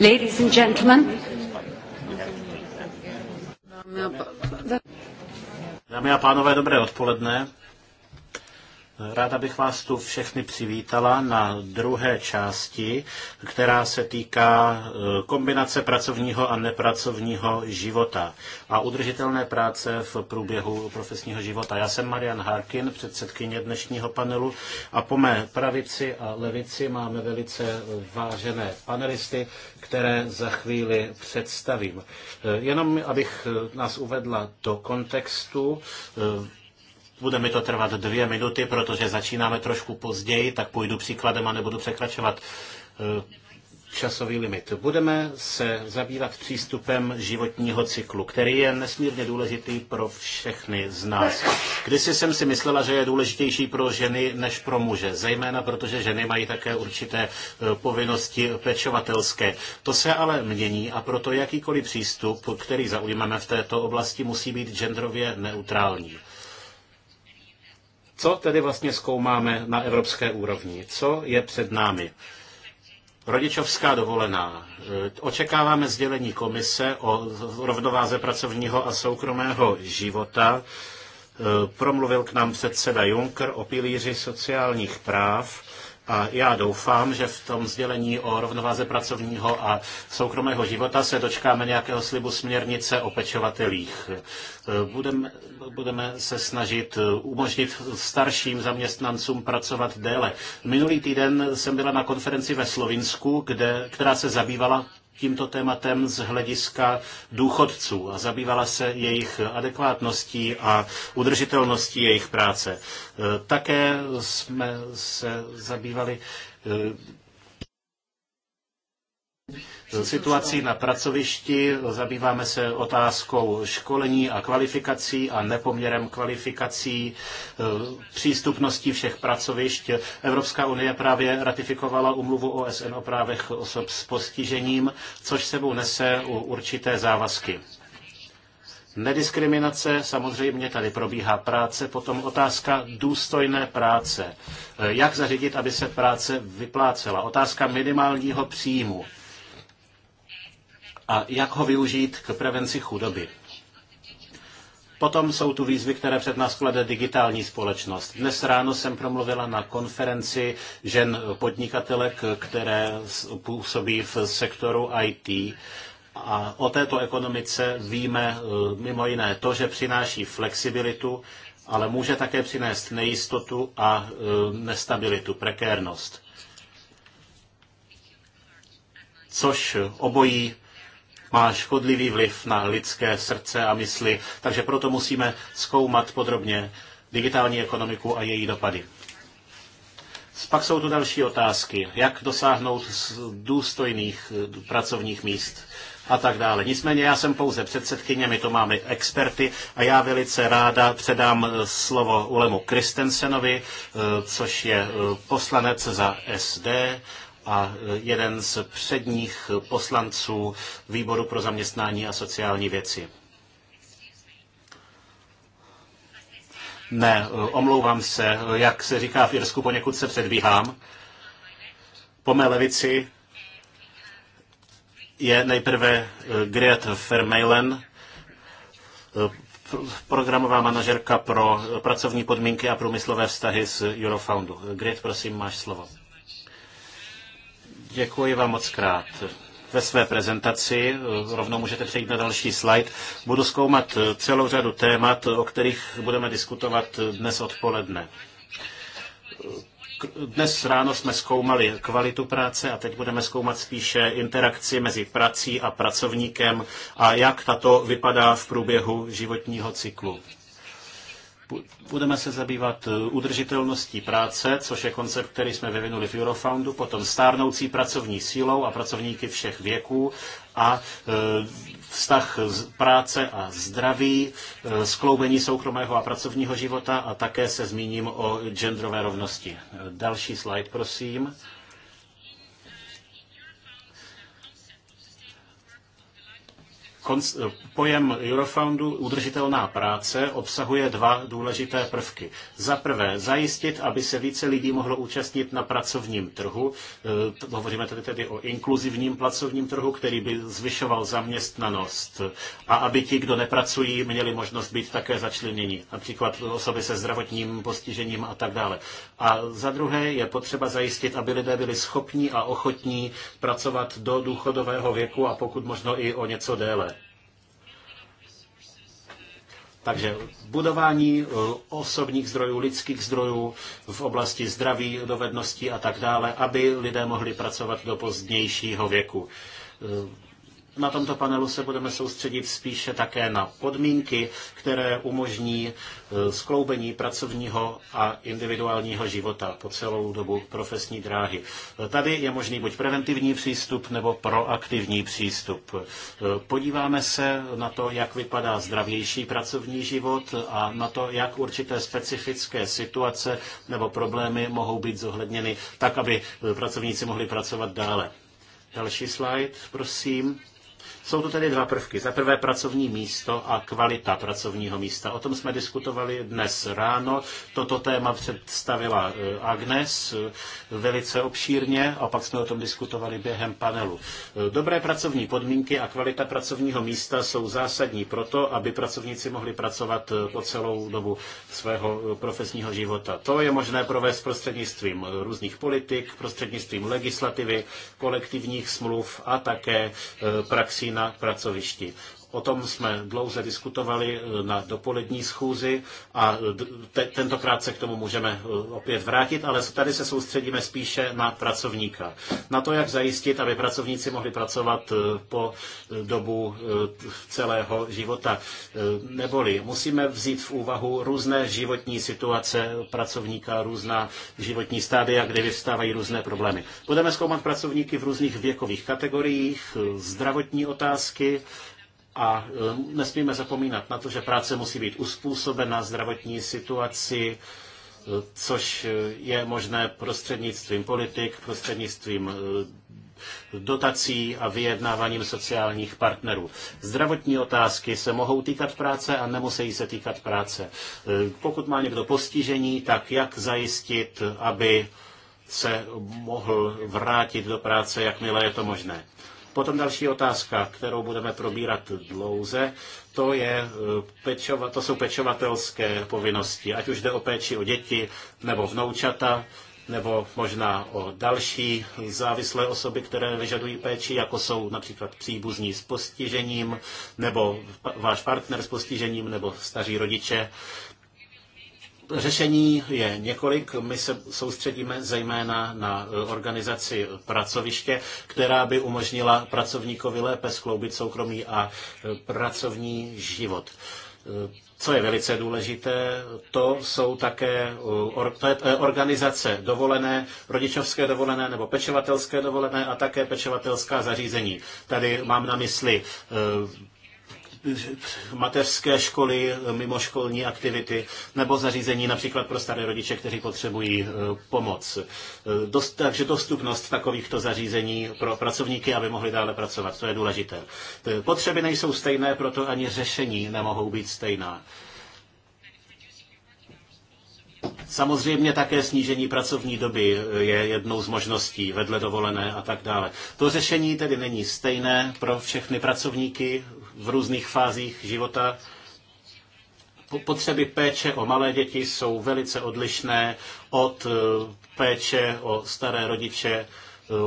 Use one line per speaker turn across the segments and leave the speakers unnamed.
Ladies and gentlemen.
Dámy a pánové, dobré odpoledne. Ráda bych vás tu všechny přivítala na druhé části, která se týká eh, kombinace pracovního a nepracovního života a udržitelné práce v průběhu profesního života. Já jsem Marian Harkin, předsedkyně dnešního panelu a po mé pravici a levici máme velice vážené panelisty, které za chvíli představím. Eh, jenom abych eh, nás uvedla do kontextu, bude mi to trvat dvě minuty, protože začínáme trošku později, tak půjdu příkladem a nebudu překračovat eh, časový limit. Budeme se zabývat přístupem životního cyklu, který je nesmírně důležitý pro všechny z nás. Kdysi jsem si myslela, že je důležitější pro ženy než pro muže, zejména protože ženy mají také určité eh, povinnosti pečovatelské. To se ale mění a proto jakýkoliv přístup, který zaujmeme v této oblasti, musí být genderově neutrální. Co tedy vlastně zkoumáme na evropské úrovni? Co je před námi? Rodičovská dovolená. E, očekáváme sdělení komise o rovnováze pracovního a soukromého života. E, promluvil k nám předseda Juncker o pilíři sociálních práv a já doufám, že v tom sdělení o rovnováze pracovního a soukromého života se dočkáme nějakého slibu směrnice o pečovatelích. Budeme, budeme se snažit umožnit starším zaměstnancům pracovat déle. Minulý týden jsem byla na konferenci ve Slovinsku, kde, která se zabývala tímto tématem z hlediska důchodců a zabývala se jejich adekvátností a udržitelností jejich práce. E, také jsme se zabývali e, situací na pracovišti, zabýváme se otázkou školení a kvalifikací a nepoměrem kvalifikací, e, přístupností všech pracovišť. Evropská unie právě ratifikovala umluvu OSN o právech osob s postižením, což sebou nese určité závazky. Nediskriminace, samozřejmě tady probíhá práce, potom otázka důstojné práce. E, jak zařídit, aby se práce vyplácela? Otázka minimálního příjmu a jak ho využít k prevenci chudoby. Potom jsou tu výzvy, které před nás klade digitální společnost. Dnes ráno jsem promluvila na konferenci žen podnikatelek, které působí v sektoru IT. A o této ekonomice víme e, mimo jiné to, že přináší flexibilitu, ale může také přinést nejistotu a e, nestabilitu, prekérnost. Což obojí má škodlivý vliv na lidské srdce a mysli, takže proto musíme zkoumat podrobně digitální ekonomiku a její dopady. Pak jsou tu další otázky, jak dosáhnout důstojných eh, pracovních míst a tak dále. Nicméně já jsem pouze předsedkyně, my to máme experty a já velice ráda předám eh, slovo Ulemu Kristensenovi, eh, což je poslanec za SD a e, jeden z předních poslanců výboru pro zaměstnání a sociální věci. Ne, e, omlouvám se, jak se říká v Irsku, poněkud se předbíhám. Po mé levici je nejprve e, Gret Vermeulen, programová manažerka pro pracovní podmínky a průmyslové vztahy z Eurofoundu. Gret, prosím, máš slovo. Děkuji vám moc krát ve své prezentaci, eh, rovnou můžete přejít na další slide, budu zkoumat eh, celou řadu témat, o kterých budeme diskutovat eh, dnes odpoledne. Dnes ráno jsme zkoumali kvalitu práce a teď budeme zkoumat spíše interakci mezi prací a pracovníkem a jak tato vypadá v průběhu životního cyklu. Budeme se zabývat eh, udržitelností práce, což je koncept, který jsme vyvinuli v Eurofoundu, potom stárnoucí pracovní sílou a pracovníky všech věků a eh, vztah práce a zdraví, eh, skloubení soukromého a pracovního života a také se zmíním o genderové rovnosti. Další slide, prosím. Eh, pojem Eurofoundu udržitelná práce obsahuje dva důležité prvky. Za prvé, zajistit, aby se více lidí mohlo účastnit na pracovním trhu. Eh, hovoříme tedy, tedy o inkluzivním pracovním trhu, který by zvyšoval zaměstnanost a aby ti, kdo nepracují, měli možnost být také začleněni, například osoby se zdravotním postižením a tak dále. A za druhé je potřeba zajistit, aby lidé byli schopní a ochotní pracovat do důchodového věku a pokud možno i o něco déle. Takže budování eh, osobních zdrojů, lidských zdrojů v oblasti zdraví, dovedností a tak dále, aby lidé mohli pracovat do pozdnějšího věku. Eh, na tomto panelu se budeme soustředit spíše také na podmínky, které umožní e, skloubení pracovního a individuálního života po celou dobu profesní dráhy. Tady je možný buď preventivní přístup nebo proaktivní přístup. E, podíváme se na to, jak vypadá zdravější pracovní život a na to, jak určité specifické situace nebo problémy mohou být zohledněny tak, aby e, pracovníci mohli pracovat dále. Další slide, prosím. Jsou tu tedy dva prvky. Za prvé pracovní místo a kvalita pracovního místa. O tom jsme diskutovali dnes ráno. Toto téma představila eh, Agnes eh, velice obšírně a pak jsme o tom diskutovali během panelu. Eh, dobré pracovní podmínky a kvalita pracovního místa jsou zásadní proto, aby pracovníci mohli pracovat po celou dobu svého profesního života. To je možné provést prostřednictvím různých politik, prostřednictvím legislativy, kolektivních smluv a také praxi praxí na pracovišti. O tom jsme dlouze diskutovali e, na dopolední schůzi a te- tentokrát se k tomu můžeme e, opět vrátit, ale tady se soustředíme spíše na pracovníka. Na to, jak zajistit, aby pracovníci mohli pracovat e, po dobu celého života. Neboli musíme vzít v úvahu různé životní situace pracovníka, různá životní stádia, kde vyvstávají různé problémy. Budeme zkoumat pracovníky v různých věkových kategoriích, zdravotní otázky, a eh, nesmíme zapomínat na to, že práce musí být uspůsobena zdravotní situaci, eh, což eh, je možné prostřednictvím politik, prostřednictvím dotací a vyjednáváním sociálních partnerů. Zdravotní otázky se mohou týkat práce a nemusí se týkat práce. Pokud má někdo postižení, tak jak zajistit, aby se mohl vrátit do práce, jakmile je to možné. Potom další otázka, kterou budeme probírat dlouze, to, je, e, pečova, to jsou pečovatelské povinnosti, ať už jde o péči o děti nebo vnoučata, nebo možná o další závislé osoby, které vyžadují péči, jako jsou například příbuzní s postižením, nebo váš partner s postižením, nebo staří rodiče. Řešení je několik. My se soustředíme zejména na e, organizaci pracoviště, která by umožnila pracovníkovi lépe skloubit soukromý a e, pracovní život. E, co je velice důležité, to jsou také organizace dovolené, rodičovské dovolené nebo pečovatelské dovolené a také pečovatelská zařízení. Tady mám na mysli mateřské školy, mimoškolní aktivity nebo zařízení například pro staré rodiče, kteří potřebují e, pomoc. E, dost, takže dostupnost takovýchto zařízení pro pracovníky, aby mohli dále pracovat, to je důležité. E, potřeby nejsou stejné, proto ani řešení nemohou být stejná. Samozřejmě také snížení pracovní doby je jednou z možností, vedle dovolené a tak dále. To řešení tedy není stejné pro všechny pracovníky, v různých fázích života. Potřeby péče o malé děti jsou velice odlišné od eh, péče o staré rodiče, eh,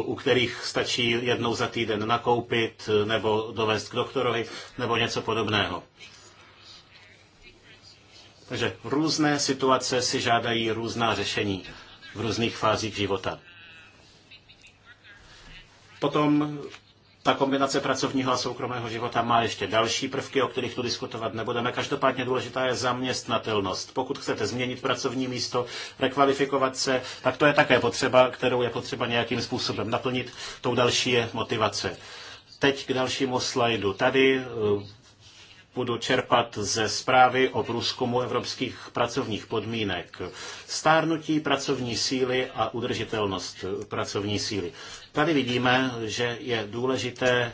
u kterých stačí jednou za týden nakoupit eh, nebo dovést k doktorovi nebo něco podobného. Takže různé situace si žádají různá řešení v různých fázích života. Potom ta kombinace pracovního a soukromého života má ještě další prvky, o kterých tu diskutovat nebudeme. Každopádně důležitá je zaměstnatelnost. Pokud chcete změnit pracovní místo, rekvalifikovat se, tak to je také potřeba, kterou je potřeba nějakým způsobem naplnit. Tou další je motivace. Teď k dalšímu slajdu. Tady eh, budu čerpat ze zprávy o průzkumu evropských pracovních podmínek. Stárnutí pracovní síly a udržitelnost pracovní síly. Tady vidíme, že je důležité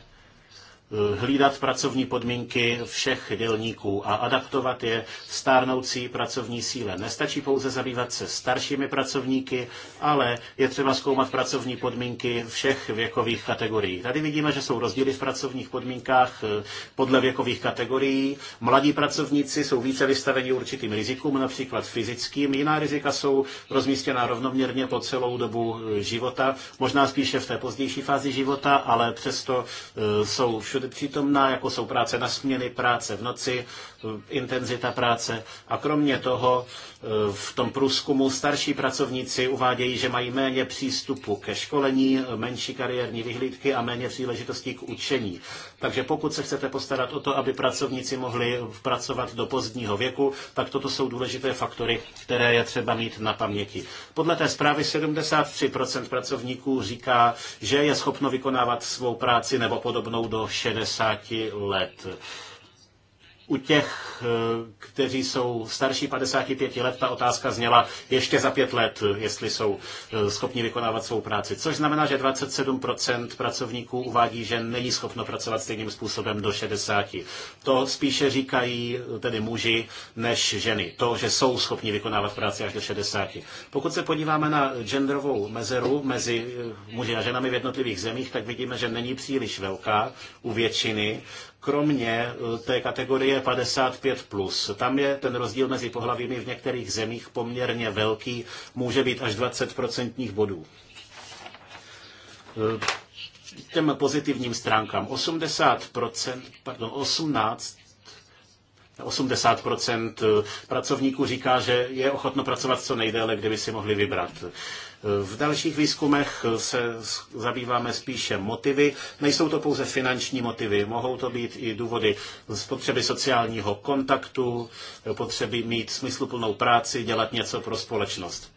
Eh, hlídat pracovní podmínky všech dělníků a adaptovat je stárnoucí pracovní síle. Nestačí pouze zabývat se staršími pracovníky, ale je třeba zkoumat pracovní podmínky všech věkových kategorií. Tady vidíme, že jsou rozdíly v pracovních podmínkách eh, podle věkových kategorií. Mladí pracovníci jsou více vystaveni určitým rizikům, například fyzickým. Jiná rizika jsou rozmístěná rovnoměrně po celou dobu eh, života, možná spíše v té pozdější fázi života, ale přesto jsou všude přítomná, jako jsou práce na směny, práce v noci, intenzita práce a kromě toho Eh, v tom průzkumu starší pracovníci uvádějí, že mají méně přístupu ke školení, menší kariérní vyhlídky a méně příležitostí k učení. Takže pokud se chcete postarat o to, aby pracovníci mohli pracovat do pozdního věku, tak toto jsou důležité faktory, které je třeba mít na paměti. Podle té zprávy 73% pracovníků říká, že je schopno vykonávat svou práci nebo podobnou do 60 let u těch, eh, kteří jsou starší 55 let, ta otázka zněla ještě za pět let, jestli jsou eh, schopni vykonávat svou práci. Což znamená, že 27% pracovníků uvádí, že není schopno pracovat stejným způsobem do 60. To spíše říkají eh, tedy muži než ženy. To, že jsou schopni vykonávat práci až do 60. Pokud se podíváme na genderovou mezeru mezi muži a ženami v jednotlivých zemích, tak vidíme, že není příliš velká u většiny kromě eh, té kategorie 55+. Plus. Tam je ten rozdíl mezi pohlavími v některých zemích poměrně velký, může být až 20% bodů eh, těm pozitivním stránkám. 80%, pardon, 18 80% eh, pracovníků říká, že je ochotno pracovat co nejdéle, kdyby si mohli vybrat. Eh, v dalších výzkumech eh, se zabýváme spíše motivy. Nejsou to pouze finanční motivy, mohou to být i důvody z potřeby sociálního kontaktu, potřeby mít smysluplnou práci, dělat něco pro společnost.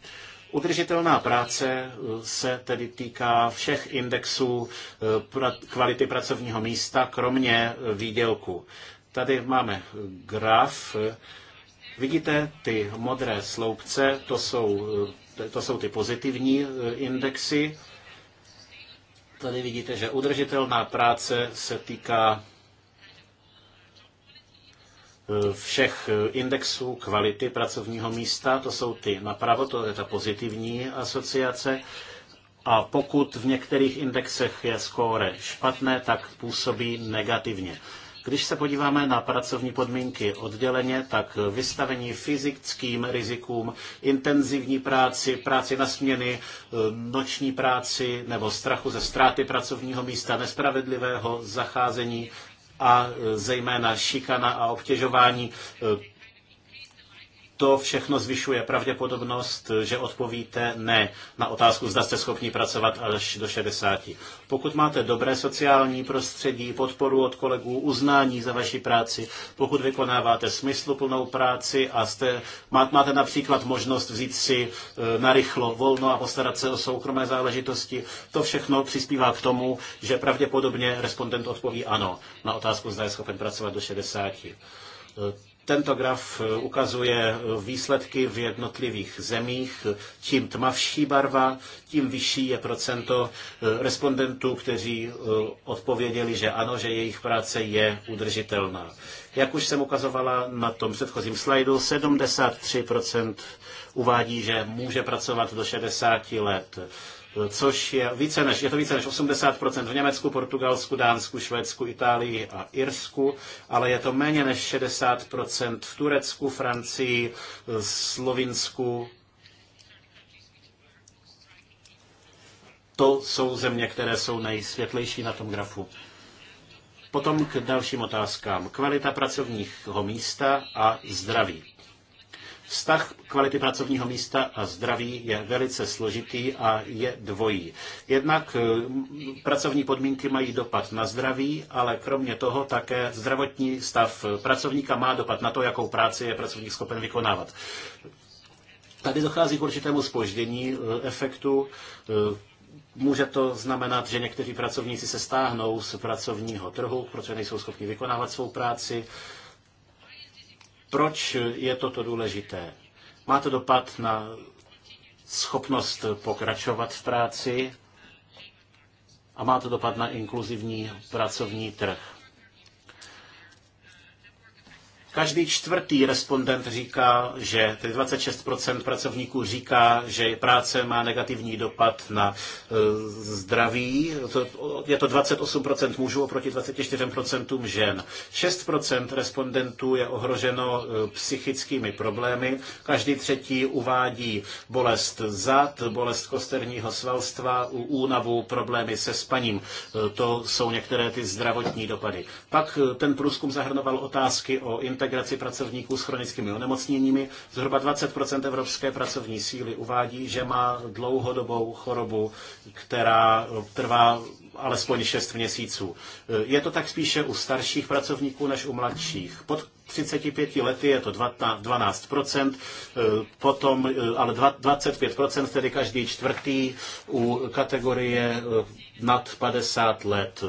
Udržitelná práce se tedy týká všech indexů kvality pracovního místa, kromě výdělku. Tady máme graf. Vidíte ty modré sloupce, to jsou, to jsou ty pozitivní eh, indexy. Tady vidíte, že udržitelná práce se týká eh, všech eh, indexů kvality pracovního místa, to jsou ty napravo, to je ta pozitivní asociace. A pokud v některých indexech je skóre špatné, tak působí negativně. Když se podíváme na pracovní podmínky odděleně, tak vystavení fyzickým rizikům, intenzivní práci, práci na směny, e, noční práci nebo strachu ze ztráty pracovního místa, nespravedlivého zacházení a e, zejména šikana a obtěžování e, to všechno zvyšuje pravděpodobnost, že odpovíte ne na otázku, zda jste schopni pracovat až do 60. Pokud máte dobré sociální prostředí, podporu od kolegů, uznání za vaši práci, pokud vykonáváte smysluplnou práci a jste, máte například možnost vzít si e, narychlo volno a postarat se o soukromé záležitosti, to všechno přispívá k tomu, že pravděpodobně respondent odpoví ano na otázku, zda je schopen pracovat do 60. Tento graf eh, ukazuje eh, výsledky v jednotlivých zemích. Čím tmavší barva, tím vyšší je procento eh, respondentů, kteří odpověděli, že ano, že jejich práce je udržitelná. Jak už jsem ukazovala na tom předchozím slajdu, 73% uvádí, že může pracovat do 60 let což je, více než, je to více než 80% v Německu, Portugalsku, Dánsku, Švédsku, Itálii a Irsku, ale je to méně než 60% v Turecku, Francii, Slovinsku. To jsou země, které jsou nejsvětlejší na tom grafu. Potom k dalším otázkám. Kvalita pracovního místa a zdraví. Vztah kvality pracovního místa a zdraví je velice složitý a je dvojí. Jednak eh, pracovní podmínky mají dopad na zdraví, ale kromě toho také zdravotní stav pracovníka má dopad na to, jakou práci je pracovník schopen vykonávat. Tady dochází k určitému spoždění eh, efektu eh, Může to znamenat, že někteří pracovníci se stáhnou z pracovního trhu, protože nejsou schopni vykonávat svou práci. Proč je toto důležité? Má to dopad na schopnost pokračovat v práci a má to dopad na inkluzivní pracovní trh. Každý čtvrtý respondent říká, že 26% pracovníků říká, že práce má negativní dopad na e, zdraví. Je to 28% mužů oproti 24% žen. 6% respondentů je ohroženo e, psychickými problémy. Každý třetí uvádí bolest zad, bolest kosterního svalstva, únavu, problémy se spaním. E, to jsou některé ty zdravotní dopady. Pak ten průzkum zahrnoval otázky o integraci integraci pracovníků s chronickými onemocněními. Zhruba 20 evropské pracovní síly uvádí, že má dlouhodobou chorobu, která trvá alespoň 6 měsíců. Je to tak spíše u starších pracovníků než u mladších. Pod 35 lety je to 12%, potom ale 25%, tedy každý čtvrtý u kategorie eh, nad 50 let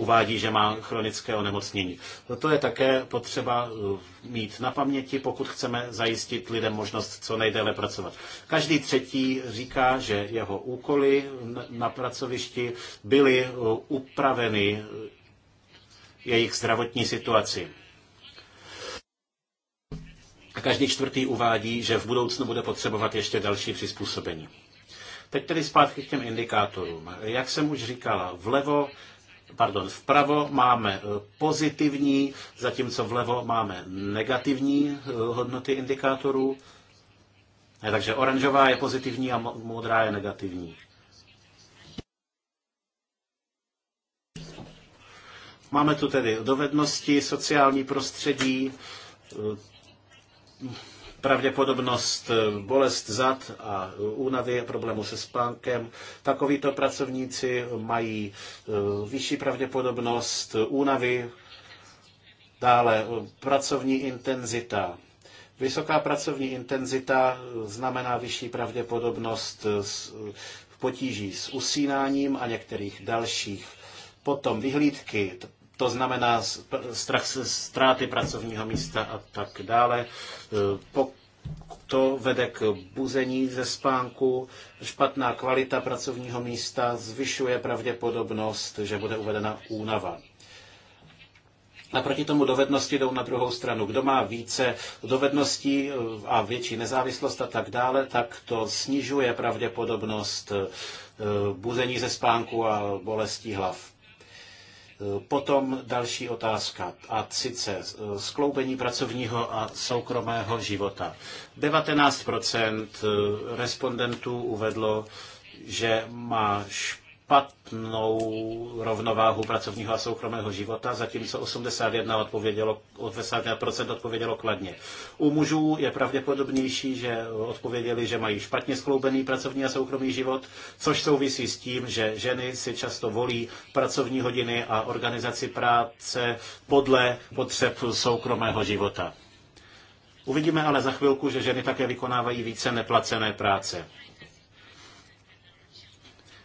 uvádí, že má chronické onemocnění. No to je také potřeba eh, mít na paměti, pokud chceme zajistit lidem možnost co nejdéle pracovat. Každý třetí říká, že jeho úkoly na pracovišti byly eh, upraveny eh, jejich zdravotní situaci. A každý čtvrtý uvádí, že v budoucnu bude potřebovat ještě další přizpůsobení. Teď tedy zpátky k těm indikátorům. Jak jsem už říkala, vlevo pardon, vpravo máme eh, pozitivní, zatímco vlevo máme negativní eh, hodnoty indikátorů. Takže oranžová je pozitivní a modrá je negativní. Máme tu tedy dovednosti, sociální prostředí, eh, pravděpodobnost eh, bolest zad a únavy, problému se spánkem. Takovýto pracovníci mají eh, vyšší pravděpodobnost únavy, dále eh, pracovní intenzita. Vysoká pracovní intenzita znamená vyšší pravděpodobnost potíží s usínáním a některých dalších. Potom vyhlídky, to znamená strach ztráty pracovního místa a tak dále. Po to vede k buzení ze spánku, špatná kvalita pracovního místa zvyšuje pravděpodobnost, že bude uvedena únava. A proti tomu dovednosti jdou na druhou stranu. Kdo má více dovedností eh, a větší nezávislost a tak dále, tak to snižuje pravděpodobnost eh, buzení ze spánku a bolestí hlav. Potom další otázka, a sice eh, skloubení pracovního a soukromého života. 19 eh, respondentů uvedlo, že má špatný špatnou rovnováhu pracovního a soukromého života, zatímco 81 odpovědělo, 81% odpovědělo kladně. U mužů je pravděpodobnější, že odpověděli, že mají špatně skloubený pracovní a soukromý život, což souvisí s tím, že ženy si často volí pracovní hodiny a organizaci práce podle potřeb soukromého života. Uvidíme ale za chvilku, že ženy také vykonávají více neplacené práce.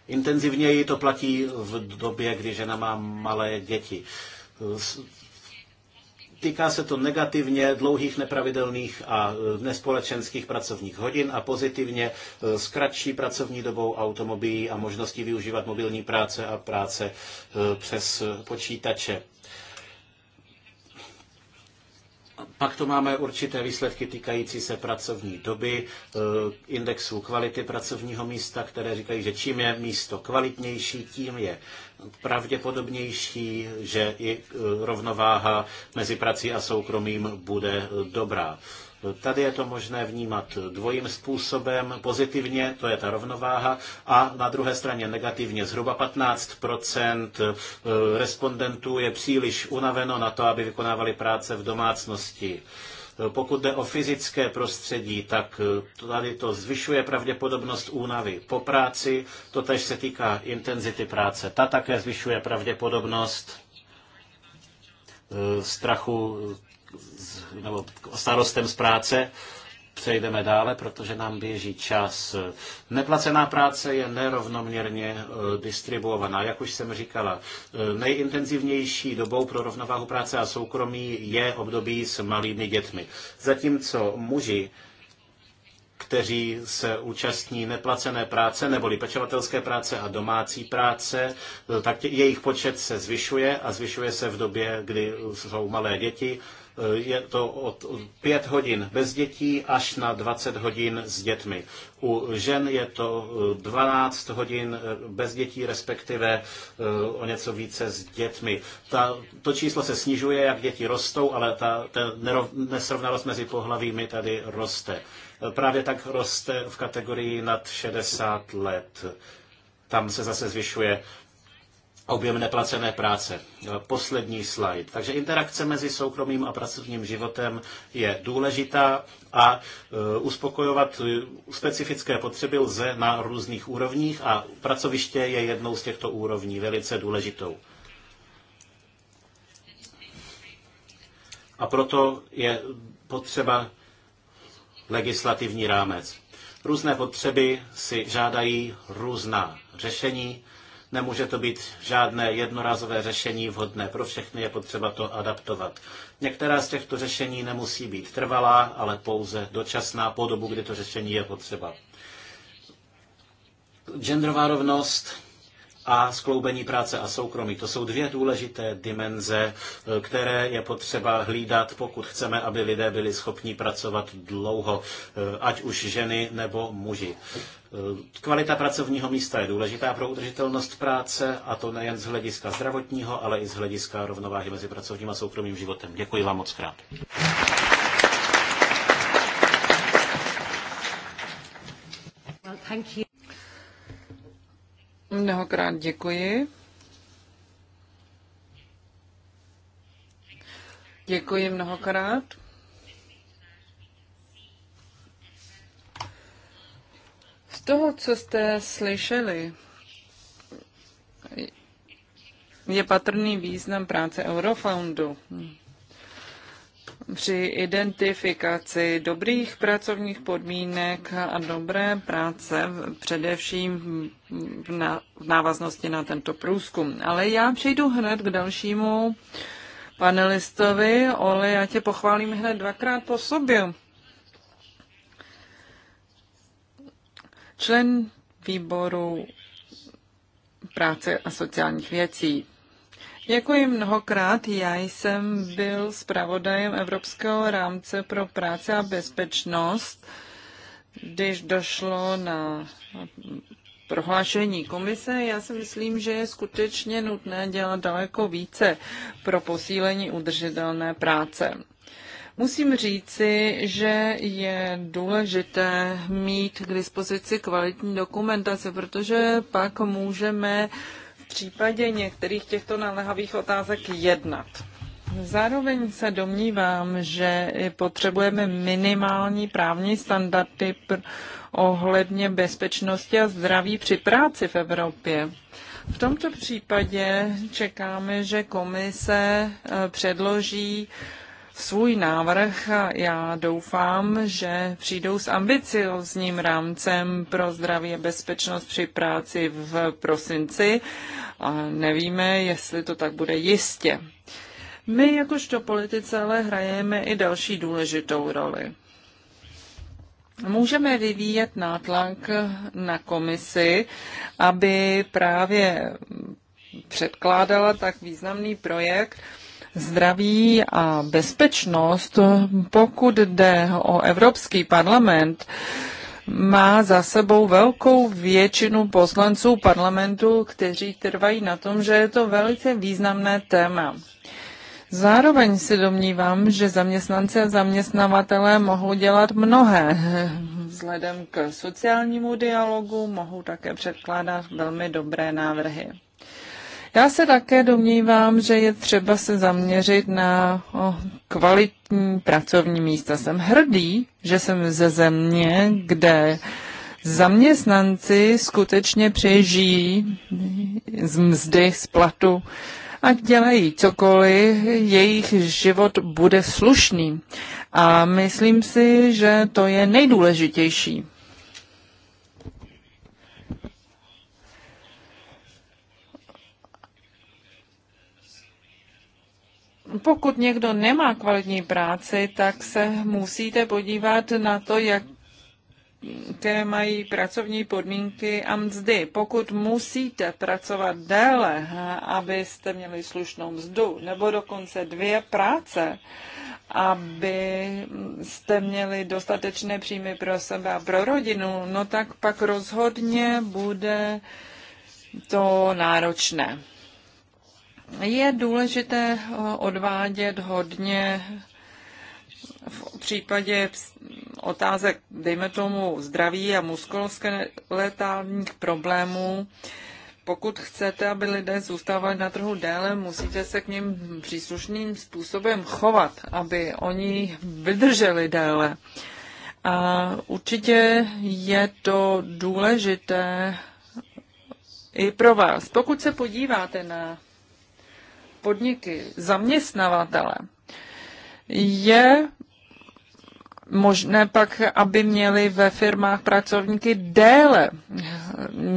Intenzivněji to platí v době, kdy žena má malé děti. Týká se to negativně dlouhých nepravidelných a e, nespolečenských pracovních hodin a pozitivně e, s kratší pracovní dobou automobilí a možností využívat mobilní práce a práce e, přes počítače. Pak tu máme určité výsledky týkající se pracovní doby, e, indexu kvality pracovního místa, které říkají, že čím je místo kvalitnější, tím je pravděpodobnější, že i e, rovnováha mezi prací a soukromím bude e, dobrá. Tady je to možné vnímat dvojím způsobem, pozitivně, to je ta rovnováha, a na druhé straně negativně. Zhruba 15 eh, respondentů je příliš unaveno na to, aby vykonávali práce v domácnosti. Eh, pokud jde o fyzické prostředí, tak eh, tady to zvyšuje pravděpodobnost únavy po práci, to tež se týká intenzity práce. Ta také zvyšuje pravděpodobnost strachu nebo starostem z práce. Přejdeme dále, protože nám běží čas. Neplacená práce je nerovnoměrně eh, distribuovaná. Jak už jsem říkala, eh, nejintenzivnější dobou pro rovnováhu práce a soukromí je období s malými dětmi. Zatímco muži kteří se účastní neplacené práce neboli pečovatelské práce a domácí práce, eh, tak jejich počet se zvyšuje a zvyšuje se v době, kdy jsou malé děti Eh, je to od 5 hodin bez dětí až na 20 hodin s dětmi. U žen je to 12 eh, hodin eh, bez dětí, respektive o něco více s dětmi. Ta, to číslo se snižuje, jak děti rostou, ale ta, ta nerov, nesrovnalost mezi pohlavími tady roste. Právě tak roste v kategorii nad 60 let. Tam se zase zvyšuje objem neplacené práce. E, poslední slide. Takže interakce mezi soukromým a pracovním životem je důležitá a e, uspokojovat e, specifické potřeby lze na různých úrovních a pracoviště je jednou z těchto úrovní velice důležitou. A proto je potřeba legislativní rámec. Různé potřeby si žádají různá řešení Nemůže to být žádné jednorázové řešení vhodné pro všechny, je potřeba to adaptovat. Některá z těchto řešení nemusí být trvalá, ale pouze dočasná po dobu, kdy to řešení je potřeba. Genderová rovnost a skloubení práce a soukromí. To jsou dvě důležité dimenze, eh, které je potřeba hlídat, pokud chceme, aby lidé byli schopni pracovat dlouho, eh, ať už ženy nebo muži. Eh, kvalita pracovního místa je důležitá pro udržitelnost práce a to nejen z hlediska zdravotního, ale i z hlediska rovnováhy mezi pracovním a soukromým životem. Děkuji vám moc krát.
Well, thank you. Mnohokrát děkuji. Děkuji mnohokrát. Z toho, co jste slyšeli, je patrný význam práce Eurofoundu při identifikaci dobrých pracovních podmínek a dobré práce, především v návaznosti na tento průzkum. Ale já přejdu hned k dalšímu panelistovi. Ole, já tě pochválím hned dvakrát po sobě. Člen výboru práce a sociálních věcí. Děkuji mnohokrát. Já jsem byl zpravodajem Evropského rámce pro práci a bezpečnost, když došlo na prohlášení komise. Já si myslím, že je skutečně nutné dělat daleko více pro posílení udržitelné práce. Musím říci, že je důležité mít k dispozici kvalitní dokumentace, protože pak můžeme uh, případě některých těchto naléhavých otázek jednat. Zároveň se domnívám, že potřebujeme minimální právní standardy ohledně bezpečnosti a zdraví při práci v Evropě. V tomto případě čekáme, že komise eh, předloží svůj návrh. Já doufám, že přijdou s ambiciozním rámcem pro zdraví a bezpečnost při práci v prosinci. A nevíme, jestli to tak bude jistě. My jakožto politice ale hrajeme i další důležitou roli. Můžeme vyvíjet nátlak na komisi, aby právě předkládala tak významný projekt, zdraví a bezpečnost, pokud jde o Evropský parlament, má za sebou velkou většinu poslanců parlamentu, kteří trvají na tom, že je to velice významné téma. Zároveň si domnívám, že zaměstnanci a zaměstnavatelé mohou dělat mnohé. Vzhledem k sociálnímu dialogu mohou také předkládat velmi dobré návrhy. Já se také domnívám, že je třeba se zaměřit na oh, kvalitní pracovní místa. Jsem hrdý, že jsem ze země, kde zaměstnanci skutečně přežijí z mzdy, z platu, a dělají cokoliv, jejich život bude slušný. A myslím si, že to je nejdůležitější. pokud někdo nemá kvalitní práci, tak se musíte podívat na to, jak které mají pracovní podmínky a mzdy. Pokud musíte pracovat déle, abyste měli slušnou mzdu, nebo dokonce dvě práce, abyste měli dostatečné příjmy pro sebe a pro rodinu, no tak pak rozhodně bude to náročné. Je důležité eh, odvádět hodně v případě otázek, dejme tomu, zdraví a muskuloskeletálních problémů, pokud chcete, aby lidé zůstávali na trhu déle, musíte se k ním příslušným způsobem chovat, aby oni vydrželi déle. A určitě je to důležité i pro vás. Pokud se podíváte na podniky, zaměstnavatele, je možné pak, aby měli ve firmách pracovníky déle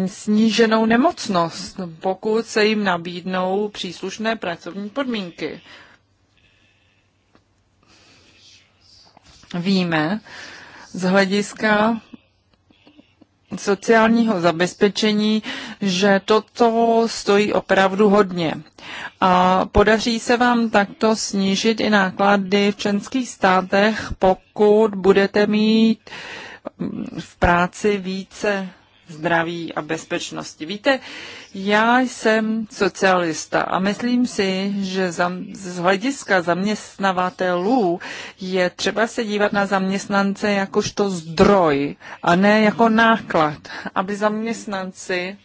sníženou nemocnost, pokud se jim nabídnou příslušné pracovní podmínky. Víme z hlediska sociálního zabezpečení, že toto stojí opravdu hodně. A podaří se vám takto snížit i náklady v členských státech, pokud budete mít v práci více zdraví a bezpečnosti. Víte, já jsem socialista a myslím si, že z hlediska zaměstnavatelů je třeba se dívat na zaměstnance jakožto zdroj a ne jako náklad, aby zaměstnanci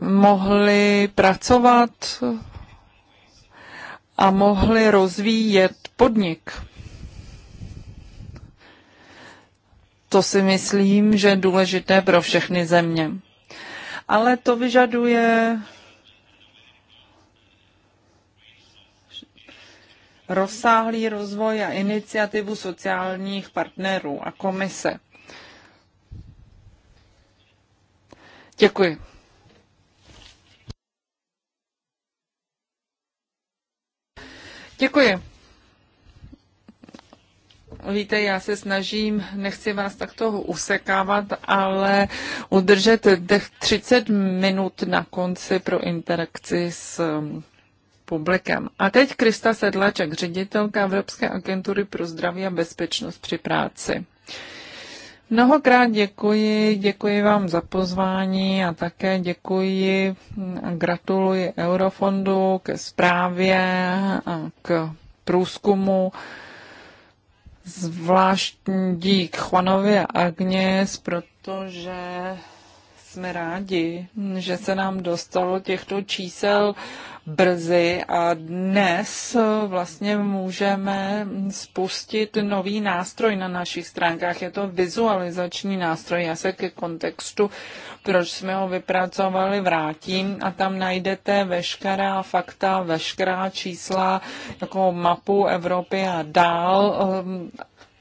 mohli pracovat a mohli rozvíjet podnik. To si myslím, že je důležité pro všechny země. Ale to vyžaduje rozsáhlý rozvoj a iniciativu sociálních partnerů a komise. Děkuji. Děkuji. Víte, já se snažím, nechci vás takto usekávat, ale udržet 30 minut na konci pro interakci s um, publikem. A teď Krista Sedlaček, ředitelka Evropské agentury pro zdraví a bezpečnost při práci. Mnohokrát děkuji, děkuji vám za pozvání a také děkuji hm, a gratuluji Eurofondu ke zprávě a k průzkumu zvláštní dík Juanovi a Agnes, protože jsme rádi, že se nám dostalo těchto čísel brzy a dnes vlastně můžeme spustit nový nástroj na našich stránkách. Je to vizualizační nástroj. Já se ke kontextu, proč jsme ho vypracovali, vrátím a tam najdete veškerá fakta, veškerá čísla, jako mapu Evropy a dál ehm,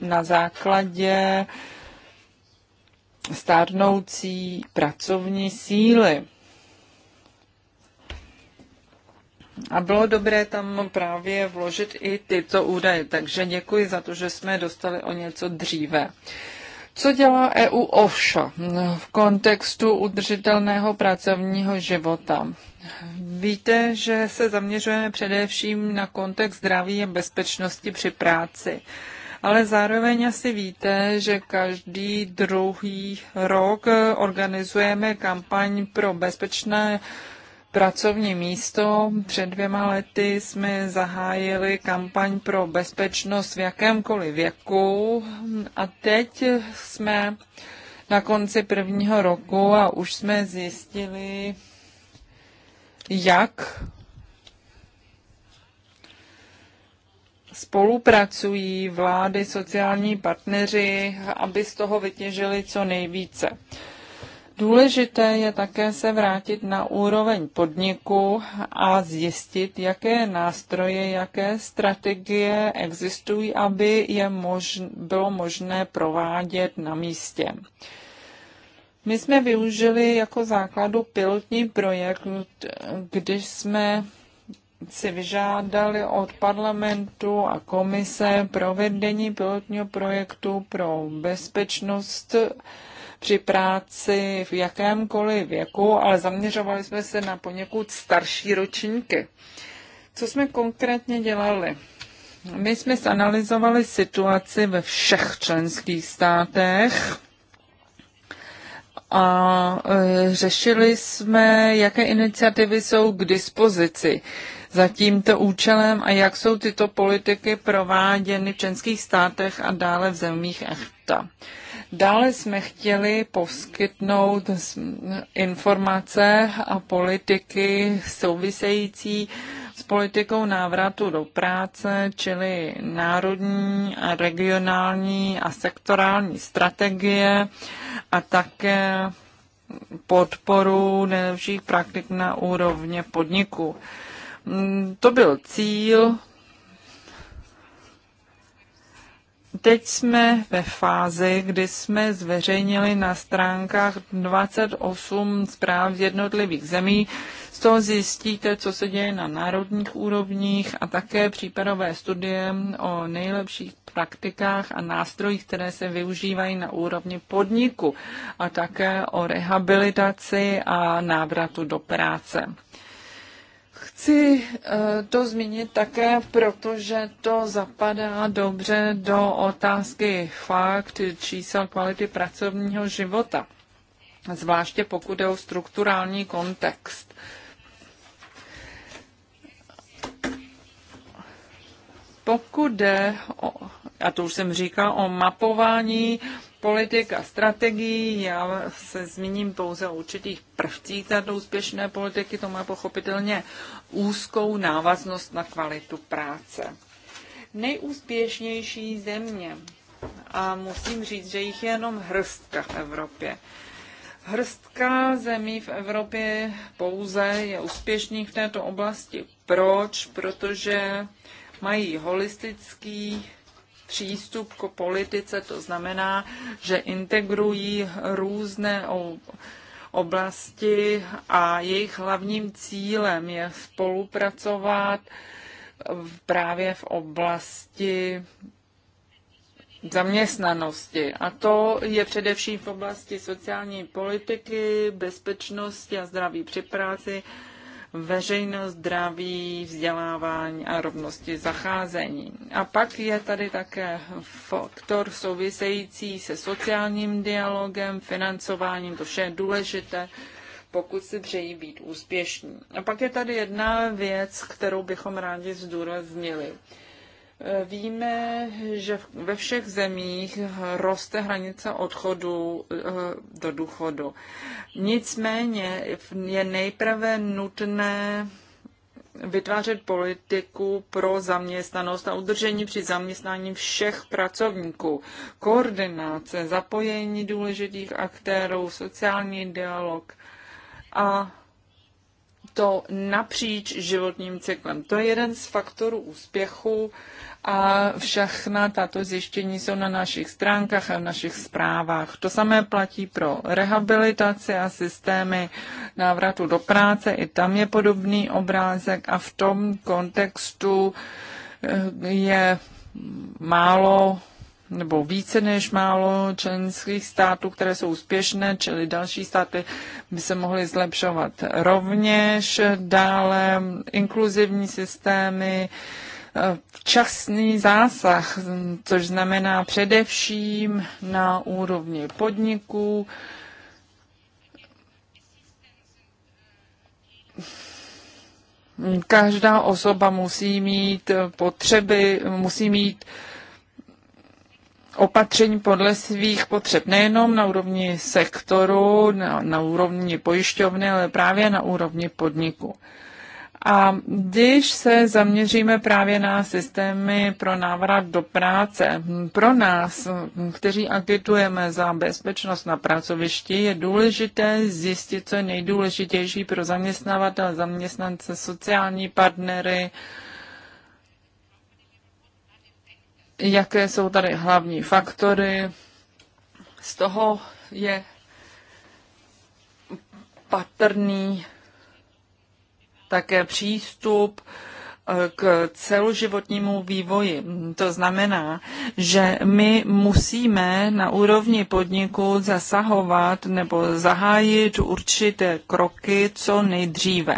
na základě uh, stárnoucí pracovní síly. A bylo dobré tam právě vložit i tyto údaje, takže děkuji za to, že jsme dostali o něco dříve. Co dělá EU OVŠA v kontextu udržitelného pracovního života? Víte, že se zaměřujeme především na kontext zdraví a bezpečnosti při práci ale zároveň asi víte, že každý druhý rok organizujeme kampaň pro bezpečné pracovní místo. Před dvěma lety jsme zahájili kampaň pro bezpečnost v jakémkoliv věku a teď jsme na konci prvního roku a už jsme zjistili, jak spolupracují vlády, sociální partneři, aby z toho vytěžili co nejvíce. Důležité je také se vrátit na úroveň podniku a zjistit, jaké nástroje, jaké strategie existují, aby je mož- bylo možné provádět na místě. My jsme využili jako základu pilotní projekt, když jsme si vyžádali od parlamentu a komise provedení pilotního projektu pro bezpečnost při práci v jakémkoliv věku, ale zaměřovali jsme se na poněkud starší ročníky. Co jsme konkrétně dělali? My jsme zanalizovali situaci ve všech členských státech a e, řešili jsme, jaké iniciativy jsou k dispozici za tímto účelem a jak jsou tyto politiky prováděny v členských státech a dále v zemích EFTA. Dále jsme chtěli poskytnout informace a politiky související s politikou návratu do práce, čili národní a regionální a sektorální strategie a také podporu nejlepších praktik na úrovně podniku. Mm, to byl cíl. Teď jsme ve fázi, kdy jsme zveřejnili na stránkách 28 zpráv z jednotlivých zemí. Z toho zjistíte, co se děje na národních úrovních a také případové studie o nejlepších praktikách a nástrojích, které se využívají na úrovni podniku a také o rehabilitaci a návratu do práce. Chci eh, to zmínit také, protože to zapadá dobře do otázky fakt čísel kvality pracovního života, zvláště pokud je o strukturální kontext. Pokud jde, o, a to už jsem říkal, o mapování politik a strategií. Já se zmíním pouze o určitých prvcích této úspěšné politiky. To má pochopitelně úzkou návaznost na kvalitu práce. Nejúspěšnější země, a musím říct, že jich je jenom hrstka v Evropě, Hrstka zemí v Evropě pouze je úspěšných v této oblasti. Proč? Protože mají holistický přístup k politice, to znamená, že integrují různé oblasti a jejich hlavním cílem je spolupracovat právě v oblasti zaměstnanosti. A to je především v oblasti sociální politiky, bezpečnosti a zdraví při práci, veřejnost, zdraví, vzdělávání a rovnosti zacházení. A pak je tady také faktor související se sociálním dialogem, financováním, to vše je důležité, pokud si přejí být úspěšní. A pak je tady jedna věc, kterou bychom rádi zdůraznili. Víme, že ve všech zemích roste hranice odchodu eh, do důchodu. Nicméně je nejprve nutné vytvářet politiku pro zaměstnanost a udržení při zaměstnání všech pracovníků, koordinace, zapojení důležitých aktérů, sociální dialog a to napříč životním cyklem. To je jeden z faktorů úspěchu a všechna tato zjištění jsou na našich stránkách a v našich zprávách. To samé platí pro rehabilitaci a systémy návratu do práce. I tam je podobný obrázek a v tom kontextu eh, je málo nebo více než málo členských států, které jsou úspěšné, čili další státy by se mohly zlepšovat. Rovněž dále inkluzivní systémy, včasný zásah, což znamená především na úrovni podniků, Každá osoba musí mít potřeby, musí mít uh, opatření podle svých potřeb, nejenom na úrovni sektoru, na, na úrovni pojišťovny, ale právě na úrovni podniku. A když se zaměříme právě na systémy pro návrat do práce, pro nás, kteří agitujeme za bezpečnost na pracovišti, je důležité zjistit, co je nejdůležitější pro zaměstnavatele, zaměstnance, sociální partnery, jaké jsou tady hlavní faktory. Z toho je patrný také přístup eh, k celoživotnímu vývoji. To znamená, že my musíme na úrovni podniku zasahovat nebo zahájit určité kroky co nejdříve.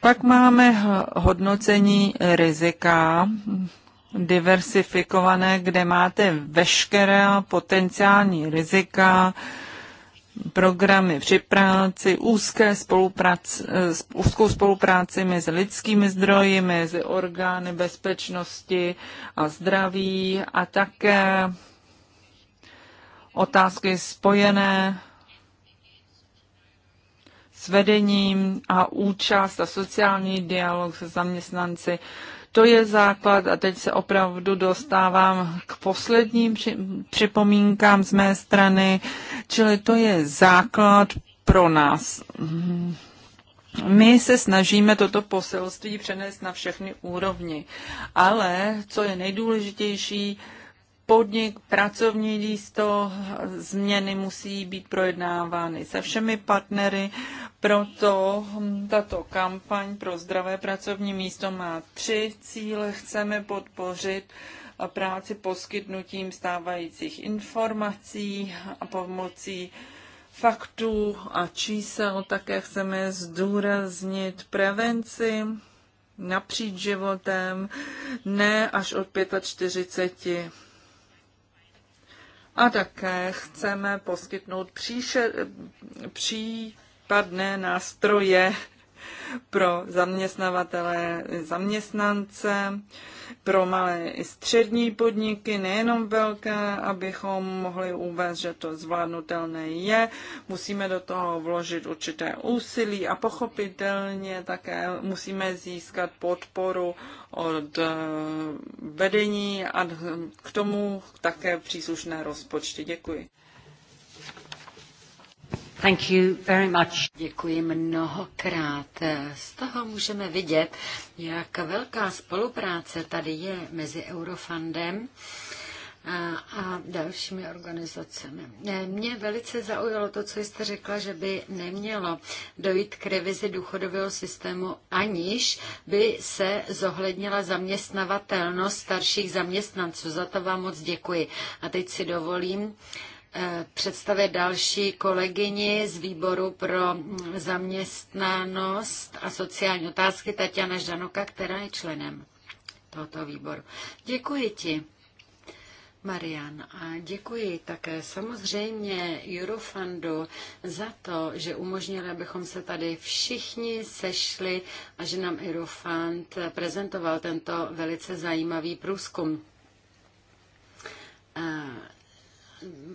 Pak máme hodnocení rizika diversifikované, kde máte veškerá potenciální rizika, programy při práci, úzké spolupráci, eh, úzkou spolupráci mezi lidskými zdroji, mezi orgány bezpečnosti a zdraví a také otázky spojené s vedením a účast a sociální dialog se zaměstnanci. To je základ a teď se opravdu dostávám k posledním připomínkám z mé strany, čili to je základ pro nás. My se snažíme toto poselství přenést na všechny úrovni, ale co je nejdůležitější, podnik, pracovní místo, změny musí být projednávány se všemi partnery, proto tato kampaň pro zdravé pracovní místo má tři cíle. Chceme podpořit práci poskytnutím stávajících informací a pomocí faktů a čísel. Také chceme zdůraznit prevenci napříč životem, ne až od 45 a také chceme poskytnout příše, případné nástroje pro zaměstnavatele, zaměstnance, pro malé i střední podniky, nejenom velké, abychom mohli uvést, že to zvládnutelné je. Musíme do toho vložit určité úsilí a pochopitelně také musíme získat podporu od eh, vedení a k tomu také příslušné rozpočty. Děkuji.
Thank you very much. Děkuji mnohokrát. Z toho můžeme vidět, jak velká spolupráce tady je mezi Eurofundem a dalšími organizacemi. Mě velice zaujalo to, co jste řekla, že by nemělo dojít k revizi důchodového systému, aniž by se zohlednila zaměstnavatelnost starších zaměstnanců. Za to vám moc děkuji. A teď si dovolím uh, představit další kolegyni z výboru pro zaměstnanost a sociální otázky Tatiana Žanoka, která je členem tohoto výboru. Děkuji ti. Marian, a děkuji také samozřejmě Eurofundu za to, že umožnili, abychom se tady všichni sešli a že nám Eurofund prezentoval tento velice zajímavý průzkum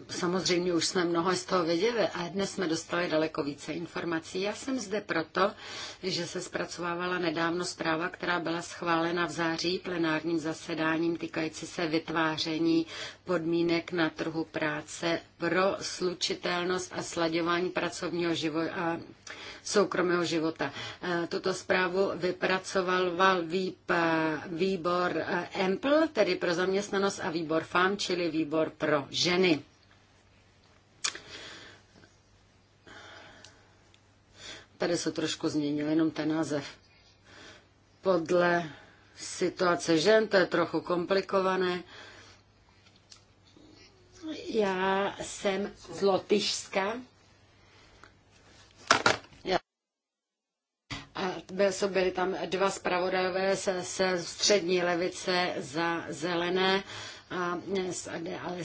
samozřejmě už jsme mnoho z toho věděli a dnes jsme dostali daleko více informací. Já jsem zde proto, že se zpracovávala nedávno zpráva, která byla schválena v září plenárním zasedáním týkající se vytváření podmínek na trhu práce pro slučitelnost a sladěvání pracovního života soukromého života. E, tuto zprávu vypracoval e, výbor e, EMPL, tedy pro zaměstnanost, a výbor FAM, čili výbor pro ženy. Tady se trošku změnil jenom ten název. Podle situace žen, to je trochu komplikované. Já jsem z Lotyšska byly tam dva zpravodajové se, se střední levice za zelené, a, ale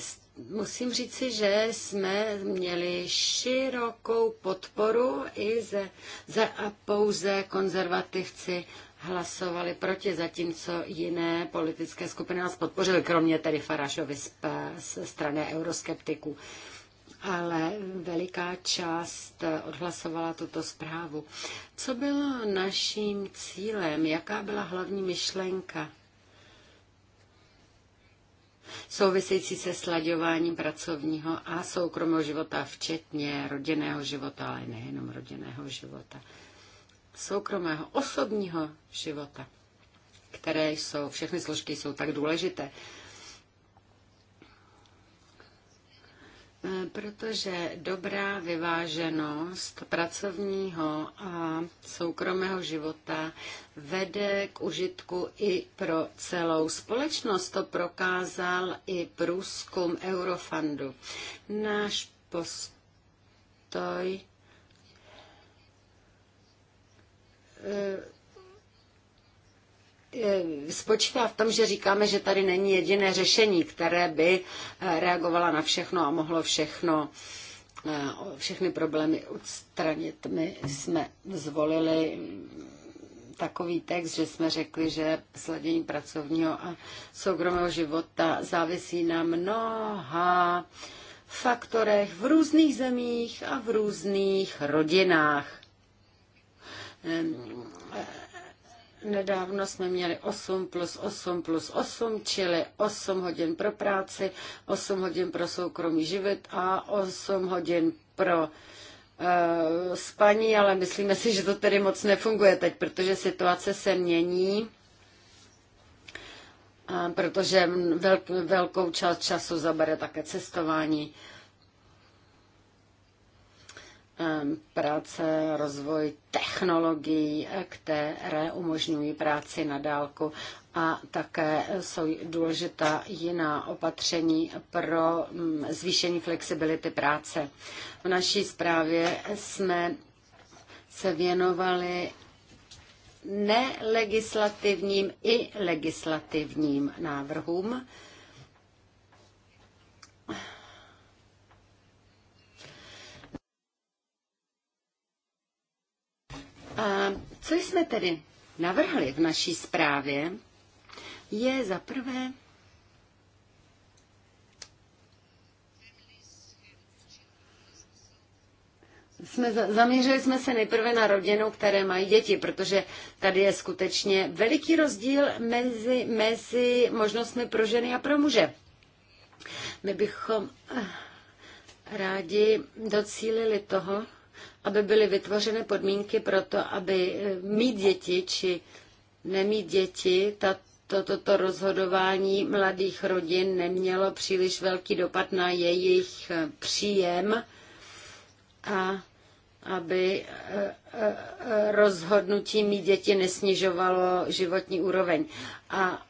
musím říci, že jsme měli širokou podporu i ze, ze a pouze konzervativci hlasovali proti, zatímco jiné politické skupiny nás podpořily, kromě tedy Farašovi z, z strany euroskeptiků. Uh, ale veliká část odhlasovala tuto zprávu. Co bylo naším cílem? Jaká byla hlavní myšlenka? související se slaďováním pracovního a soukromého života, včetně rodinného života, ale nejenom rodinného života, soukromého, osobního života, které jsou, všechny složky jsou tak důležité Eh, protože dobrá vyváženost pracovního a soukromého života vede k užitku i pro celou společnost. To prokázal i průzkum Eurofundu. Náš postoj eh, Eh, spočívá v tom, že říkáme, že tady není jediné řešení, které by eh, reagovala na všechno a mohlo všechno eh, všechny problémy odstranit. My jsme zvolili takový text, že jsme řekli, že sladění pracovního a soukromého života závisí na mnoha faktorech v různých zemích a v různých rodinách Nedávno jsme měli 8 plus 8 plus 8, čili 8 hodin pro práci, 8 hodin pro soukromý život a 8 hodin pro uh, spaní, ale myslíme si, že to tedy moc nefunguje teď, protože situace se mění protože velk, velkou část času zabere také cestování práce, rozvoj technologií, eh, které umožňují práci na dálku a také jsou důležitá jiná opatření pro mm, zvýšení flexibility práce. V naší zprávě jsme se věnovali nelegislativním i legislativním návrhům, A co jsme tedy navrhli v naší zprávě, je za prvé jsme, zaměřili jsme se nejprve na rodinu, které mají děti, protože tady je skutečně veliký rozdíl mezi, mezi možnostmi pro ženy a pro muže. My bychom eh, rádi docílili toho, aby byly vytvořeny podmínky pro to, aby eh, mít děti či nemít děti, tato toto to rozhodování mladých rodin nemělo příliš velký dopad na jejich eh, příjem a aby eh, rozhodnutí mít děti nesnižovalo životní úroveň. A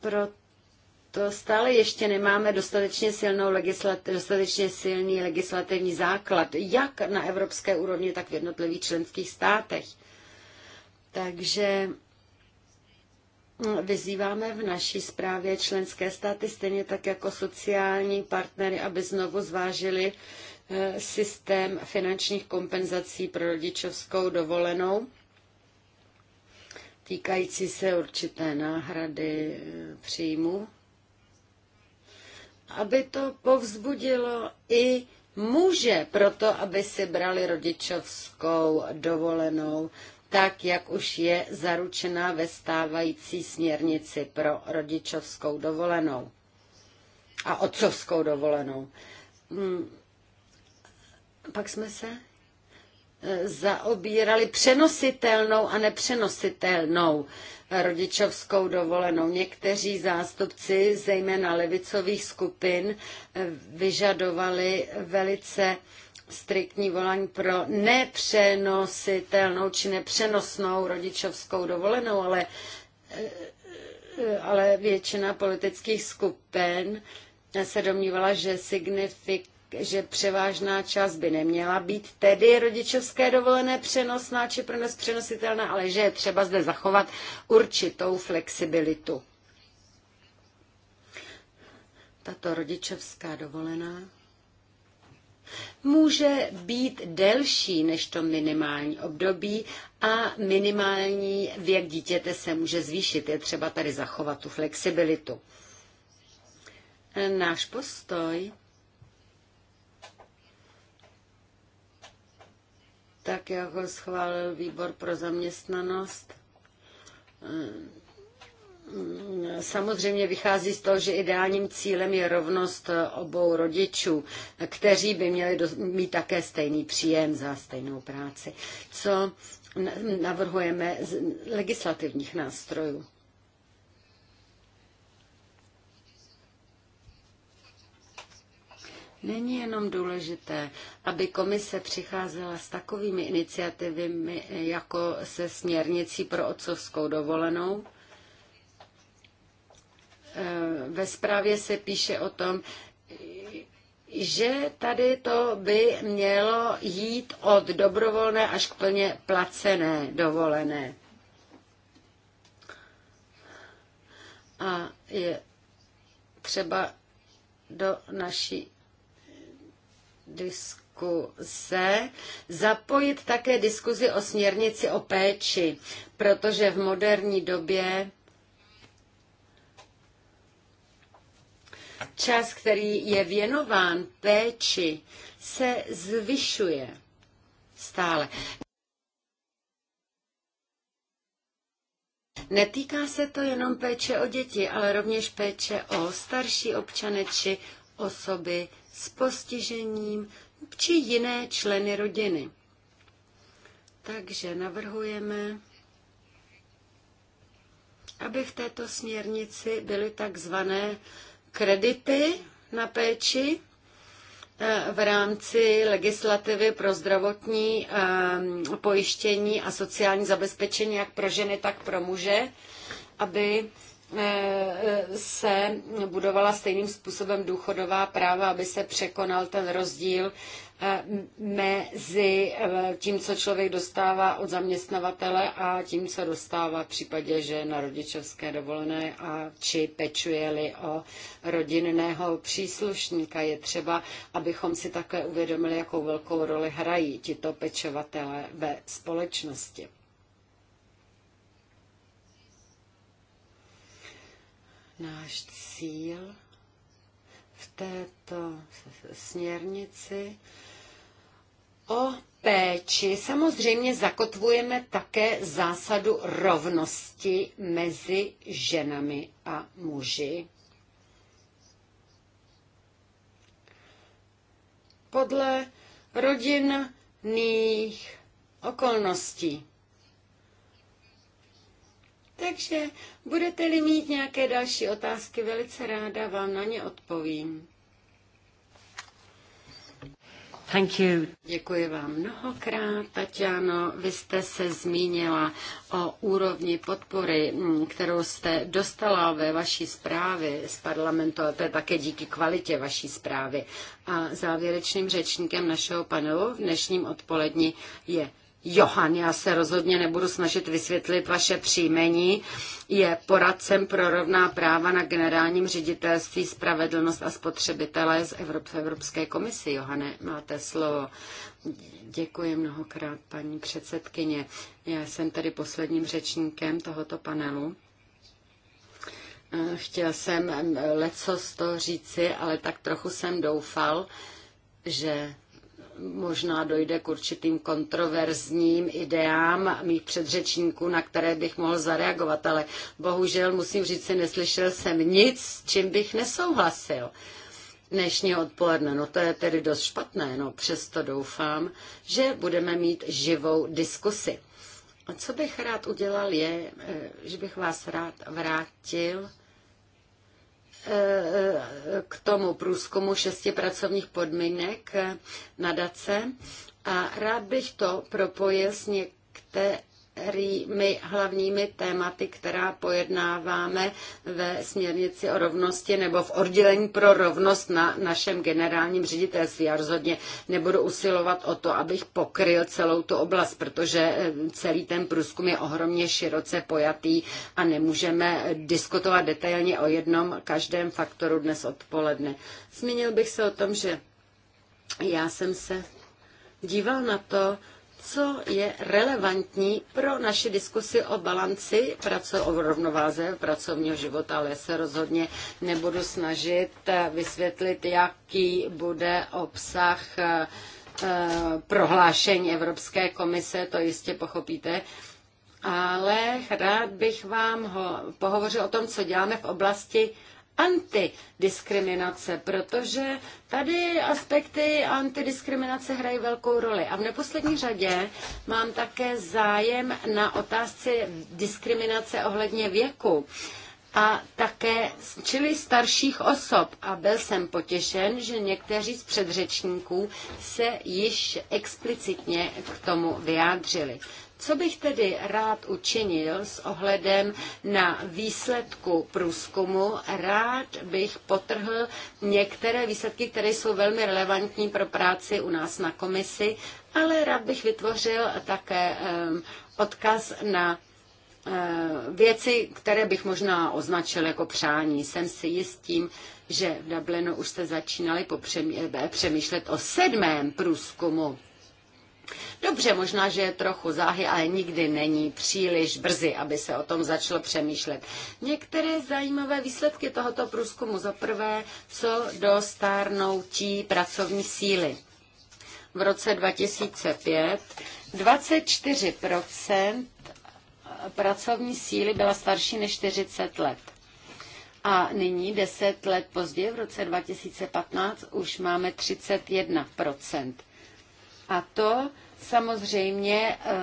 proto to stále ještě nemáme dostatečně, silnou dostatečně silný legislativní základ, jak na evropské úrovni, tak v jednotlivých členských státech. Takže mm, Vyzýváme v naší zprávě členské státy, stejně tak jako sociální partnery, aby znovu zvážili eh, systém finančních kompenzací pro rodičovskou dovolenou, týkající se určité náhrady eh, příjmu aby to povzbudilo i muže pro to, aby si brali rodičovskou dovolenou, tak jak už je zaručená ve stávající směrnici pro rodičovskou dovolenou a otcovskou dovolenou. Hmm. Pak jsme se zaobírali přenositelnou a nepřenositelnou rodičovskou dovolenou. Někteří zástupci, zejména levicových skupin, vyžadovali velice striktní volání pro nepřenositelnou či nepřenosnou rodičovskou dovolenou, ale, ale většina politických skupin se domnívala, že signifik že převážná část by neměla být tedy rodičovské dovolené přenosná či nás přenositelná, ale že je třeba zde zachovat určitou flexibilitu. Tato rodičovská dovolená může být delší než to minimální období a minimální věk dítěte se může zvýšit. Je třeba tady zachovat tu flexibilitu. Náš postoj tak jak ho schválil výbor pro zaměstnanost. Samozřejmě vychází z toho, že ideálním cílem je rovnost obou rodičů, kteří by měli mít také stejný příjem za stejnou práci. Co navrhujeme z legislativních nástrojů? Není jenom důležité, aby komise přicházela s takovými iniciativami jako se směrnicí pro otcovskou dovolenou. E, ve zprávě se píše o tom, že tady to by mělo jít od dobrovolné až k plně placené dovolené. A je třeba do naší diskuse zapojit také diskuzi o směrnici o péči, protože v moderní době čas, který je věnován péči, se zvyšuje stále. Netýká se to jenom péče o děti, ale rovněž péče o starší občany či osoby s postižením či jiné členy rodiny. Takže navrhujeme, aby v této směrnici byly takzvané kredity na péči eh, v rámci legislativy pro zdravotní eh, pojištění a sociální zabezpečení jak pro ženy, tak pro muže, aby Eh, se budovala stejným způsobem důchodová práva, aby se překonal ten rozdíl eh, mezi eh, tím, co člověk dostává od zaměstnavatele a tím, co dostává v případě, že na rodičovské dovolené a či pečuje-li o rodinného příslušníka. Je třeba, abychom si také uvědomili, jakou velkou roli hrají tito pečovatele ve společnosti. náš cíl v této směrnici o péči samozřejmě zakotvujeme také zásadu rovnosti mezi ženami a muži. Podle rodinných okolností. Takže budete-li mít nějaké další otázky, velice ráda vám na ně odpovím. Thank you. Děkuji vám mnohokrát, Tatiano. Vy jste se zmínila o úrovni podpory, kterou jste dostala ve vaší zprávě z parlamentu, a to je také díky kvalitě vaší zprávy. A závěrečným řečníkem našeho panelu v dnešním odpoledni je Johan, já se rozhodně nebudu snažit vysvětlit vaše příjmení. Je poradcem pro rovná práva na generálním ředitelství spravedlnost a spotřebitelé z Evrop, Evropské komisi. Johane, máte slovo. Děkuji mnohokrát, paní předsedkyně. Já jsem tady posledním řečníkem tohoto panelu. Eh, chtěl jsem eh, leco z toho říci, ale tak trochu jsem doufal, že možná dojde k určitým kontroverzním ideám mých předřečníků, na které bych mohl zareagovat, ale bohužel musím říct si, neslyšel jsem nic, s čím bych nesouhlasil dnešního odpoledne. No to je tedy dost špatné, no přesto doufám, že budeme mít živou diskusi. A co bych rád udělal je, eh, že bych vás rád vrátil k tomu průzkumu šesti pracovních podmínek na DACE a rád bych to propojil s některými kterými hlavními tématy, která pojednáváme ve směrnici o rovnosti nebo v oddělení pro rovnost na našem generálním ředitelství. Já rozhodně nebudu usilovat o to, abych pokryl celou tu oblast, protože eh, celý ten průzkum je ohromně široce pojatý a nemůžeme diskutovat detailně o jednom každém faktoru dnes odpoledne. Zmínil bych se o tom, že já jsem se díval na to, co je relevantní pro naši diskusi o balanci, praco, o rovnováze pracovního života, ale se rozhodně nebudu snažit eh, vysvětlit, jaký bude obsah eh, eh, prohlášení Evropské komise, to jistě pochopíte. Ale rád bych vám ho, pohovořil o tom, co děláme v oblasti antidiskriminace, protože tady aspekty antidiskriminace hrají velkou roli. A v neposlední řadě mám také zájem na otázce diskriminace ohledně věku a také čili starších osob. A byl jsem potěšen, že někteří z předřečníků se již explicitně k tomu vyjádřili. Co bych tedy rád učinil s ohledem na výsledku průzkumu? Rád bych potrhl některé výsledky, které jsou velmi relevantní pro práci u nás na komisi, ale rád bych vytvořil také odkaz na eh, věci, které bych možná označil jako přání. Jsem si jistím, že v Dublinu už jste začínali popřemýšlet eh, o sedmém průzkumu Dobře, možná, že je trochu záhy, ale nikdy není příliš brzy, aby se o tom začalo přemýšlet. Některé zajímavé výsledky tohoto průzkumu. Za prvé, co do stárnoutí pracovní síly. V roce 2005 24 pracovní síly byla starší než 40 let. A nyní, deset let později, v roce 2015, už máme 31 a to samozřejmě eh,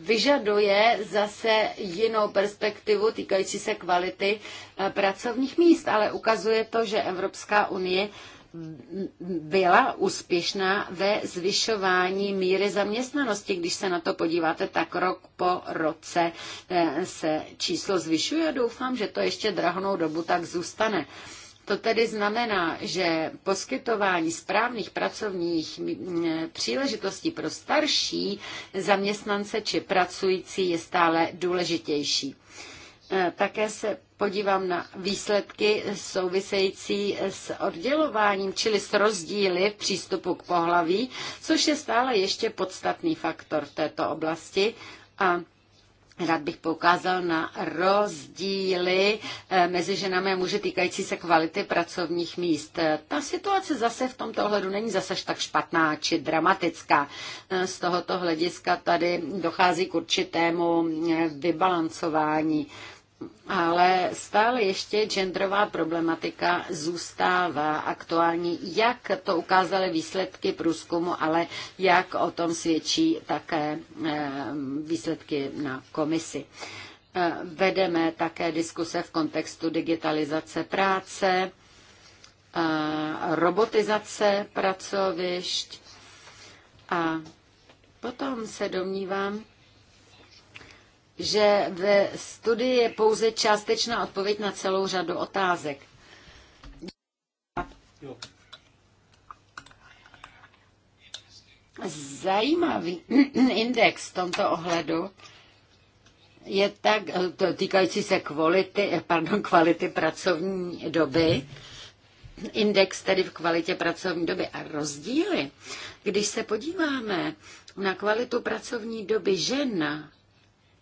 vyžaduje zase jinou perspektivu týkající se kvality eh, pracovních míst, ale ukazuje to, že Evropská unie byla úspěšná ve zvyšování míry zaměstnanosti. Když se na to podíváte, tak rok po roce eh, se číslo zvyšuje doufám, že to ještě drahnou dobu tak zůstane. To tedy znamená, že poskytování správných pracovních příležitostí pro starší zaměstnance či pracující je stále důležitější. E, také se podívám na výsledky související s oddělováním, čili s rozdíly v přístupu k pohlaví, což je stále ještě podstatný faktor v této oblasti. A Rád bych poukázal na rozdíly eh, mezi ženami a muži týkající se kvality pracovních míst. Eh, ta situace zase v tomto ohledu není zase tak špatná či dramatická. Eh, z tohoto hlediska tady dochází k určitému vybalancování ale stále ještě genderová problematika zůstává aktuální, jak to ukázaly výsledky průzkumu, ale jak o tom svědčí také eh, výsledky na komisi. Eh, vedeme také diskuse v kontextu digitalizace práce, eh, robotizace pracovišť a potom se domnívám, že ve studii je pouze částečná odpověď na celou řadu otázek. Zajímavý index v tomto ohledu je tak týkající se kvality, pardon, kvality pracovní doby, index tedy v kvalitě pracovní doby a rozdíly. Když se podíváme na kvalitu pracovní doby žen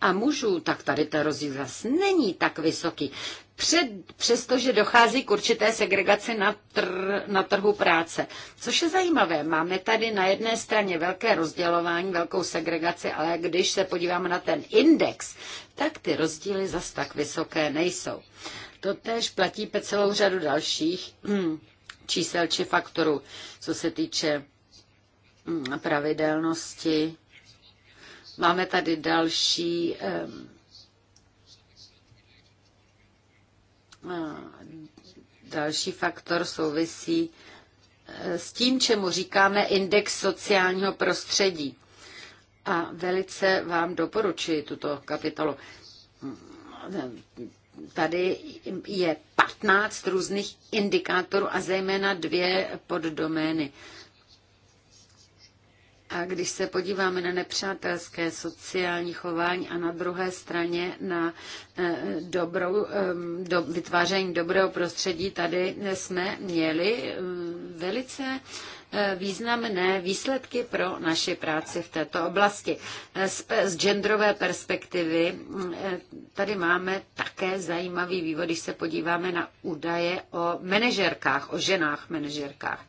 a mužů, tak tady ten rozdíl zase není tak vysoký. Před, přestože dochází k určité segregaci na, tr, na trhu práce. Což je zajímavé, máme tady na jedné straně velké rozdělování, velkou segregaci, ale když se podíváme na ten index, tak ty rozdíly zas tak vysoké nejsou. To tež platí pe celou řadu dalších hm, čísel či faktorů, co se týče hm, pravidelnosti Máme tady další další faktor souvisí e, s tím, čemu říkáme index sociálního prostředí. A velice vám doporučuji tuto kapitolu. Tady je 15 různých indikátorů a zejména dvě poddomény. A když se podíváme na nepřátelské sociální chování a na druhé straně na eh, dobrou, ehm, do, vytváření dobrého prostředí, tady jsme měli ehm, velice eh, významné výsledky pro naši práci v této oblasti. Eh, z, z genderové perspektivy mm, tady máme také zajímavý vývod, když se podíváme na údaje o manažerkách, o ženách manažerkách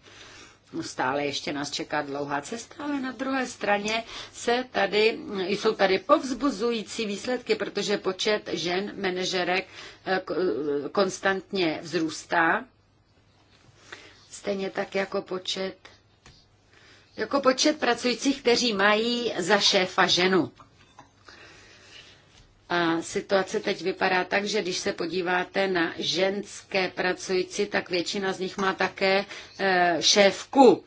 stále ještě nás čeká dlouhá cesta, ale na druhé straně se tady, jsou tady povzbuzující výsledky, protože počet žen manažerek eh, eh, konstantně vzrůstá, stejně tak jako počet jako počet pracujících, kteří mají za šéfa ženu. A situace teď vypadá tak, že když se podíváte na ženské pracující, tak většina z nich má také e, šéfku,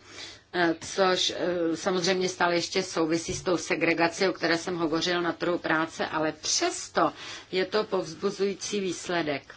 e, což e, samozřejmě stále ještě souvisí s tou segregací, o které jsem hovořil na trhu práce, ale přesto je to povzbuzující výsledek.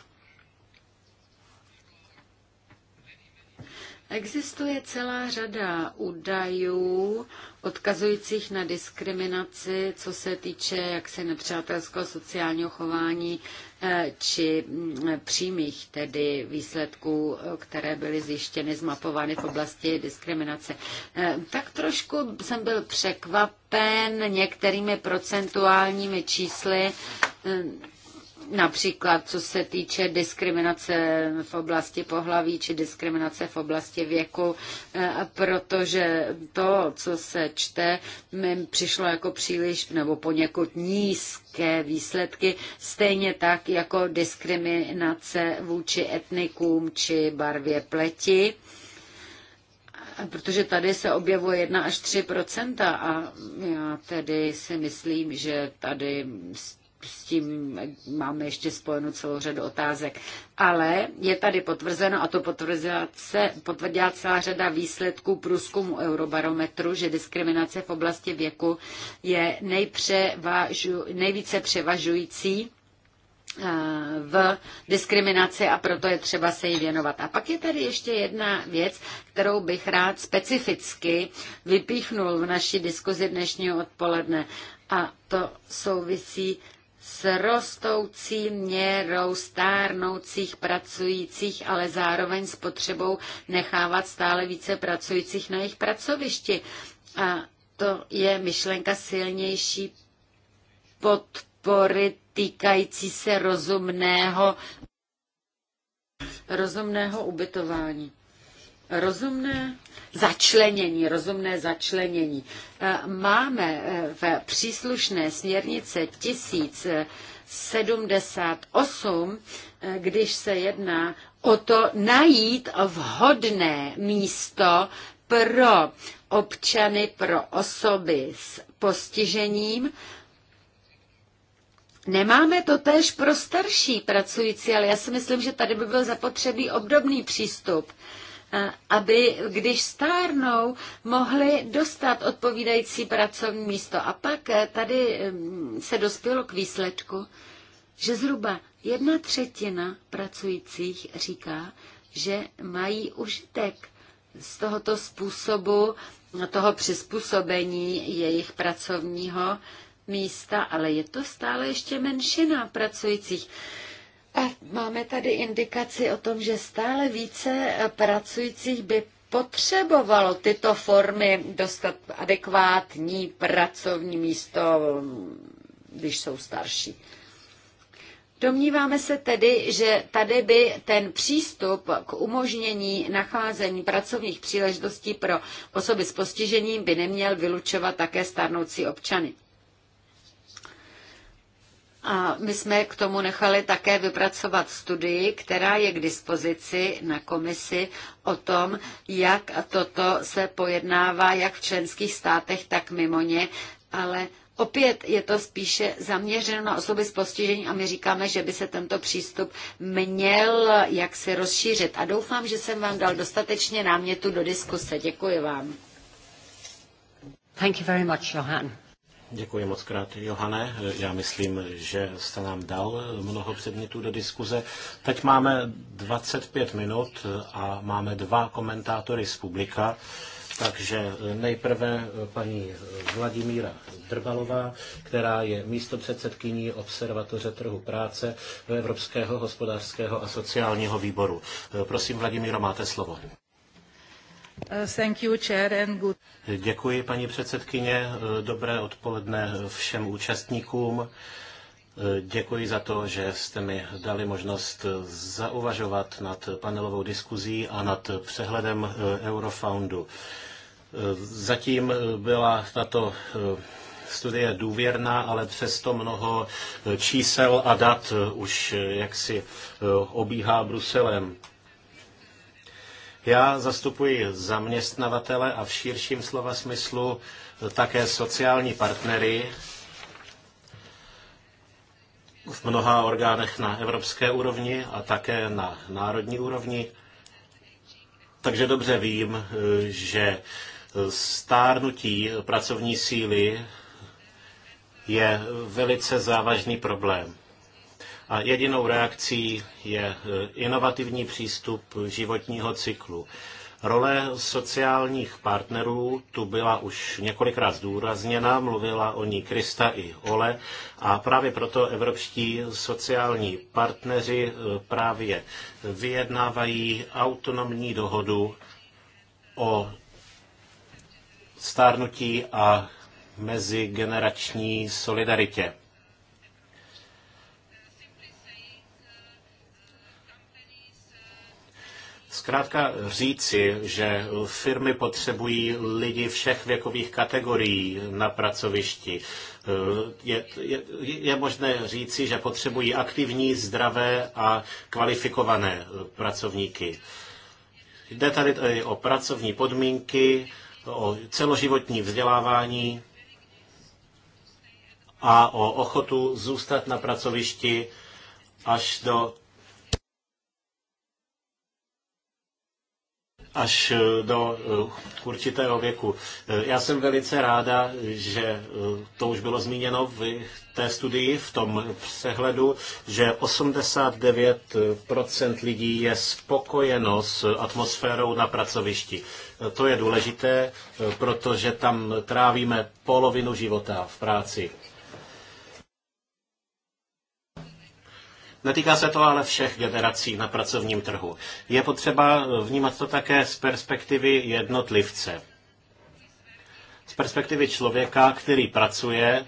Existuje celá řada údajů odkazujících na diskriminaci, co se týče jaksi nepřátelského sociálního chování eh, či mm, eh, přímých tedy výsledků, eh, které byly zjištěny, zmapovány v oblasti diskriminace. Tak trošku jsem byl překvapen některými procentuálními čísly, například co se týče diskriminace v oblasti pohlaví či diskriminace v oblasti věku, eh, protože to, co se čte, mi přišlo jako příliš nebo poněkud nízké výsledky, stejně tak jako diskriminace vůči etnikům či barvě pleti protože tady se objevuje 1 až 3 a já tedy si myslím, že tady s s tím máme ještě spojenou celou řadu otázek. Ale je tady potvrzeno, a to potvrdila, se, potvrdila celá řada výsledků průzkumu Eurobarometru, že diskriminace v oblasti věku je nejpřevažu, nejvíce převažující eh, v diskriminaci a proto je třeba se jí věnovat. A pak je tady ještě jedna věc, kterou bych rád specificky vypíchnul v naší diskuzi dnešního odpoledne. A to souvisí s rostoucí měrou stárnoucích pracujících, ale zároveň s potřebou nechávat stále více pracujících na jejich pracovišti. A to je myšlenka silnější podpory týkající se rozumného, rozumného ubytování rozumné začlenění, rozumné začlenění. E, máme e, v příslušné směrnice 1078, e, když se jedná o to najít vhodné místo pro občany, pro osoby s postižením, Nemáme to též pro starší pracující, ale já si myslím, že tady by byl zapotřebí obdobný přístup aby, když stárnou, mohli dostat odpovídající pracovní místo. A pak eh, tady se dospělo k výsledku, že zhruba jedna třetina pracujících říká, že mají užitek z tohoto způsobu, toho přizpůsobení jejich pracovního místa, ale je to stále ještě menšina pracujících. A máme tady indikaci o tom, že stále více pracujících by potřebovalo tyto formy dostat adekvátní pracovní místo, když jsou starší. Domníváme se tedy, že tady by ten přístup k umožnění nacházení pracovních příležitostí pro osoby s postižením by neměl vylučovat také starnoucí občany. A my jsme k tomu nechali také vypracovat studii, která je k dispozici na komisi o tom, jak toto se pojednává jak v členských státech, tak mimo ně, ale Opět je to spíše zaměřeno na osoby s postižením a my říkáme, že by se tento přístup měl jaksi rozšířit. A doufám, že jsem vám dal dostatečně námětu do diskuse. Děkuji vám. Thank you very much,
Děkuji moc krát, Johane. Já myslím, že jste nám dal mnoho předmětů do diskuze. Teď máme 25 minut a máme dva komentátory z publika. Takže nejprve paní Vladimíra Drbalová, která je místopředsedkyní Observatoře trhu práce Evropského hospodářského a sociálního výboru. Prosím, Vladimíro, máte slovo. Děkuji, paní předsedkyně. Dobré odpoledne všem účastníkům. Děkuji za to, že jste mi dali možnost zauvažovat nad panelovou diskuzí a nad přehledem eh, Eurofoundu. Eh, zatím eh, byla tato studie důvěrná, ale přesto mnoho čísel a dat už jaksi obíhá Bruselem. Já zastupuji zaměstnavatele a v širším slova smyslu také sociální partnery v mnoha orgánech na evropské úrovni a také na národní úrovni. Takže dobře vím, že stárnutí pracovní síly je velice závažný problém. A jedinou reakcí je e, inovativní přístup životního cyklu. Role sociálních partnerů tu byla už několikrát zdůrazněna, mluvila o ní Krista i Ole a právě proto evropští sociální partneři e, právě vyjednávají autonomní dohodu o stárnutí a mezigenerační solidaritě. Zkrátka říci, že firmy potřebují lidi všech věkových kategorií na pracovišti, je, je, je možné říci, že potřebují aktivní, zdravé a kvalifikované pracovníky. Jde tady o pracovní podmínky, o celoživotní vzdělávání a o ochotu zůstat na pracovišti až do až eh, do eh, určitého věku. Eh, já jsem velice ráda, že to už bylo zmíněno v té studii, v tom přehledu, že 89% lidí je spokojeno s atmosférou na pracovišti. To je důležité, protože tam trávíme polovinu života v práci. Netýká se to ale všech generací na pracovním trhu. Je potřeba eh, vnímat to také z perspektivy jednotlivce. Z perspektivy člověka, který pracuje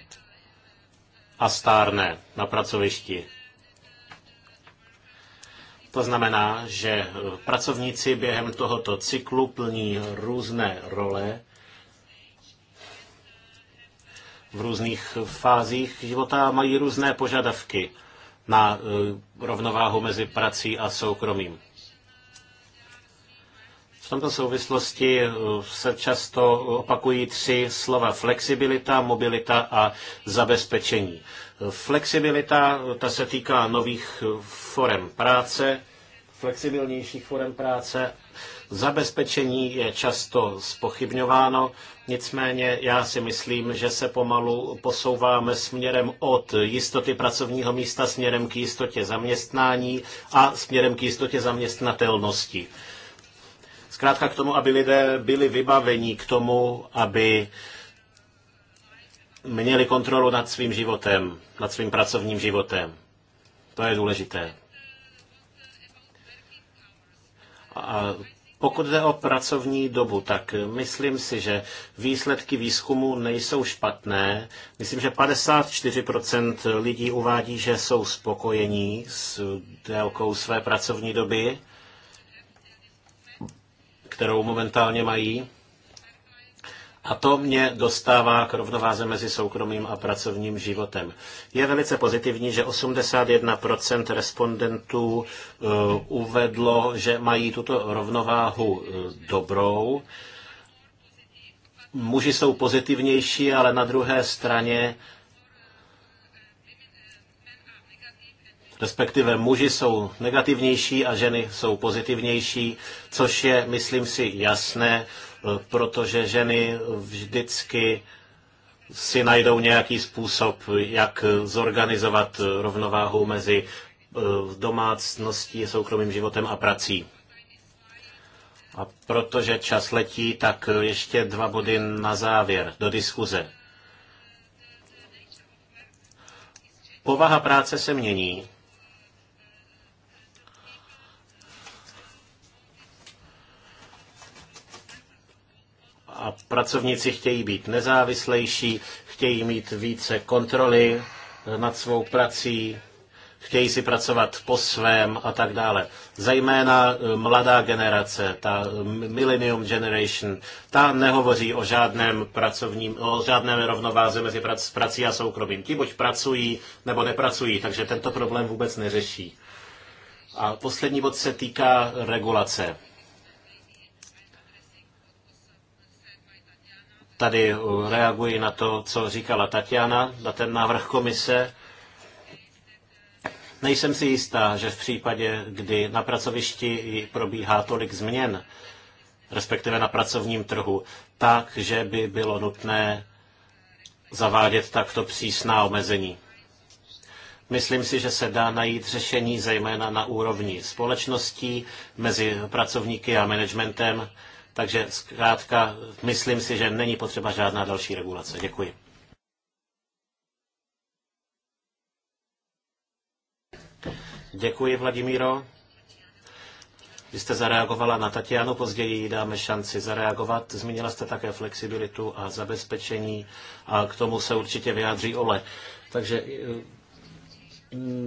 a stárne na pracovišti. To znamená, že eh, pracovníci během tohoto cyklu plní různé role v různých fázích života mají různé požadavky na e, rovnováhu mezi prací a soukromím. V tomto souvislosti e, se často opakují tři slova flexibilita, mobilita a zabezpečení. Flexibilita, ta se týká nových forem práce, flexibilnějších forem práce Zabezpečení je často spochybňováno, nicméně já si myslím, že se pomalu posouváme směrem od jistoty pracovního místa směrem k jistotě zaměstnání a směrem k jistotě zaměstnatelnosti. Zkrátka k tomu, aby lidé byli vybaveni k tomu, aby měli kontrolu nad svým životem, nad svým pracovním životem. To je důležité. A pokud jde o pracovní dobu, tak myslím si, že výsledky výzkumu nejsou špatné. Myslím, že 54% lidí uvádí, že jsou spokojení s délkou své pracovní doby, kterou momentálně mají. A to mě dostává k rovnováze mezi soukromým a pracovním životem. Je velice pozitivní, že 81% respondentů uh, uvedlo, že mají tuto rovnováhu uh, dobrou. Muži jsou pozitivnější, ale na druhé straně respektive muži jsou negativnější a ženy jsou pozitivnější, což je, myslím si, jasné protože ženy vždycky si najdou nějaký způsob, jak zorganizovat rovnováhu mezi eh, domácností, soukromým životem a prací. A protože čas letí, tak eh, ještě dva body na závěr do diskuze. Povaha práce se mění a pracovníci chtějí být nezávislejší, chtějí mít více kontroly eh, nad svou prací, chtějí si pracovat po svém a tak dále. Zajména eh, mladá generace, ta eh, Millennium Generation, ta nehovoří o žádném pracovním, o žádném rovnováze mezi prací a soukromím. Ti buď pracují, nebo nepracují, takže tento problém vůbec neřeší. A poslední bod se týká regulace. Tady eh, reaguji na to, co říkala Tatiana, na ten návrh komise. Nejsem si jistá, že v případě, kdy na pracovišti probíhá tolik změn, respektive na pracovním trhu, tak, že by bylo nutné zavádět takto přísná omezení. Myslím si, že se dá najít řešení zejména na úrovni společností, mezi pracovníky a managementem, takže zkrátka, myslím si, že není potřeba žádná další regulace. Děkuji. Děkuji, Vladimíro. Vy jste zareagovala na Tatianu, později jí dáme šanci zareagovat. Zmínila jste také flexibilitu a zabezpečení a k tomu se určitě vyjádří Ole. Takže eh,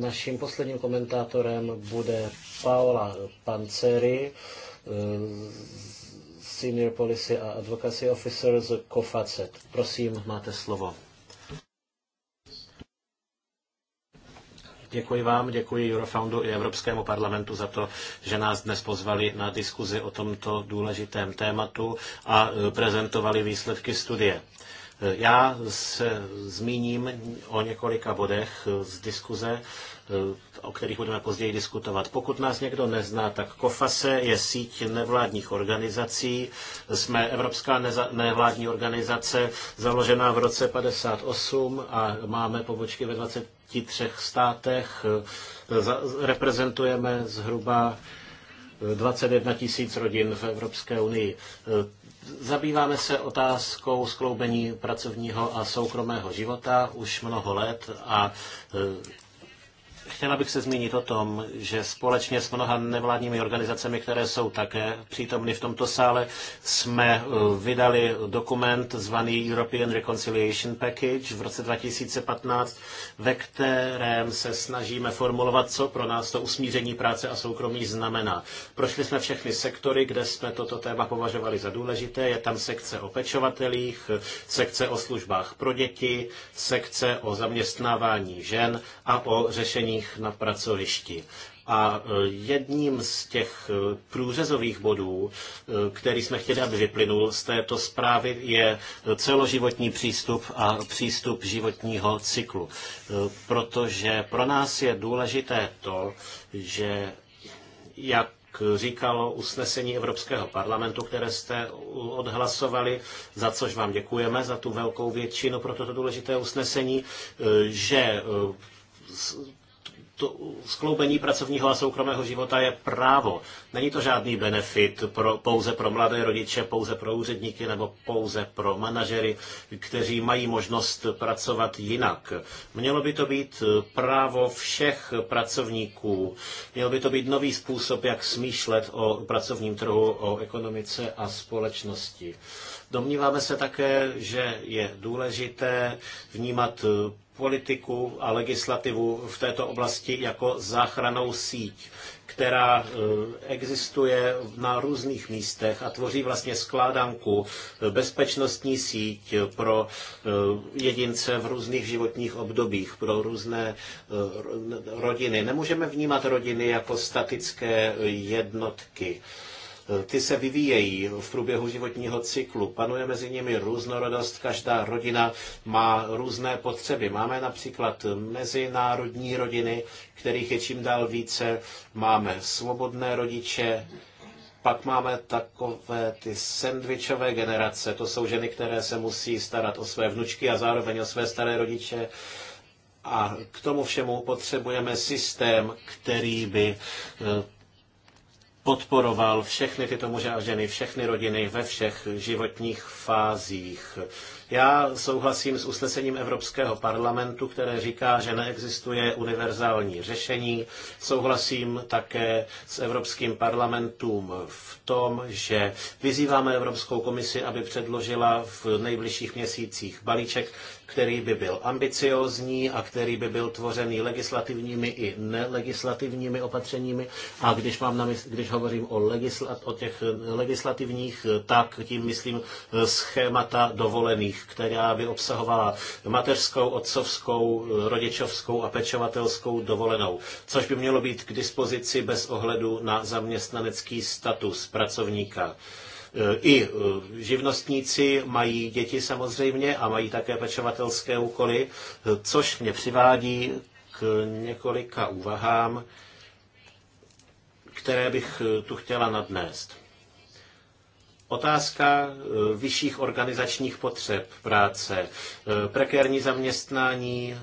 naším posledním komentátorem bude Paola Panceri eh, Senior Policy a Advocacy Officer z COFACET. Prosím, máte slovo. Děkuji vám, děkuji Eurofoundu i Evropskému parlamentu za to, že nás dnes pozvali na diskuzi o tomto důležitém tématu a e, prezentovali výsledky studie. E, já se zmíním o několika bodech e, z diskuze, Eh, o kterých budeme později diskutovat. Pokud nás někdo nezná, tak COFASE je síť nevládních organizací. Jsme Evropská nevládní organizace založená v roce 58 a máme pobočky ve 23 státech. Eh, reprezentujeme zhruba 21 eh, tisíc rodin v Evropské unii. Zabýváme se otázkou skloubení pracovního a soukromého života už mnoho let a Chtěla bych se zmínit o tom, že společně s mnoha nevládními organizacemi, které jsou také přítomny v tomto sále, jsme eh, vydali dokument zvaný European Reconciliation Package v roce 2015, ve kterém se snažíme formulovat, co pro nás to usmíření práce a soukromí znamená. Prošli jsme všechny sektory, kde jsme toto téma považovali za důležité. Je tam sekce o pečovatelích, sekce o službách pro děti, sekce o zaměstnávání žen a o řešeních nich na pracovišti. A e, jedním z těch e, průřezových bodů, e, který jsme chtěli, aby vyplynul z této zprávy, je celoživotní přístup a přístup životního cyklu. Protože pro nás je důležité to, že jak říkalo usnesení Evropského parlamentu, které jste odhlasovali, za což vám děkujeme, za tu velkou většinu pro toto důležité usnesení, že to skloubení pracovního a soukromého života je právo. Není to žádný benefit pro, pouze pro mladé rodiče, pouze pro úředníky nebo pouze pro manažery, kteří mají možnost pracovat jinak. Mělo by to být právo všech pracovníků. Měl by to být nový způsob, jak smýšlet o pracovním trhu, o ekonomice a společnosti. Domníváme se také, že je důležité vnímat politiku a legislativu v této oblasti jako záchranou síť, která e, existuje na různých místech a tvoří vlastně skládanku, e, bezpečnostní síť pro e, jedince v různých životních obdobích, pro různé rodiny. Nemůžeme vnímat rodiny jako statické jednotky Eh, ty se vyvíjejí v průběhu životního cyklu. Panuje mezi nimi různorodost, každá rodina má různé potřeby. Máme například mezinárodní rodiny, kterých je čím dál více. Máme svobodné rodiče, pak máme takové ty sendvičové generace, to jsou ženy, které se musí starat o své vnučky a zároveň o své staré rodiče. A k tomu všemu potřebujeme systém, který by eh, podporoval všechny tyto muže a ženy, všechny rodiny ve všech životních fázích. Já souhlasím s usnesením Evropského parlamentu, které říká, že neexistuje univerzální řešení. Souhlasím také s Evropským parlamentům v tom, že vyzýváme Evropskou komisi, aby předložila v nejbližších měsících balíček, který by byl ambiciózní a který by byl tvořený legislativními i nelegislativními opatřeními. A když, mám na mysl, když hovořím o, legisla, o těch legislativních, tak tím myslím eh, schémata dovolených, která by obsahovala mateřskou, otcovskou, eh, rodičovskou a pečovatelskou dovolenou, což by mělo být k dispozici bez ohledu na zaměstnanecký status pracovníka. E, I e, živnostníci mají děti samozřejmě a mají také pečovatelské úkoly, e, což mě přivádí k několika úvahám, které bych tu chtěla nadnést. Otázka vyšších organizačních potřeb práce, prekérní zaměstnání,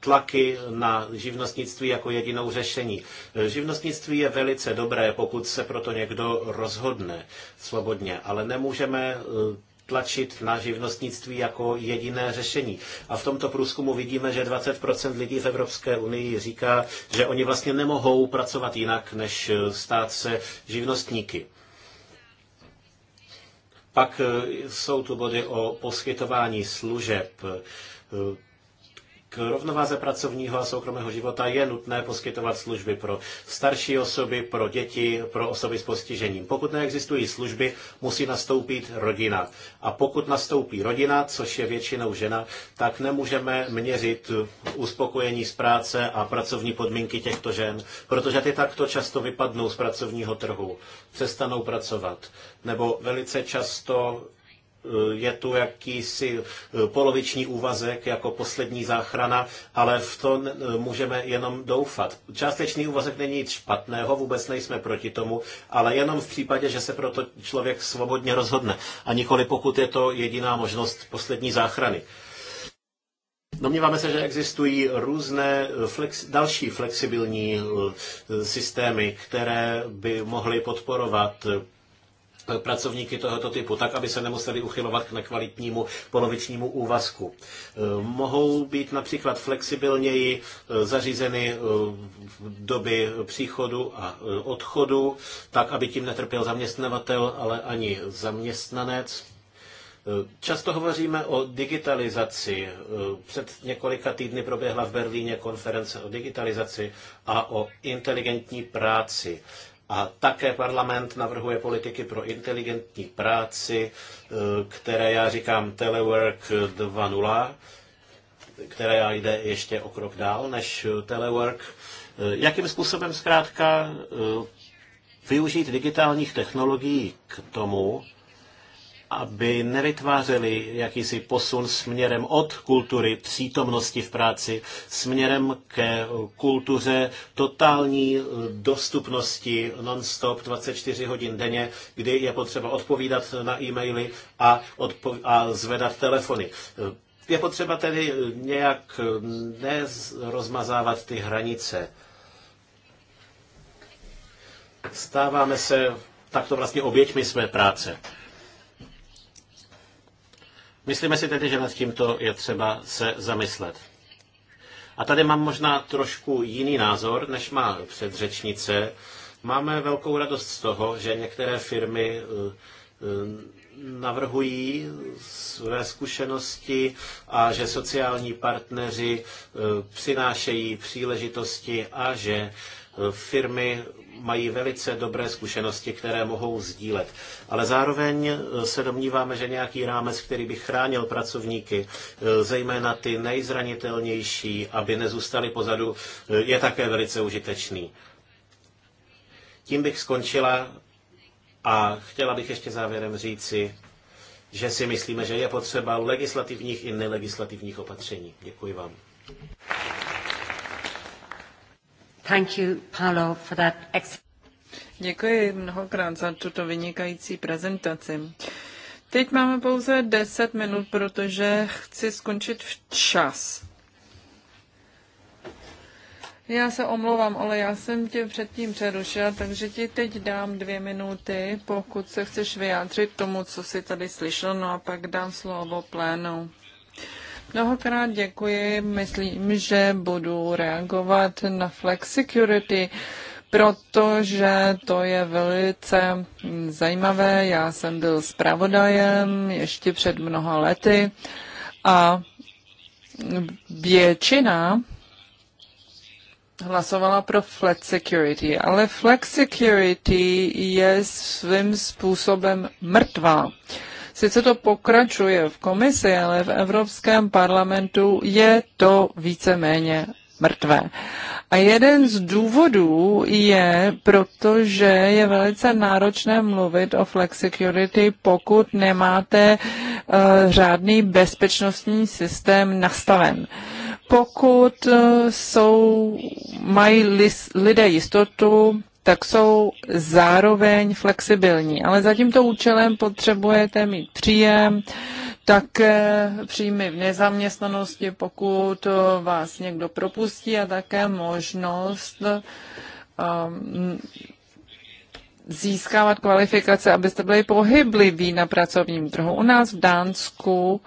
tlaky na živnostnictví jako jedinou řešení. Živnostnictví je velice dobré, pokud se proto někdo rozhodne svobodně, ale nemůžeme eh, tlačit na živnostnictví jako jediné řešení. A v tomto průzkumu vidíme, že 20% lidí v Evropské unii říká, že oni vlastně nemohou pracovat jinak, než eh, stát se živnostníky. Pak eh, jsou tu body o poskytování služeb. K rovnováze pracovního a soukromého života je nutné poskytovat služby pro starší osoby, pro děti, pro osoby s postižením. Pokud neexistují služby, musí nastoupit rodina. A pokud nastoupí rodina, což je většinou žena, tak nemůžeme měřit uspokojení z práce a pracovní podmínky těchto žen, protože ty takto často vypadnou z pracovního trhu, přestanou pracovat, nebo velice často Eh, je tu jakýsi eh, poloviční úvazek jako poslední záchrana, ale v to eh, můžeme jenom doufat. Částečný úvazek není nic špatného, vůbec nejsme proti tomu, ale jenom v případě, že se proto člověk svobodně rozhodne a nikoli pokud je to jediná možnost poslední záchrany. Domníváme se, že existují různé flex, další flexibilní systémy, které by mohly podporovat pracovníky tohoto typu, tak, aby se nemuseli uchylovat k nekvalitnímu polovičnímu úvazku. E, mohou být například flexibilněji e, zařízeny e, doby příchodu a odchodu, tak, aby tím netrpěl zaměstnavatel, ale ani zaměstnanec. Často hovoříme o digitalizaci. Před několika týdny proběhla v Berlíně konference o digitalizaci a o inteligentní práci. A také parlament navrhuje politiky pro inteligentní práci, e, které já říkám Telework 2.0, které jde ještě o krok dál než Telework. E, jakým způsobem zkrátka e, využít digitálních technologií k tomu, aby nevytvářeli jakýsi posun směrem od kultury přítomnosti v práci směrem ke kultuře totální eh, dostupnosti non-stop 24 hodin denně, kdy je potřeba odpovídat na e-maily a, odpov- a zvedat telefony. Eh, je potřeba tedy eh, nějak nerozmazávat ty hranice. Stáváme se takto vlastně oběťmi své práce. Myslíme si tedy, že nad tímto je třeba se zamyslet. A tady mám možná trošku jiný názor, než má předřečnice. Máme velkou radost z toho, že některé firmy eh, eh, navrhují své zkušenosti a že sociální partneři eh, přinášejí příležitosti a že firmy mají velice dobré zkušenosti, které mohou sdílet. Ale zároveň e, se domníváme, že nějaký rámec, který by chránil pracovníky, e, zejména ty nejzranitelnější, aby nezůstali pozadu, e, je také velice užitečný. Tím bych skončila a chtěla bych ještě závěrem říci, že si myslíme, že je potřeba legislativních i nelegislativních opatření. Děkuji vám.
Thank you, Paolo, for that Děkuji mnohokrát za tuto vynikající prezentaci. Teď máme pouze 10 minut, protože chci skončit včas. Já se omlouvám, ale já jsem tě předtím přerušila, takže ti teď dám dvě minuty, pokud se chceš vyjádřit tomu, co jsi tady slyšel, no a pak dám slovo plénu. Mnohokrát děkuji. Myslím, že budu reagovat na Flex Security, protože to je velice zajímavé. Já jsem byl zpravodajem ještě před mnoha lety a většina hlasovala pro Flex Security, ale Flex Security je svým způsobem mrtvá. Uh, Sice to pokračuje v komisi, ale v Evropském parlamentu je to víceméně mrtvé. A jeden z důvodů je, protože je velice náročné mluvit o flexicurity, pokud nemáte uh, řádný bezpečnostní systém nastaven. Pokud eh, jsou, mají lis, lidé jistotu, tak jsou zároveň flexibilní. Ale za tímto účelem potřebujete mít příjem, také příjmy v nezaměstnanosti, pokud vás někdo propustí a také možnost um, získávat kvalifikace, abyste byli pohybliví na pracovním trhu. U nás v Dánsku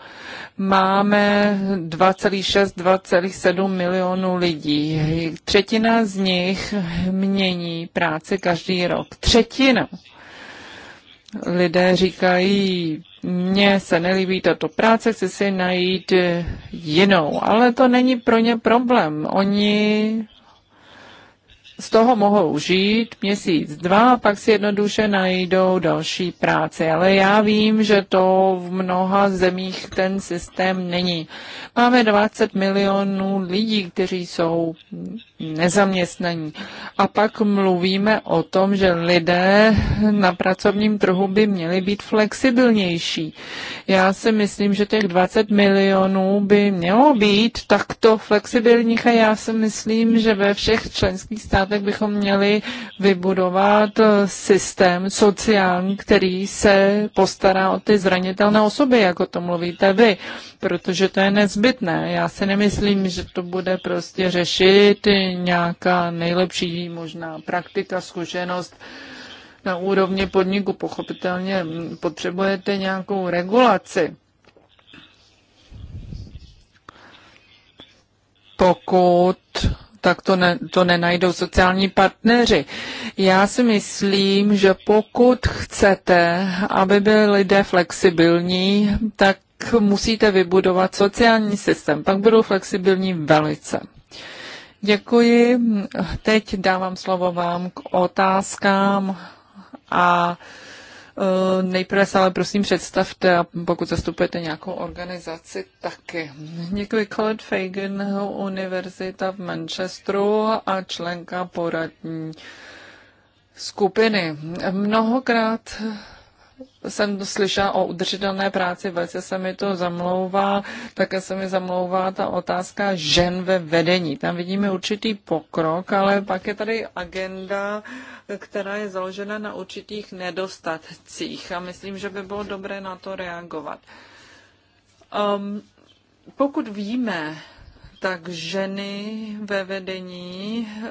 máme 2,6-2,7 milionů lidí. Třetina z nich mění práci každý rok. Třetina. Lidé říkají, mně se nelíbí tato práce, chci si najít jinou. Ale to není pro ně problém. Oni z toho mohou žít měsíc, dva, a pak si jednoduše najdou další práci. Ale já vím, že to v mnoha zemích ten systém není. Máme 20 milionů lidí, kteří jsou nezaměstnaní. A pak mluvíme o tom, že lidé na pracovním trhu by měli být flexibilnější. Já si myslím, že těch 20 milionů by mělo být takto flexibilních a já si myslím, že ve všech členských státech bychom měli vybudovat eh, systém sociální, který se postará o ty zranitelné osoby, jako to mluvíte vy, protože to je nezbytné. Já si nemyslím, že to bude prostě řešit nějaká nejlepší možná praktika, zkušenost na úrovni podniku. Pochopitelně potřebujete nějakou regulaci. Pokud tak to, ne, to nenajdou sociální partneři. Já si myslím, že pokud chcete, aby byli lidé flexibilní, tak musíte vybudovat sociální systém. Pak budou flexibilní velice. Děkuji. Teď dávám slovo vám k otázkám a e, Nejprve se ale prosím představte, a pokud zastupujete nějakou organizaci, taky. Děkuji Colin Fagan, Univerzita v Manchesteru a členka poradní skupiny. Mnohokrát jsem slyšela o udržitelné práci, velice se mi to zamlouvá, také se mi zamlouvá ta otázka žen ve vedení. Tam vidíme určitý pokrok, ale pak je tady agenda, která je založena na určitých nedostatcích a myslím, že by bylo dobré na to reagovat. Um, pokud víme, tak ženy ve vedení eh,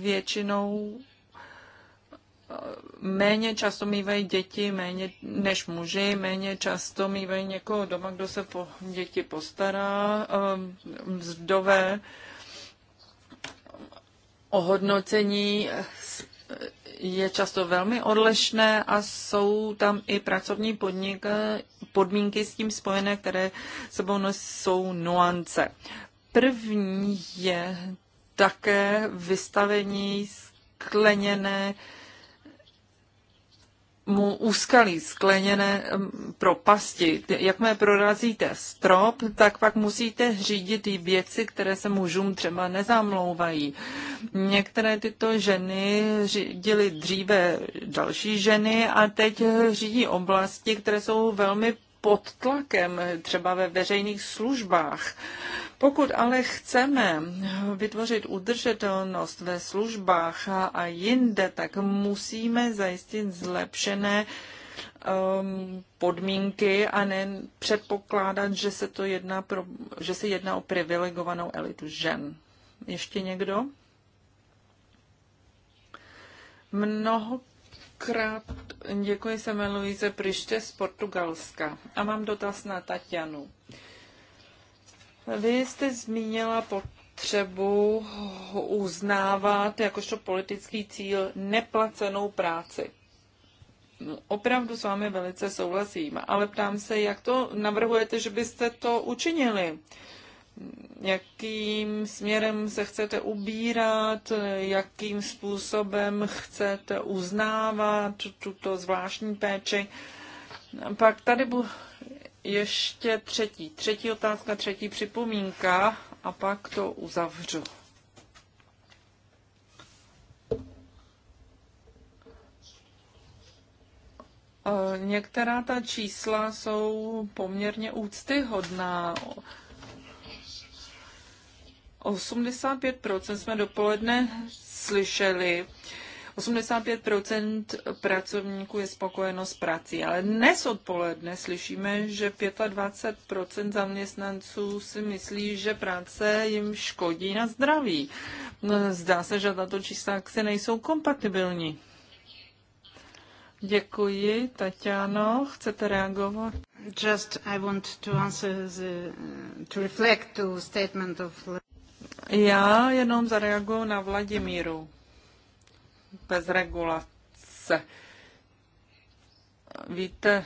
většinou méně často mývají děti méně než muži, méně často mývají někoho doma, kdo se po děti postará, mzdové um, ohodnocení je často velmi odlišné a jsou tam i pracovní podnik, podmínky s tím spojené, které sebou jsou nuance. První je také vystavení skleněné uh, mu úskalí, skleněné propasti. jak mě prorazíte strop, tak pak musíte řídit i věci, které se mužům třeba nezamlouvají. Některé tyto ženy řídily dříve další ženy a teď řídí oblasti, které jsou velmi pod tlakem, třeba ve veřejných službách. Pokud ale chceme vytvořit udržitelnost ve službách a jinde, tak musíme zajistit zlepšené um, podmínky a ne předpokládat, že se, to jedná pro, že se jedná o privilegovanou elitu žen. Ještě někdo? Mnohokrát krát děkuji, jsem Luise Priště z Portugalska a mám dotaz na Tatianu. Vy jste zmínila potřebu uznávat jakožto politický cíl neplacenou práci. No, opravdu s vámi velice souhlasím, ale ptám se, jak to navrhujete, že byste to učinili? Jakým směrem se chcete ubírat, jakým způsobem chcete uznávat tuto zvláštní péči? Pak tady ještě třetí. Třetí otázka, třetí připomínka a pak to uzavřu. E, některá ta čísla jsou poměrně úctyhodná. 85% jsme dopoledne slyšeli, 85% pracovníků je spokojeno s prací, ale dnes odpoledne slyšíme, že 25% zaměstnanců si myslí, že práce jim škodí na zdraví. Zdá se, že tato čísla akce nejsou kompatibilní. Děkuji, Tatiano. Chcete reagovat? Just I want to answer the, to reflect to statement of... Já jenom zareaguju na Vladimíru bez regulace. Víte,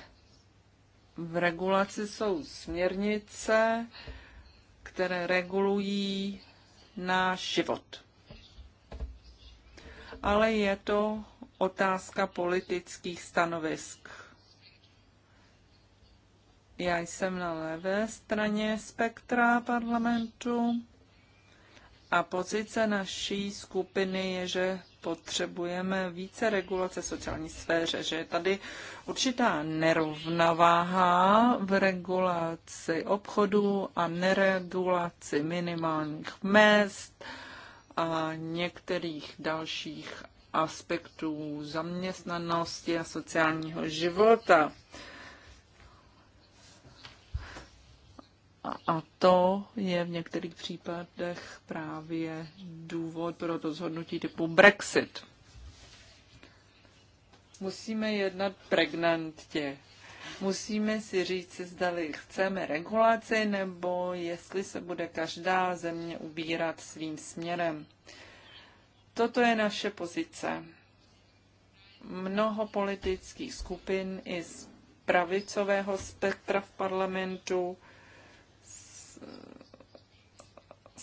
v regulaci jsou směrnice, které regulují náš život. Ale je to otázka politických stanovisk. Já jsem na levé straně spektra parlamentu a pozice naší skupiny je, že potřebujeme více regulace v sociální sféře, že je tady určitá nerovnováha v regulaci obchodu a neregulaci minimálních mest a některých dalších aspektů zaměstnanosti a sociálního života. A to je v některých případech právě důvod pro rozhodnutí typu Brexit. Musíme jednat pregnantně. Musíme si říct, zdali chceme regulaci, nebo jestli se bude každá země ubírat svým směrem. Toto je naše pozice. Mnoho politických skupin i z pravicového spektra v parlamentu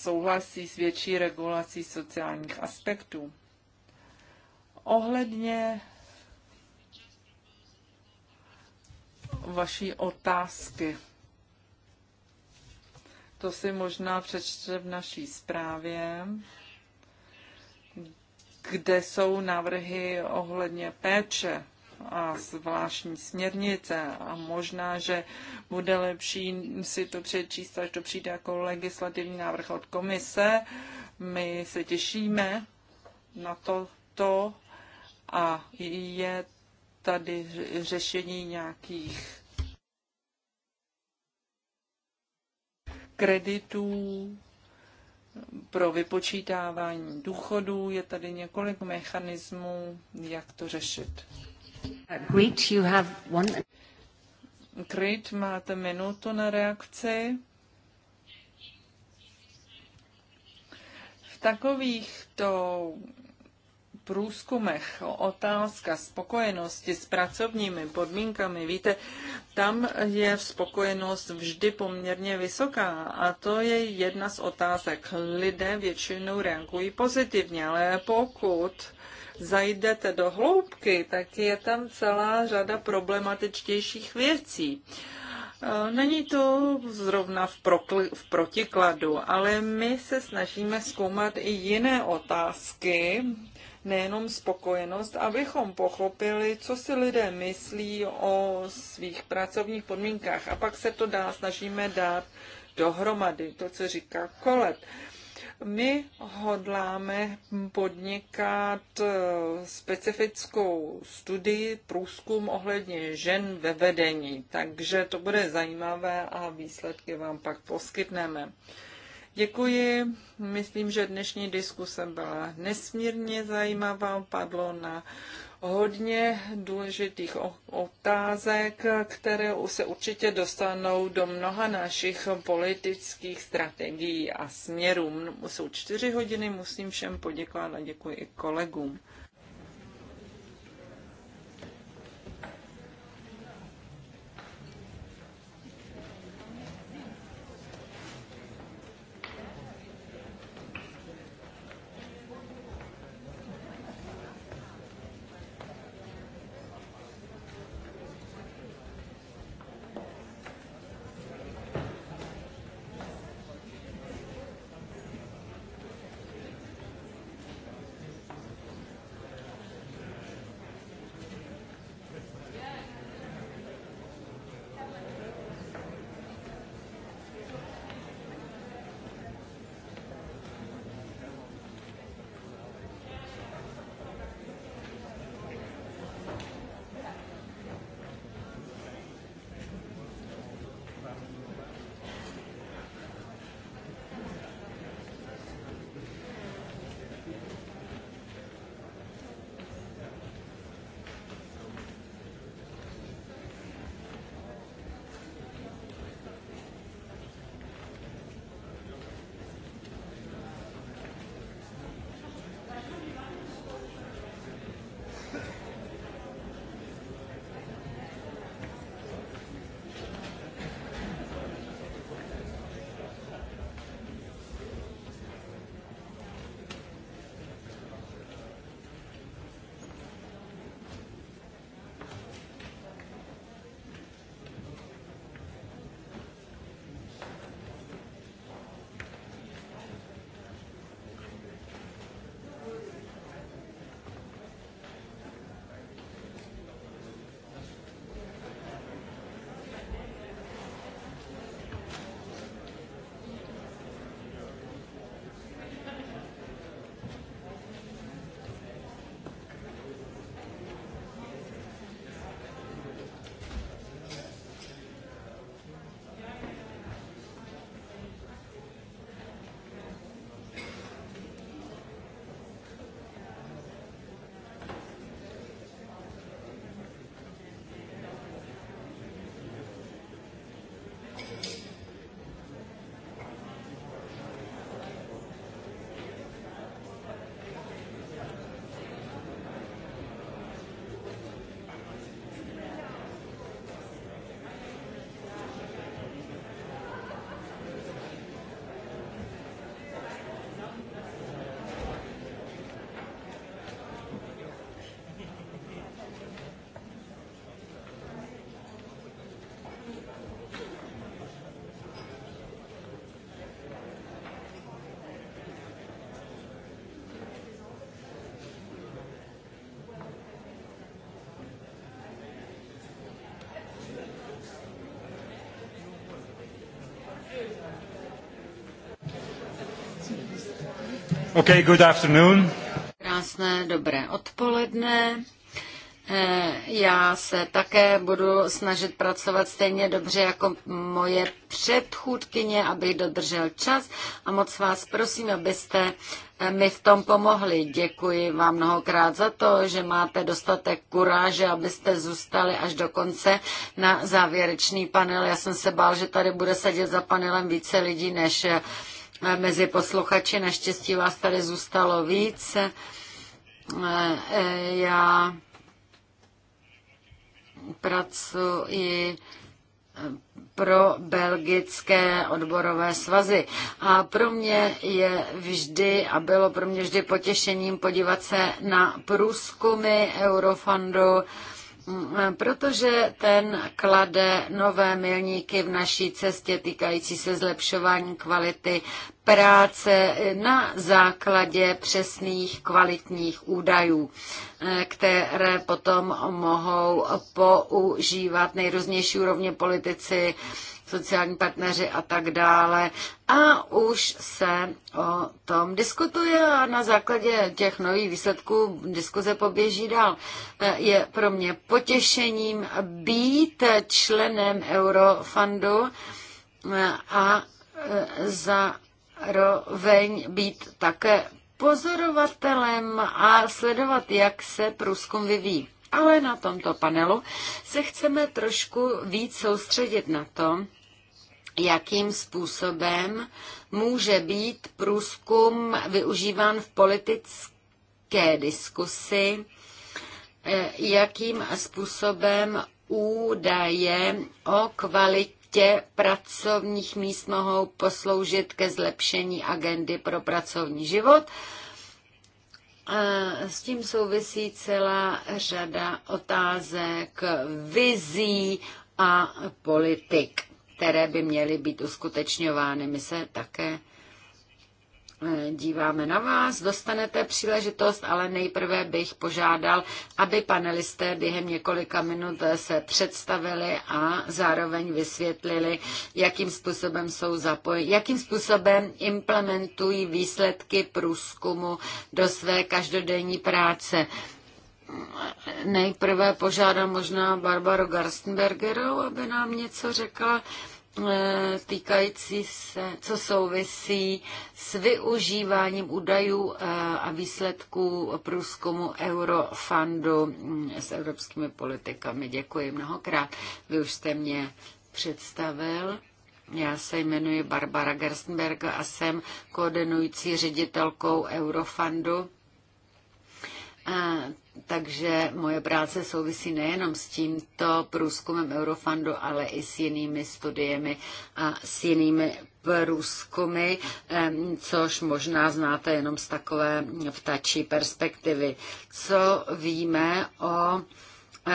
souhlasí s větší regulací sociálních aspektů. Ohledně vaší otázky. To si možná přečte v naší zprávě, kde jsou návrhy ohledně péče a zvláštní směrnice a možná, že bude lepší si to přečíst, až to přijde jako legislativní návrh od komise. My se těšíme na to, to a je tady řešení nějakých kreditů, pro vypočítávání důchodů. Je tady několik mechanismů, jak to řešit. Great, you have one... Great, máte minutu na reakci. V takovýchto průzkumech otázka spokojenosti s pracovními podmínkami, víte, tam je spokojenost vždy poměrně vysoká a to je jedna z otázek. Lidé většinou reagují pozitivně, ale pokud zajdete do hloubky, tak je tam celá řada problematičtějších věcí. E, není to zrovna v, prokl- v protikladu, ale my se snažíme zkoumat i jiné otázky, nejenom spokojenost, abychom pochopili, co si lidé myslí o svých pracovních podmínkách. A pak se to dá, snažíme dát dohromady, to, co říká Kolet. My hodláme podnikat eh, specifickou studii, průzkum ohledně žen ve vedení, takže to bude zajímavé a výsledky vám pak poskytneme. Děkuji. Myslím, že dnešní diskuse byla nesmírně zajímavá. Padlo na hodně důležitých otázek, které se určitě dostanou do mnoha našich politických strategií a směrů. Jsou čtyři hodiny, musím všem poděkovat a děkuji i kolegům.
Okay, good afternoon.
Krásné dobré odpoledne. Eh, já se také budu snažit pracovat stejně dobře jako moje předchůdkyně, abych dodržel čas a moc vás prosím, abyste eh, mi v tom pomohli. Děkuji vám mnohokrát za to, že máte dostatek kuráže, abyste zůstali až do konce na závěrečný panel. Já jsem se bál, že tady bude sedět za panelem více lidí než eh, mezi posluchači. Naštěstí vás tady zůstalo víc. Eh, eh, já pracuji eh, pro belgické odborové svazy. A pro mě je vždy a bylo pro mě vždy potěšením podívat se na průzkumy Eurofondu protože ten klade nové milníky v naší cestě týkající se zlepšování kvality práce na základě přesných kvalitních údajů, které potom mohou používat nejrůznější úrovně politici, sociální partneři a tak dále. A už se o tom diskutuje a na základě těch nových výsledků diskuze poběží dál. E, je pro mě potěšením být členem Eurofundu e, a e, zároveň být také pozorovatelem a sledovat, jak se průzkum vyvíjí. Ale na tomto panelu se chceme trošku víc soustředit na to, jakým způsobem může být průzkum využíván v politické diskusi, eh, jakým způsobem údaje o kvalitě pracovních míst mohou posloužit ke zlepšení agendy pro pracovní život. Eh, s tím souvisí celá řada otázek, vizí a politik které by měly být uskutečňovány. My se také eh, díváme na vás, dostanete příležitost, ale nejprve bych požádal, aby panelisté během několika minut eh, se představili a zároveň vysvětlili, jakým způsobem jsou zapojeni, jakým způsobem implementují výsledky průzkumu do své každodenní práce nejprve požádám možná Barbaru Garstenbergerovou, aby nám něco řekla eh, týkající se, co souvisí s využíváním údajů eh, a výsledků průzkumu Eurofundu hm, s evropskými politikami. Děkuji mnohokrát. Vy už jste mě představil. Já se jmenuji Barbara Gerstenberg a jsem koordinující ředitelkou Eurofundu a, takže moje práce souvisí nejenom s tímto průzkumem Eurofundu, ale i s jinými studiemi a s jinými průzkumy, což možná znáte jenom z takové vtačí perspektivy. Co víme o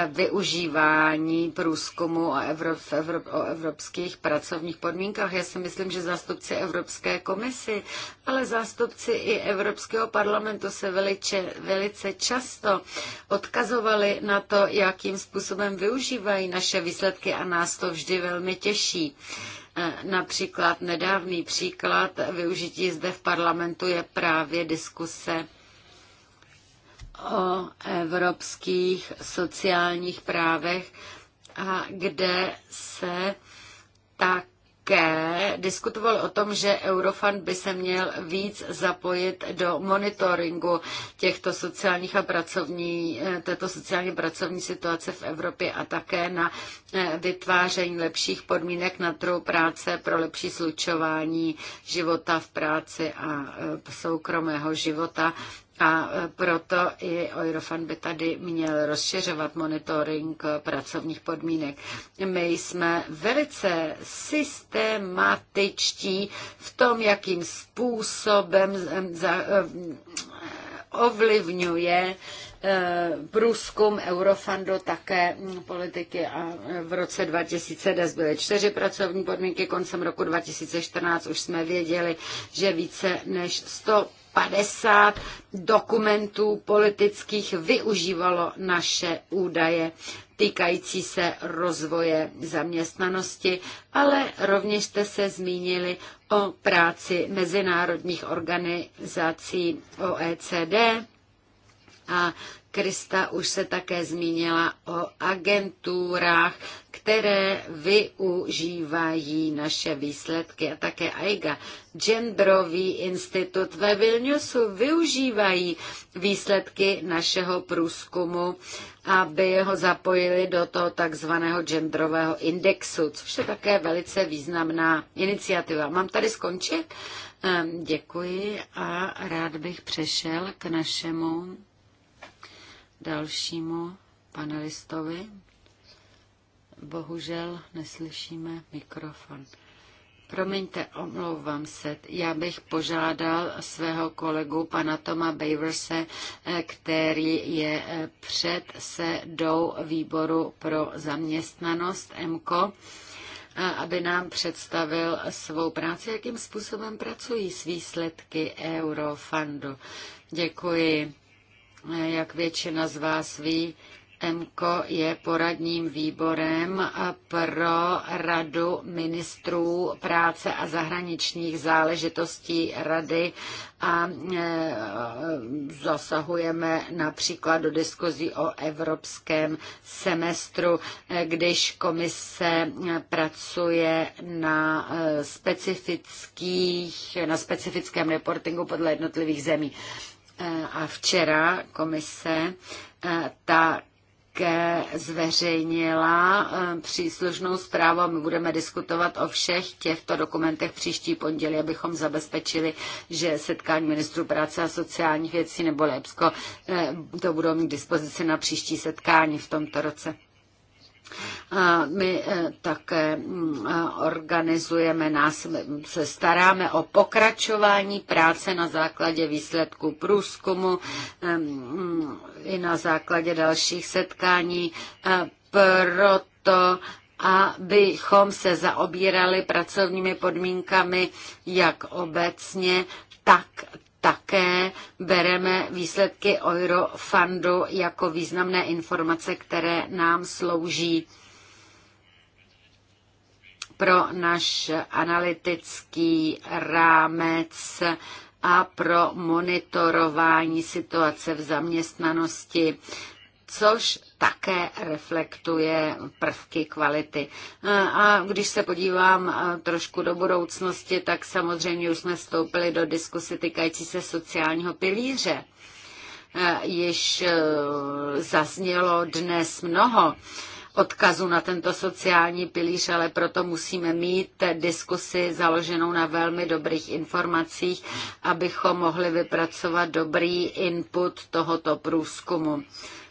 využívání průzkumu o, Evrop, Evrop, o evropských pracovních podmínkách. Já si myslím, že zástupci Evropské komisy, ale zástupci i Evropského parlamentu se velice, velice často odkazovali na to, jakým způsobem využívají naše výsledky a nás to vždy velmi těší. E, například nedávný příklad využití zde v parlamentu je právě diskuse o evropských sociálních právech, a kde se také diskutoval o tom, že Eurofund by se měl víc zapojit do monitoringu těchto sociálních a pracovní, této sociálně pracovní situace v Evropě a také na eh, vytváření lepších podmínek na trhu práce pro lepší slučování života v práci a eh, soukromého života a proto i Eurofan by tady měl rozšiřovat monitoring pracovních podmínek. My jsme velice systematičtí v tom, jakým způsobem ovlivňuje eh, průzkum Eurofando také hm, politiky a eh, v roce 2010 byly čtyři pracovní podmínky, koncem roku 2014 už jsme věděli, že více než 100 50 dokumentů politických využívalo naše údaje týkající se rozvoje zaměstnanosti, ale rovněž jste se zmínili o práci mezinárodních organizací OECD a Krista už se také zmínila o agenturách, které využívají naše výsledky a také AIGA. Genderový institut ve Vilniusu využívají výsledky našeho průzkumu, aby ho zapojili do toho takzvaného genderového indexu, což je také velice významná iniciativa. Mám tady skončit? Ehm, děkuji a rád bych přešel k našemu dalšímu panelistovi. Bohužel neslyšíme mikrofon. Promiňte, omlouvám se. Já bych požádal svého kolegu pana Toma Baverse, eh, který je eh, před sedou výboru pro zaměstnanost MKO, eh, aby nám představil svou práci, jakým způsobem pracují s výsledky Eurofundu. Děkuji. Jak většina z vás ví, EMKO je poradním výborem pro radu ministrů práce a zahraničních záležitostí rady a e, zasahujeme například do diskuzí o evropském semestru, když komise pracuje na, e, specifických, na specifickém reportingu podle jednotlivých zemí. Eh, a včera komise eh, tak zveřejnila eh, příslušnou zprávu a my budeme diskutovat o všech těchto dokumentech příští pondělí, abychom zabezpečili, že setkání ministrů práce a sociálních věcí nebo Lepsko to budou mít k dispozici na příští setkání v tomto roce. A my eh, také mm, organizujeme, nás se staráme o pokračování práce na základě výsledků průzkumu mm, i na základě dalších setkání, proto abychom se zaobírali pracovními podmínkami jak obecně, tak také bereme výsledky Eurofundu jako významné informace, které nám slouží pro náš analytický rámec a pro monitorování situace v zaměstnanosti což také reflektuje prvky kvality. Eh, A když se podívám eh, trošku do budoucnosti, tak samozřejmě už jsme vstoupili do diskusy týkající se sociálního pilíře. Eh, Již zaznělo dnes mnoho odkazu na tento sociální pilíř, ale proto musíme mít diskusy založenou na velmi dobrých informacích, abychom mohli vypracovat dobrý input tohoto průzkumu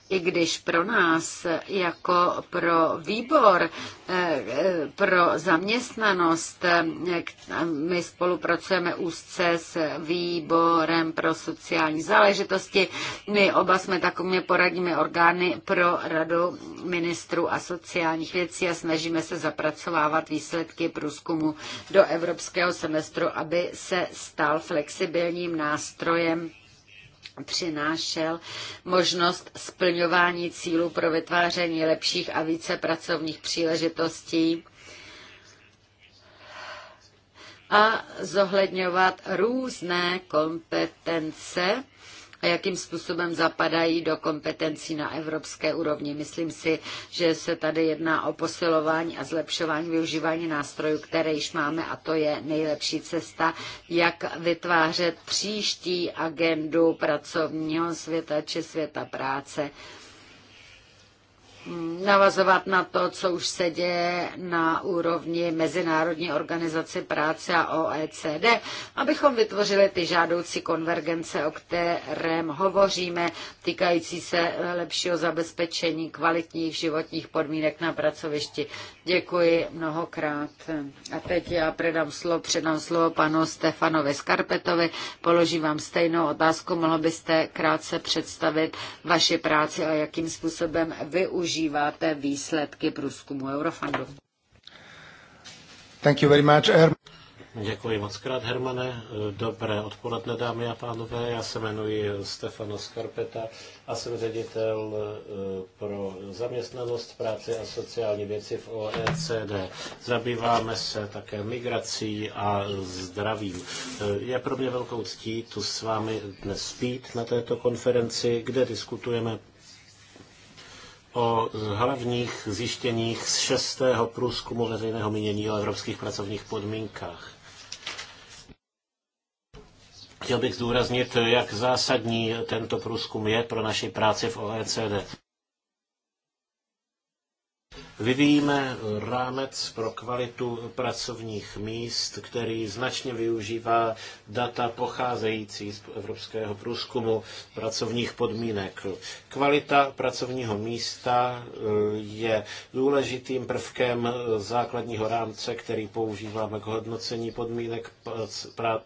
i když pro nás, jako pro výbor, eh, pro zaměstnanost, eh, my spolupracujeme úzce s výborem pro sociální záležitosti. My oba jsme takovými poradními orgány pro radu ministrů a sociálních věcí a snažíme se zapracovávat výsledky průzkumu do evropského semestru, aby se stal flexibilním nástrojem přinášel možnost splňování cílů pro vytváření lepších a více pracovních příležitostí a zohledňovat různé kompetence a jakým způsobem zapadají do kompetencí na evropské úrovni. Myslím si, že se tady jedná o posilování a zlepšování využívání nástrojů, které již máme a to je nejlepší cesta, jak vytvářet příští agendu pracovního světa či světa práce navazovat na to, co už se děje na úrovni Mezinárodní organizace práce a OECD, abychom vytvořili ty žádoucí konvergence, o kterém hovoříme, týkající se lepšího zabezpečení kvalitních životních podmínek na pracovišti. Děkuji mnohokrát. A teď já předám slovo, předám slovo panu Stefanovi Skarpetovi. Položím vám stejnou otázku. Mohl byste krátce představit vaši práci a jakým způsobem využít využíváte výsledky průzkumu Eurofundu.
Thank you very much, Herm.
Děkuji moc krát, Hermane. Dobré odpoledne, dámy a pánové. Já se jmenuji Stefano Skarpeta a jsem ředitel eh, pro zaměstnanost, práci a sociální věci v OECD. Zabýváme se také migrací a zdravím. Eh, je pro mě velkou ctí tu s vámi dnes spít na této konferenci, kde diskutujeme o eh, hlavních zjištěních z šestého průzkumu veřejného mínění o evropských pracovních podmínkách. Chtěl bych zdůraznit, eh, jak zásadní tento průzkum je pro naši práci v OECD. Vyvíjíme rámec pro kvalitu pracovních míst, který značně využívá data pocházející z evropského průzkumu pracovních podmínek. Kvalita pracovního místa eh, je důležitým prvkem základního rámce, který používáme k hodnocení podmínek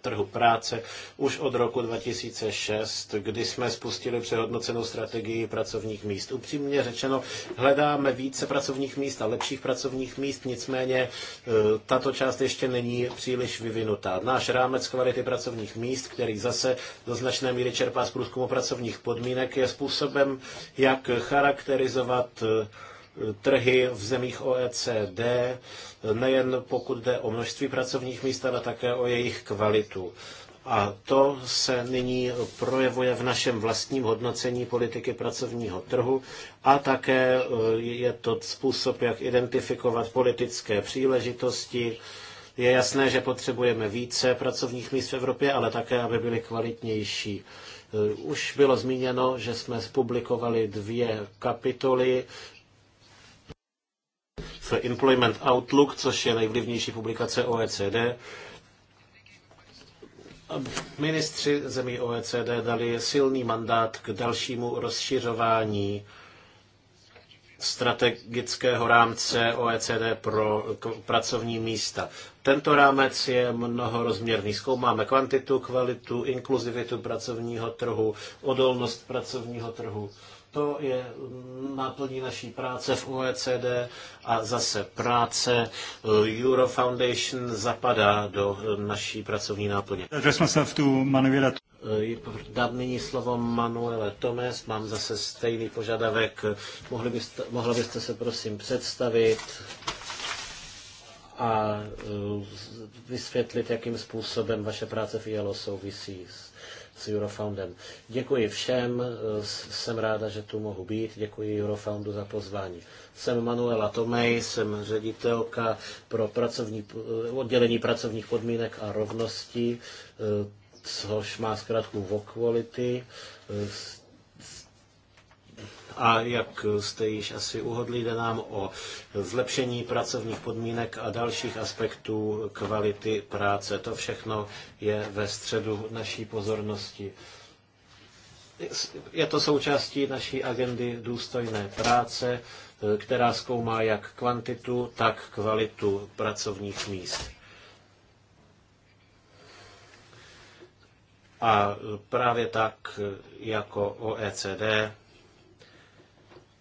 trhu práce už od roku 2006, kdy jsme spustili přehodnocenou strategii pracovních míst. Upřímně řečeno, hledáme více pracovních míst, míst a lepších pracovních míst, nicméně e, tato část ještě není příliš vyvinutá. Náš rámec kvality pracovních míst, který zase do značné míry čerpá z průzkumu pracovních podmínek, je způsobem, jak charakterizovat e, trhy v zemích OECD, e, nejen pokud jde o množství pracovních míst, ale také o jejich kvalitu. A to se nyní projevuje v našem vlastním hodnocení politiky pracovního trhu a také eh, je to způsob, jak identifikovat politické příležitosti. Je jasné, že potřebujeme více pracovních míst v Evropě, ale také, aby byly kvalitnější. Eh, už bylo zmíněno, že jsme publikovali dvě kapitoly v Employment Outlook, což je nejvlivnější publikace OECD, Ministři zemí OECD dali silný mandát k dalšímu rozšiřování strategického rámce OECD pro pracovní místa. Tento rámec je mnohorozměrný. Zkoumáme kvantitu, kvalitu, inkluzivitu pracovního trhu, odolnost pracovního trhu to je mm, náplní naší práce v OECD a zase práce eh, Euro Foundation zapadá do eh, naší pracovní náplně. jsme se v tu eh, Dám nyní slovo Manuele Tomes, mám zase stejný požadavek. Mohli byste, mohla byste se prosím představit a vysvětlit, jakým způsobem vaše práce v ILO souvisí s s Eurofoundem. Děkuji všem, jsem ráda, že tu mohu být, děkuji Eurofoundu za pozvání. Jsem Manuela Tomej, jsem ředitelka pro pracovní, oddělení pracovních podmínek a rovnosti, eh, což má zkrátku Voquality eh, a jak jste již asi uhodli, jde nám o zlepšení pracovních podmínek a dalších aspektů kvality práce. To všechno je ve středu naší pozornosti. Je to součástí naší agendy důstojné práce, která zkoumá jak kvantitu, tak kvalitu pracovních míst. A právě tak jako OECD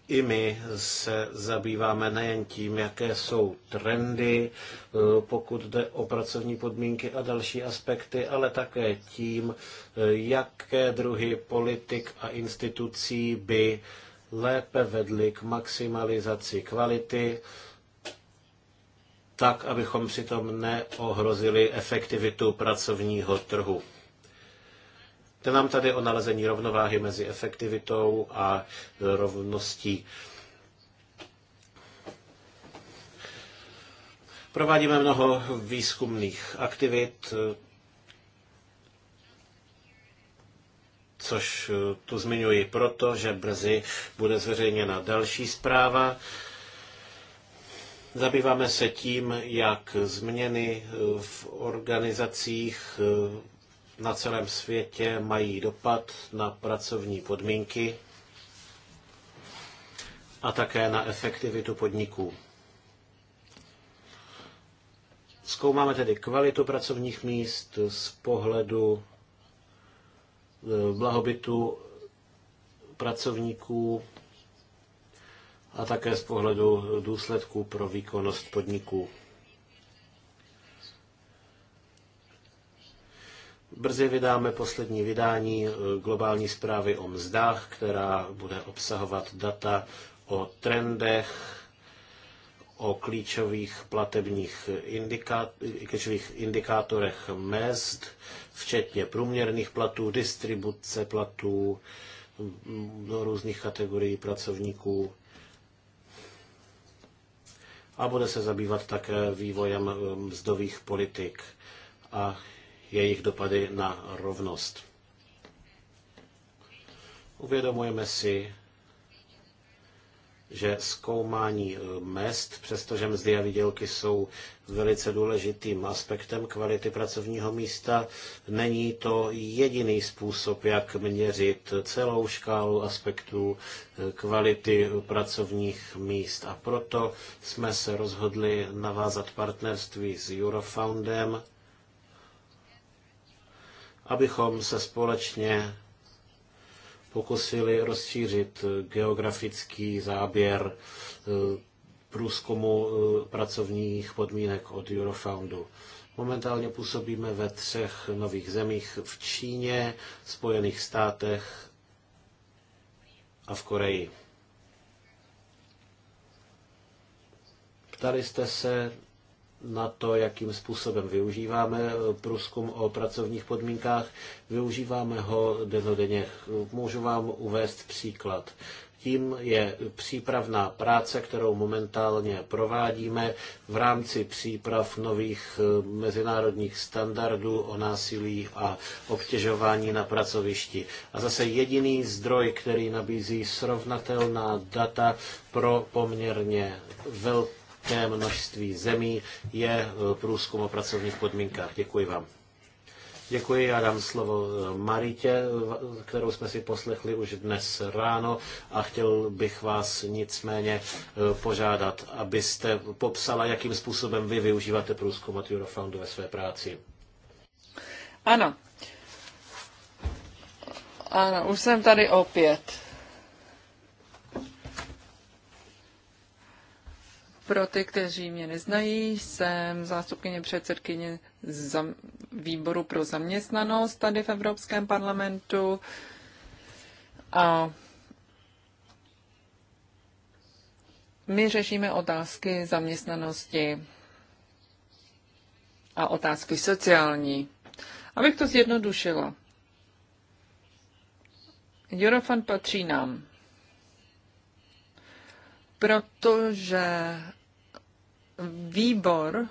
i my se zabýváme nejen tím, jaké jsou trendy, eh, pokud jde o pracovní podmínky a další aspekty, ale také tím, eh, jaké druhy politik a institucí by lépe vedly k maximalizaci kvality, tak, abychom přitom neohrozili efektivitu pracovního trhu. Jde nám tady o nalezení rovnováhy mezi efektivitou a e, rovností. Provádíme mnoho výzkumných aktivit, e, což e, tu zmiňuji proto, že brzy bude zveřejněna další zpráva. Zabýváme se tím, jak změny v organizacích na celém světě mají dopad na pracovní podmínky a také na efektivitu podniků. Zkoumáme tedy kvalitu pracovních míst z pohledu eh, blahobytu pracovníků a také z pohledu důsledků pro výkonnost podniků. Brzy vydáme poslední vydání eh, globální zprávy o mzdách, která bude obsahovat data o trendech, o klíčových platebních klíčových indikátorech mezd, včetně průměrných platů, distribuce platů mm, do různých kategorií pracovníků. A bude se zabývat také vývojem eh, mzdových politik a jejich dopady na rovnost. Uvědomujeme si, že zkoumání eh, mest, přestože mzdy a výdělky jsou velice důležitým aspektem kvality pracovního místa, není to jediný způsob, jak měřit celou škálu aspektů eh, kvality pracovních míst. A proto jsme se rozhodli navázat partnerství s Eurofoundem, abychom se společně pokusili rozšířit geografický záběr eh, průzkumu eh, pracovních podmínek od Eurofoundu. Momentálně působíme ve třech nových zemích v Číně, Spojených státech a v Koreji. Ptali jste se, na to, jakým způsobem využíváme eh, průzkum o pracovních podmínkách. Využíváme ho denodenně. Můžu vám uvést příklad. Tím je přípravná práce, kterou momentálně provádíme v rámci příprav nových eh, mezinárodních standardů o násilí a obtěžování na pracovišti. A zase jediný zdroj, který nabízí srovnatelná data pro poměrně velkou velké množství zemí je eh, průzkum o pracovních podmínkách. Děkuji vám. Děkuji, já dám slovo eh, Maritě, eh, kterou jsme si poslechli už dnes ráno a chtěl bych vás nicméně požádat, abyste popsala, jakým způsobem vy využíváte průzkum od Eurofoundu ve své práci.
Ano. Ano, už jsem tady opět. Pro ty, kteří mě neznají, jsem zástupkyně předsedkyně za výboru pro zaměstnanost tady v Evropském parlamentu. A my řešíme otázky zaměstnanosti a otázky sociální. Abych to zjednodušila. Eurofan patří nám, protože výbor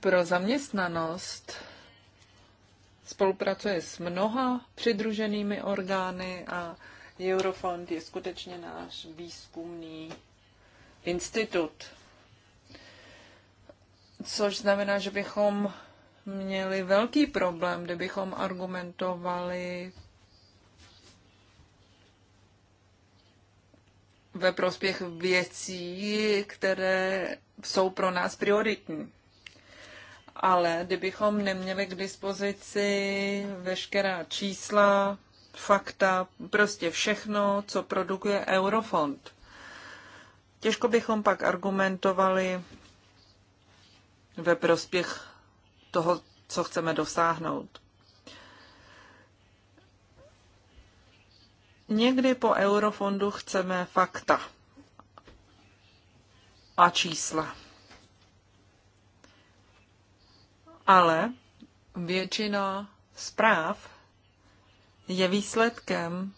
pro zaměstnanost spolupracuje s mnoha přidruženými orgány a Eurofond je skutečně náš výzkumný institut. Což znamená, že bychom měli velký problém, kdybychom argumentovali ve prospěch věcí, které jsou pro nás prioritní. Ale kdybychom neměli k dispozici veškerá čísla, fakta, prostě všechno, co produkuje Eurofond, těžko bychom pak argumentovali ve prospěch toho, co chceme dosáhnout. Někdy po eurofondu chceme fakta a čísla. Ale většina zpráv je výsledkem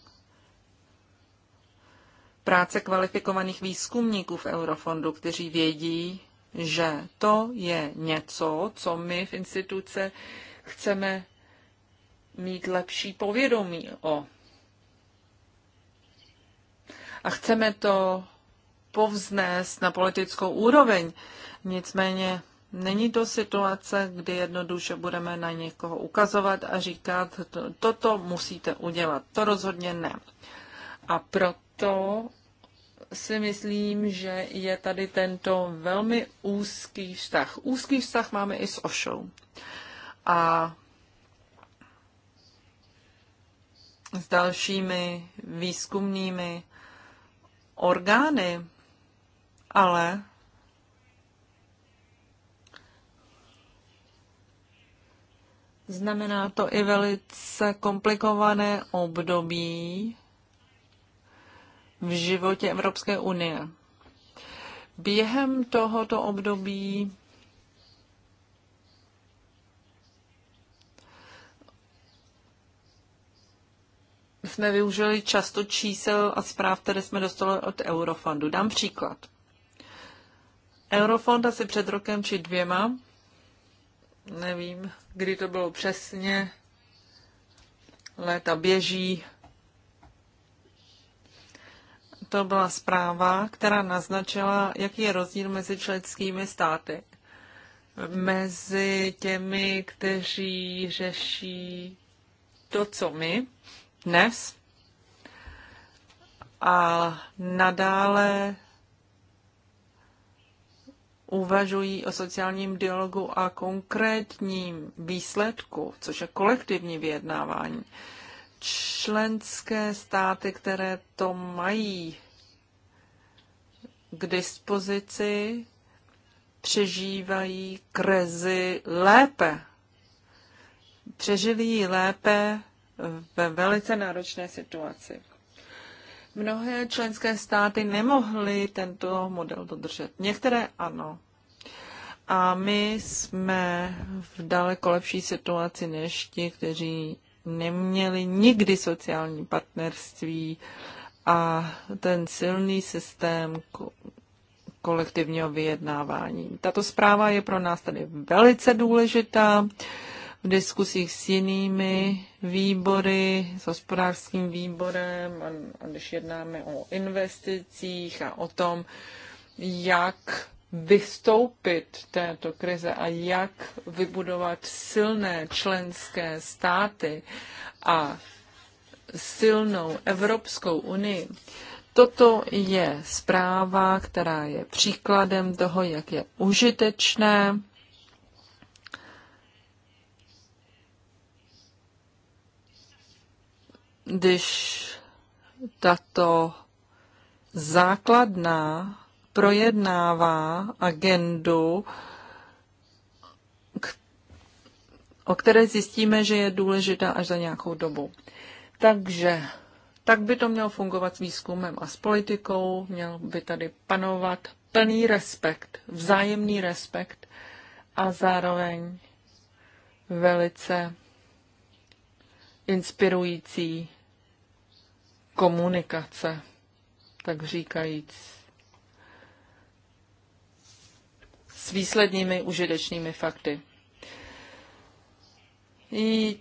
práce kvalifikovaných výzkumníků v Eurofondu, kteří vědí, že to je něco, co my v instituce chceme mít lepší povědomí o a chceme to povznést na politickou úroveň. Nicméně není to situace, kdy jednoduše budeme na někoho ukazovat a říkat, toto musíte udělat. To rozhodně ne. A proto si myslím, že je tady tento velmi úzký vztah. Úzký vztah máme i s Ošou. A s dalšími výzkumnými orgány, ale znamená to i velice komplikované období v životě Evropské unie. Během tohoto období jsme využili často čísel a zpráv, které jsme dostali od Eurofondu. Dám příklad. Eurofond asi před rokem či dvěma, nevím, kdy to bylo přesně, léta běží, to byla zpráva, která naznačila, jaký je rozdíl mezi členskými státy. Mezi těmi, kteří řeší to, co my, dnes a nadále uvažují o sociálním dialogu a konkrétním výsledku, což je kolektivní vyjednávání. Členské státy, které to mají k dispozici, přežívají krizi lépe. Přežili ji lépe ve velice náročné situaci. Mnohé členské státy nemohly tento model dodržet. Některé ano. A my jsme v daleko lepší situaci než ti, kteří neměli nikdy sociální partnerství a ten silný systém kolektivního vyjednávání. Tato zpráva je pro nás tady velice důležitá v diskusích s jinými výbory, s hospodářským výborem, a když jednáme o investicích a o tom, jak vystoupit této krize a jak vybudovat silné členské státy a silnou Evropskou unii. Toto je zpráva, která je příkladem toho, jak je užitečné když tato základná projednává agendu, o které zjistíme, že je důležitá až za nějakou dobu. Takže tak by to mělo fungovat s výzkumem a s politikou, měl by tady panovat plný respekt, vzájemný respekt a zároveň velice inspirující komunikace, tak říkajíc, s výslednými užitečnými fakty. I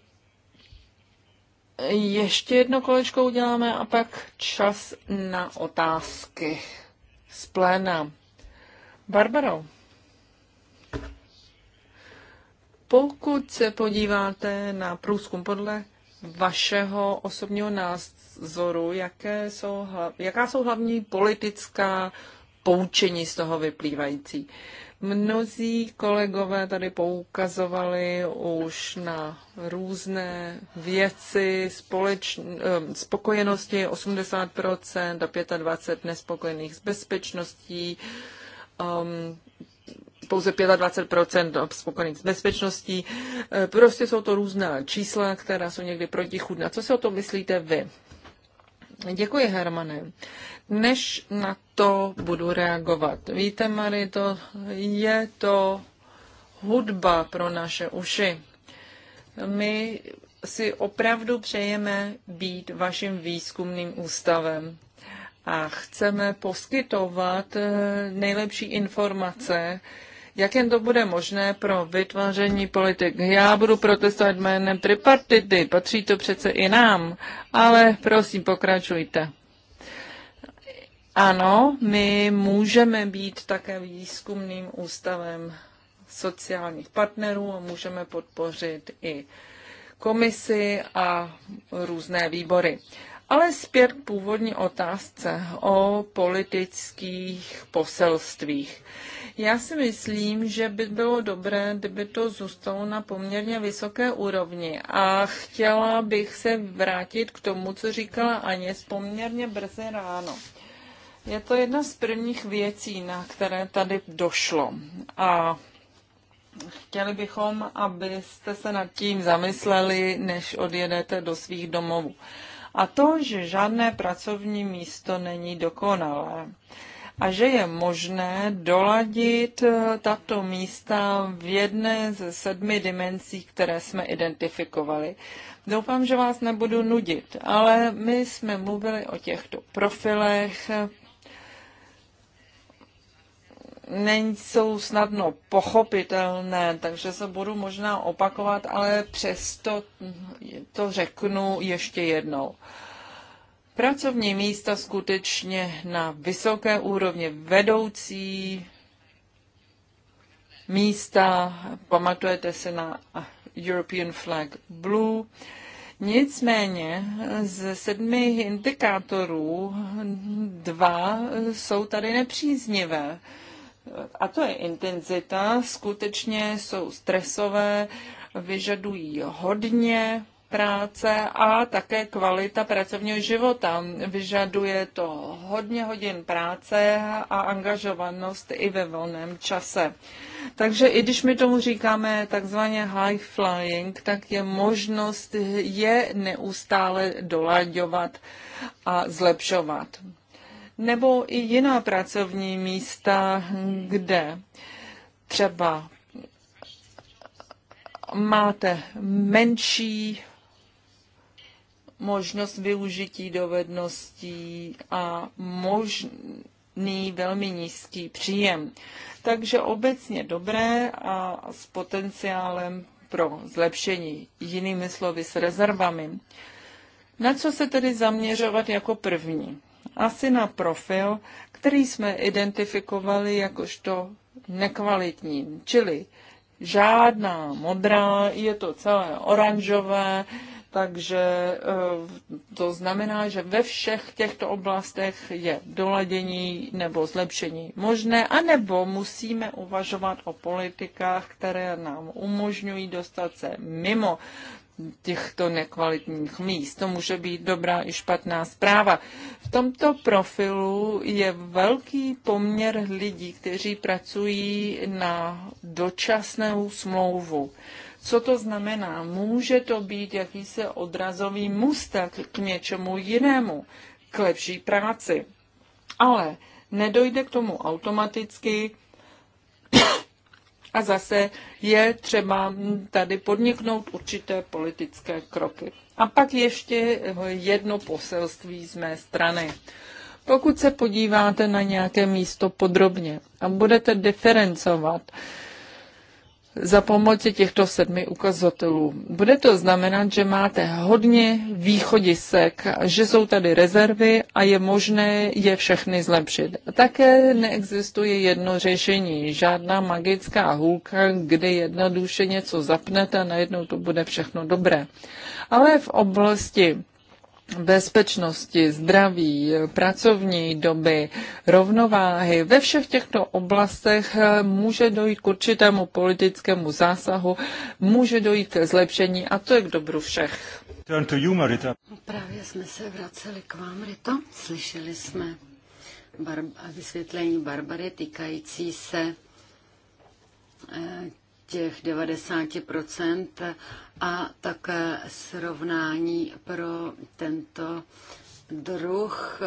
ještě jedno kolečko uděláme a pak čas na otázky z pléna. Barbaro, pokud se podíváte na průzkum podle vašeho osobního nást názoru, jaké jsou, jaká jsou hlavní politická poučení z toho vyplývající. Mnozí kolegové tady poukazovali už na různé věci, společ, eh, spokojenosti 80% a 25% nespokojených s bezpečností, um, pouze 25% spokojených s bezpečností. Eh, prostě jsou to různá čísla, která jsou někdy protichudná. Co si o tom myslíte vy? Děkuji, Hermane. Než na to budu reagovat. Víte, Mary, to je to hudba pro naše uši. My si opravdu přejeme být vaším výzkumným ústavem a chceme poskytovat eh, nejlepší informace, jak jen to bude možné pro vytváření politik. Já budu protestovat jménem tripartity, patří to přece i nám, ale prosím, pokračujte. Ano, my můžeme být také výzkumným ústavem sociálních partnerů a můžeme podpořit i komisy a různé výbory. Ale zpět k původní otázce o politických poselstvích. Já si myslím, že by bylo dobré, kdyby to zůstalo na poměrně vysoké úrovni. A chtěla bych se vrátit k tomu, co říkala z poměrně brzy ráno. Je to jedna z prvních věcí, na které tady došlo. A chtěli bychom, abyste se nad tím zamysleli, než odjedete do svých domovů. A to, že žádné pracovní místo není dokonalé a že je možné doladit eh, tato místa v jedné ze sedmi dimenzí, které jsme identifikovali. Doufám, že vás nebudu nudit, ale my jsme mluvili o těchto profilech. Nejsou snadno pochopitelné, takže se budu možná opakovat, ale přesto to řeknu ještě jednou. Uh, Pracovní místa skutečně na vysoké úrovni vedoucí místa, pamatujete se na European Flag Blue. Nicméně z sedmi indikátorů dva jsou tady nepříznivé. A to je intenzita, skutečně jsou stresové, vyžadují hodně práce a také kvalita pracovního života. Vyžaduje to hodně hodin práce a angažovanost i ve volném čase. Takže i když my tomu říkáme takzvaně high flying, tak je možnost je neustále dolaďovat a zlepšovat. Nebo i jiná pracovní místa, kde třeba máte menší možnost využití dovedností a možný velmi nízký příjem. Takže obecně dobré a s potenciálem pro zlepšení, jinými slovy s rezervami. Na co se tedy zaměřovat jako první? Asi na profil, který jsme identifikovali jakožto nekvalitní, čili žádná modrá, je to celé oranžové, takže eh, to znamená, že ve všech těchto oblastech je doladění nebo zlepšení možné, anebo musíme uvažovat o politikách, které nám umožňují dostat se mimo těchto nekvalitních míst. To může být dobrá i špatná zpráva. V tomto profilu je velký poměr lidí, kteří pracují na dočasnou smlouvu. Co to znamená? Může to být jakýsi odrazový mustek k něčemu jinému, k lepší práci. Ale nedojde k tomu automaticky a zase je třeba tady podniknout určité politické kroky. A pak ještě jedno poselství z mé strany. Pokud se podíváte na nějaké místo podrobně a budete diferencovat, za pomoci těchto sedmi ukazatelů. Bude to znamenat, že máte hodně východisek, že jsou tady rezervy a je možné je všechny zlepšit. Také neexistuje jedno řešení, žádná magická hůlka, kdy jednoduše něco zapnete a najednou to bude všechno dobré. Ale v oblasti bezpečnosti, zdraví, pracovní doby, rovnováhy. Ve všech těchto oblastech eh, může dojít k určitému politickému zásahu, může dojít ke zlepšení a to je k dobru všech.
No, právě jsme se vraceli k vám, Rito. Slyšeli jsme bar- vysvětlení Barbary týkající se eh, těch 90% a také srovnání pro tento druh eh,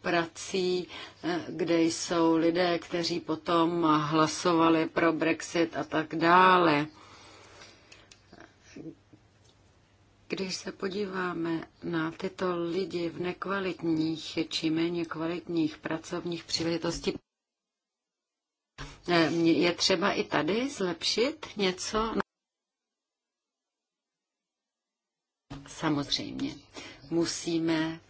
prací, eh, kde jsou lidé, kteří potom hlasovali pro Brexit a tak dále. Když se podíváme na tyto lidi v nekvalitních či méně kvalitních pracovních příležitostí, Eh, je třeba i tady zlepšit něco? Samozřejmě. Musíme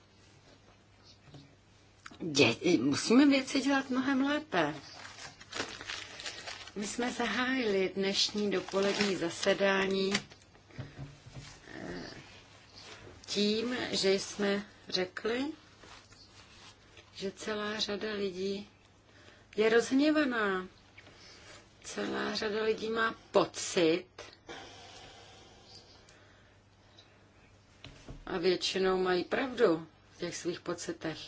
dě, musíme věci dělat mnohem lépe. My jsme zahájili dnešní dopolední zasedání eh, tím, že jsme řekli, že celá řada lidí je rozhněvaná. Celá řada lidí má pocit, a většinou mají pravdu v těch svých pocitech,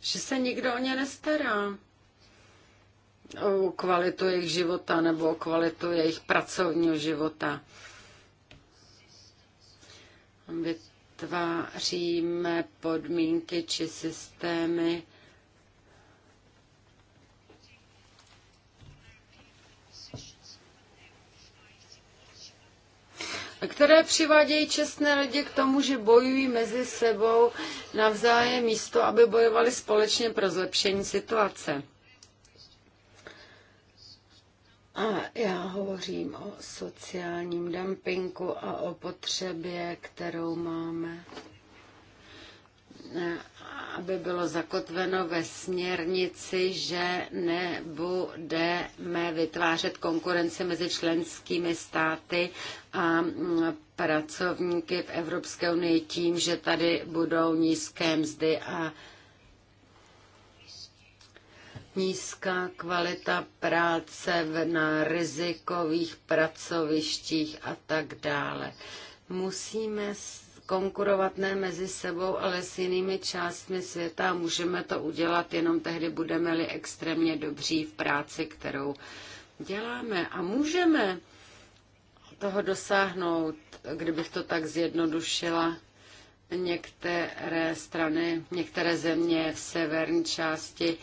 že se nikdo o ně nestará o kvalitu jejich života nebo o kvalitu jejich pracovního života. Vytváříme podmínky či systémy, které přivádějí čestné lidi k tomu, že bojují mezi sebou navzájem místo, aby bojovali společně pro zlepšení situace. A já hovořím o sociálním dumpingu a o potřebě, kterou máme aby bylo zakotveno ve směrnici, že nebudeme vytvářet konkurenci mezi členskými státy a mm, pracovníky v Evropské unii tím, že tady budou nízké mzdy a nízká kvalita práce na rizikových pracovištích a tak dále. Musíme konkurovat ne mezi sebou, ale s jinými částmi světa. Můžeme to udělat jenom tehdy, budeme-li extrémně dobří v práci, kterou děláme. A můžeme toho dosáhnout, kdybych to tak zjednodušila, některé strany, některé země v severní části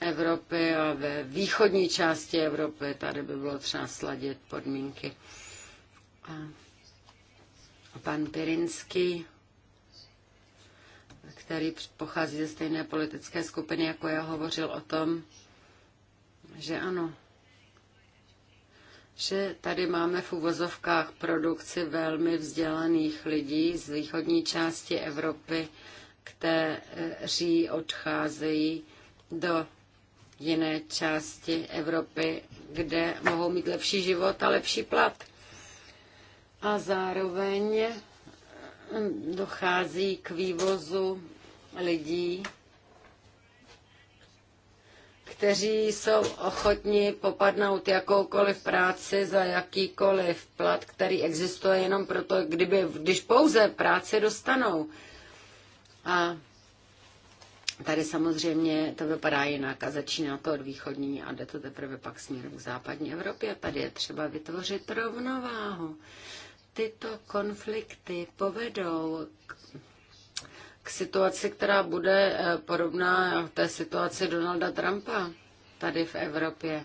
Evropy a ve východní části Evropy. Tady by bylo třeba sladit podmínky pan Pirinský, který pochází ze stejné politické skupiny, jako já, hovořil o tom, že ano, že tady máme v uvozovkách produkci velmi vzdělaných lidí z východní části Evropy, kteří odcházejí do jiné části Evropy, kde mohou mít lepší život a lepší plat. A zároveň eh, dochází k vývozu lidí, kteří jsou ochotni popadnout jakoukoliv práci za jakýkoliv plat, který existuje jenom proto, kdyby, když pouze práci dostanou. A tady samozřejmě to vypadá jinak a začíná to od východní a jde to teprve pak směrem k západní Evropě. Tady je třeba vytvořit rovnováhu tyto konflikty povedou k, k situaci, která bude eh, podobná té situaci Donalda Trumpa tady v Evropě.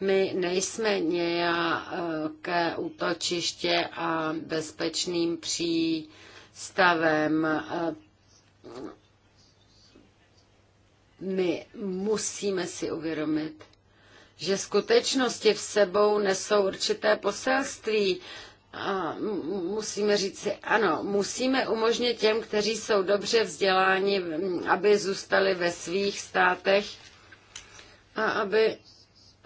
My nejsme nějaké útočiště a bezpečným přístavem. Eh, my musíme si uvědomit, že skutečnosti v sebou nesou určité poselství. A musíme říci, ano, musíme umožnit těm, kteří jsou dobře vzděláni, aby zůstali ve svých státech a aby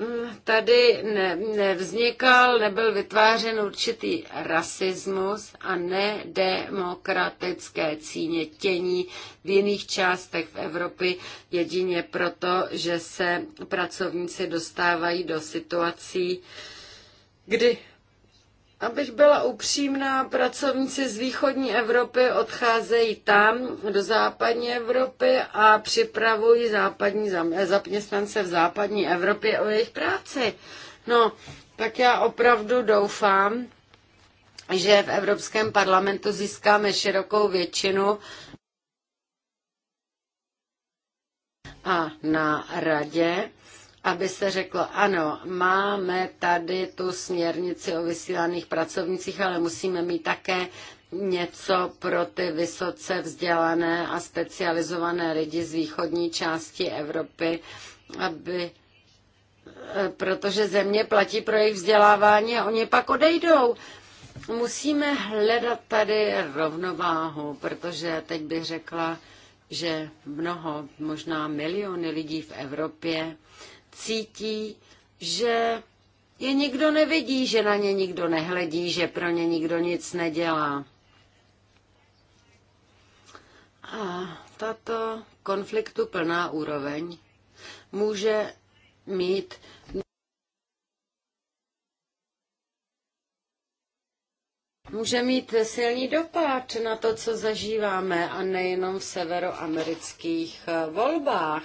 Mm, tady ne, nevznikal, nebyl vytvářen určitý rasismus a nedemokratické cíně tění v jiných částech v Evropy jedině proto, že se pracovníci dostávají do situací, kdy Abych byla upřímná, pracovníci z východní Evropy odcházejí tam do západní Evropy a připravují západní eh, zaměstnance v západní Evropě o jejich práci. No, tak já opravdu doufám, že v Evropském parlamentu získáme širokou většinu a na radě aby se řeklo, ano, máme tady tu směrnici o vysílaných pracovnicích, ale musíme mít také něco pro ty vysoce vzdělané a specializované lidi z východní části Evropy, aby eh, protože země platí pro jejich vzdělávání a oni pak odejdou. Musíme hledat tady rovnováhu, protože teď bych řekla, že mnoho, možná miliony lidí v Evropě cítí, že je nikdo nevidí, že na ně nikdo nehledí, že pro ně nikdo nic nedělá. A tato konfliktu plná úroveň může mít může mít silný dopad na to, co zažíváme a nejenom v severoamerických eh, volbách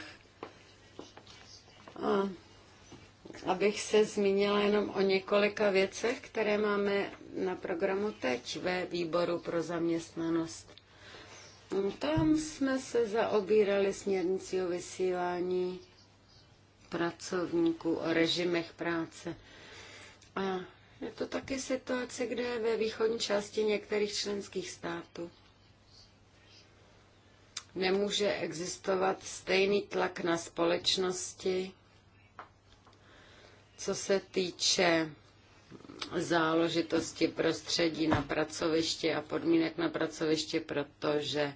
abych se zmínila jenom o několika věcech, které máme na programu teď ve výboru pro zaměstnanost. Tam jsme se zaobírali směrnicí o vysílání pracovníků, o režimech práce. A je to taky situace, kde ve východní části některých členských států nemůže existovat stejný tlak na společnosti, co se týče záložitosti prostředí na pracovišti a podmínek na pracovišti, protože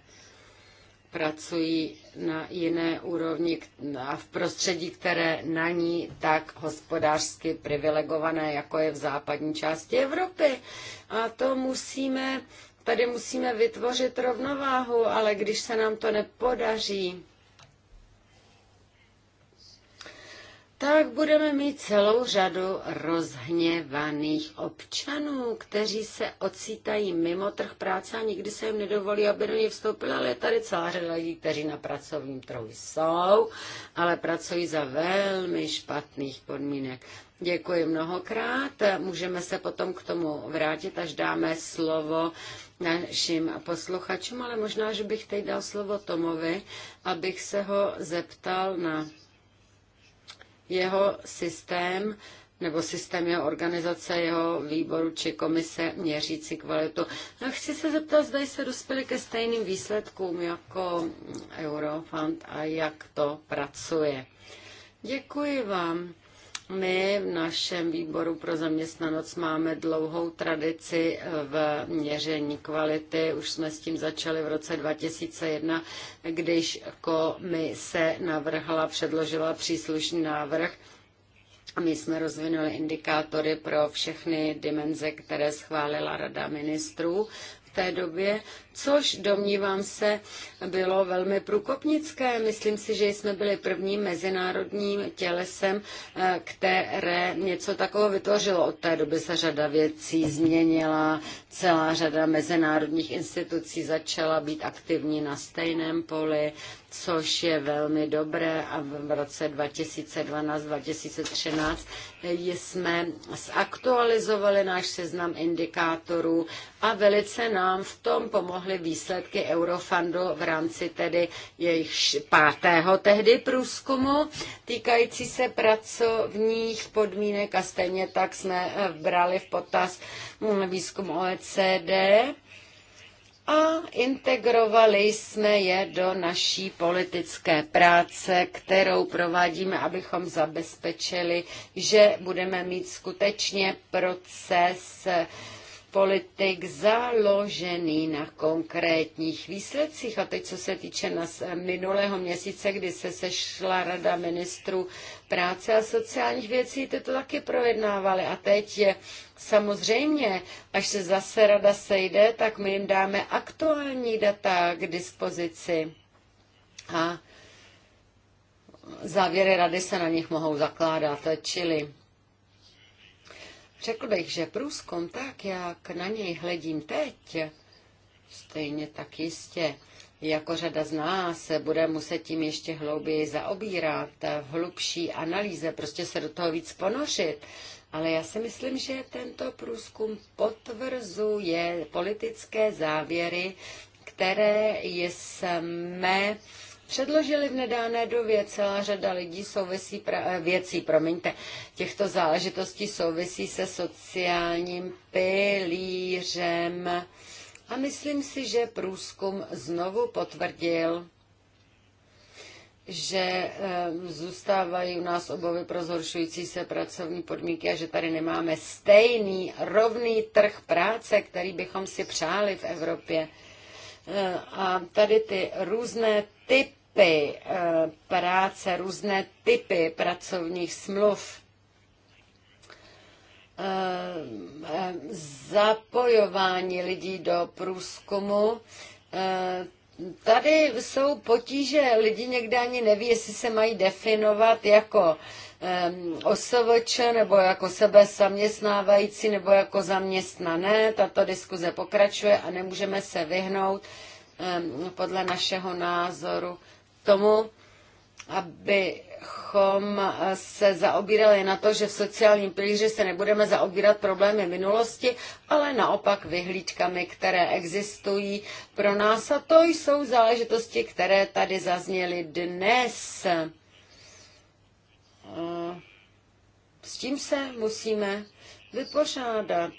pracují na jiné úrovni a v prostředí, které na ní tak hospodářsky privilegované, jako je v západní části Evropy. A to musíme, tady musíme vytvořit rovnováhu, ale když se nám to nepodaří, tak budeme mít celou řadu rozhněvaných občanů, kteří se ocitají mimo trh práce a nikdy se jim nedovolí, aby do něj vstoupili, ale je tady celá řada lidí, kteří na pracovním trhu jsou, ale pracují za velmi špatných podmínek. Děkuji mnohokrát. Můžeme se potom k tomu vrátit, až dáme slovo našim posluchačům, ale možná, že bych teď dal slovo Tomovi, abych se ho zeptal na jeho systém nebo systém jeho organizace, jeho výboru či komise měřící kvalitu. No, chci se zeptat, zda se dospěli ke stejným výsledkům jako Eurofund a jak to pracuje. Děkuji vám. My v našem výboru pro zaměstnanost máme dlouhou tradici v měření kvality. Už jsme s tím začali v roce 2001, když komise navrhla, předložila příslušný návrh. My jsme rozvinuli indikátory pro všechny dimenze, které schválila Rada ministrů v té době což domnívám se bylo velmi průkopnické. Myslím si, že jsme byli prvním mezinárodním tělesem, eh, které něco takového vytvořilo. Od té doby se řada věcí změnila, celá řada mezinárodních institucí začala být aktivní na stejném poli, což je velmi dobré a v roce 2012-2013 eh, jsme zaktualizovali náš seznam indikátorů a velice nám v tom pomohli mohly výsledky Eurofundu v rámci tedy jejich pátého tehdy průzkumu týkající se pracovních podmínek a stejně tak jsme eh, brali v potaz hm, výzkum OECD a integrovali jsme je do naší politické práce, kterou provádíme, abychom zabezpečili, že budeme mít skutečně proces politik založený na konkrétních výsledcích. A teď, co se týče nás minulého měsíce, kdy se sešla Rada ministrů práce a sociálních věcí, ty to taky projednávali. A teď je samozřejmě, až se zase Rada sejde, tak my jim dáme aktuální data k dispozici. A závěry Rady se na nich mohou zakládat, čili Řekl bych, že průzkum tak, jak na něj hledím teď, stejně tak jistě, jako řada z nás bude muset tím ještě hlouběji zaobírat, v hlubší analýze, prostě se do toho víc ponořit. Ale já si myslím, že tento průzkum potvrzuje politické závěry, které jsme předložili v nedávné době. Celá řada lidí souvisí pra, eh, věcí, promiňte, těchto záležitostí souvisí se sociálním pilířem. A myslím si, že průzkum znovu potvrdil, že eh, zůstávají u nás obavy pro zhoršující se pracovní podmínky a že tady nemáme stejný rovný trh práce, který bychom si přáli v Evropě. Eh, a tady ty různé typy eh, práce, různé typy pracovních smluv, eh, eh, zapojování lidí do průzkumu. Tady jsou potíže, lidi někde ani neví, jestli se mají definovat jako osovoče nebo jako sebe zaměstnávající nebo jako zaměstnané. Tato diskuze pokračuje a nemůžeme se vyhnout podle našeho názoru tomu, abychom eh, se zaobírali na to, že v sociálním pilíři se nebudeme zaobírat problémy minulosti, ale naopak vyhlídkami, které existují pro nás. A to jsou záležitosti, které tady zazněly dnes. Eh, s tím se musíme vypořádat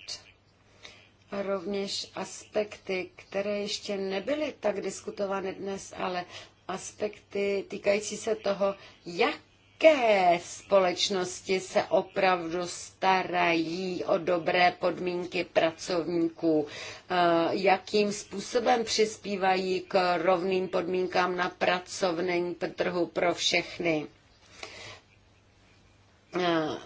rovněž aspekty, které ještě nebyly tak diskutovány dnes, ale aspekty týkající se toho, jaké společnosti se opravdu starají o dobré podmínky pracovníků, eh, jakým způsobem přispívají k rovným podmínkám na pracovném trhu pro všechny eh,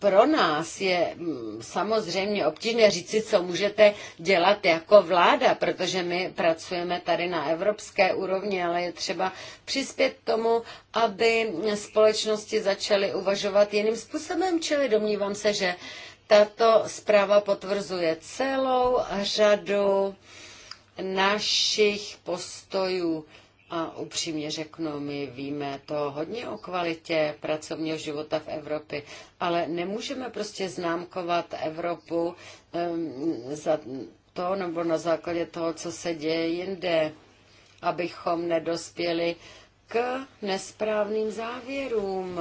pro nás je mm, samozřejmě obtížné říci, co můžete dělat jako vláda, protože my pracujeme tady na evropské úrovni, ale je třeba přispět tomu, aby společnosti začaly uvažovat jiným způsobem, čili domnívám se, že tato zpráva potvrzuje celou řadu našich postojů a upřímně řeknu, my víme to hodně o kvalitě pracovního života v Evropě, ale nemůžeme prostě známkovat Evropu um, za to nebo na základě toho, co se děje jinde, abychom nedospěli k nesprávným závěrům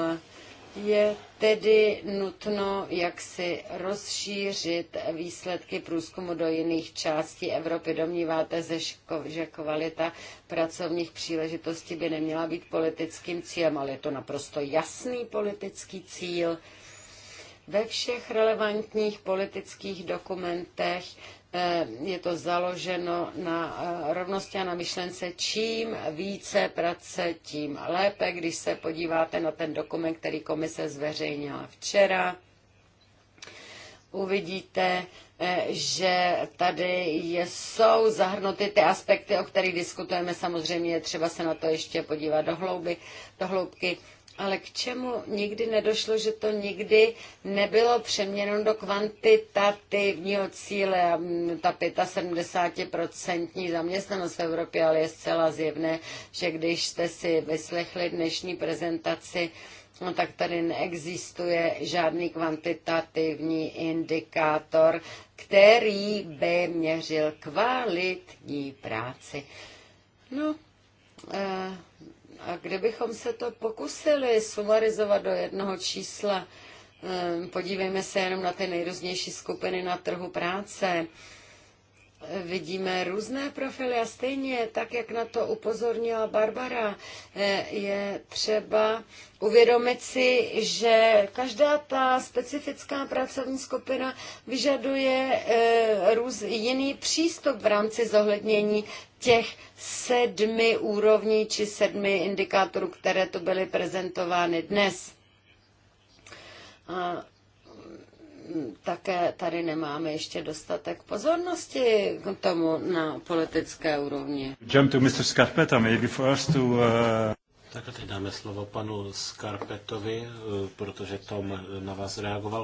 je tedy nutno jak si rozšířit výsledky průzkumu do jiných částí Evropy. Domníváte se, že kvalita pracovních příležitostí by neměla být politickým cílem, ale je to naprosto jasný politický cíl. Ve všech relevantních politických dokumentech Eh, je to založeno na eh, rovnosti a na myšlence, čím více práce, tím lépe. Když se podíváte na ten dokument, který komise zveřejnila včera, uvidíte, eh, že tady jsou zahrnuty ty aspekty, o kterých diskutujeme. Samozřejmě je třeba se na to ještě podívat do, hlouby, do hloubky. Ale k čemu nikdy nedošlo, že to nikdy nebylo přeměněno do kvantitativního cíle a mm, ta 75% zaměstnanost v Evropě, ale je zcela zjevné, že když jste si vyslechli dnešní prezentaci, No tak tady neexistuje žádný kvantitativní indikátor, který by měřil kvalitní práci. No, eh, a kdybychom se to pokusili sumarizovat do jednoho čísla, eh, podívejme se jenom na ty nejrůznější skupiny na trhu práce, vidíme různé profily a stejně, tak jak na to upozornila Barbara, eh, je třeba uvědomit si, že každá ta specifická pracovní skupina vyžaduje eh, růz, jiný přístup v rámci zohlednění těch sedmi úrovní či sedmi indikátorů, které tu byly prezentovány dnes. A také tady nemáme ještě dostatek pozornosti k tomu na politické úrovni.
Jump to Mr. Scarpetta, maybe first to... Uh... Tak a teď dáme slovo panu Skarpetovi, uh, protože Tom na vás reagoval.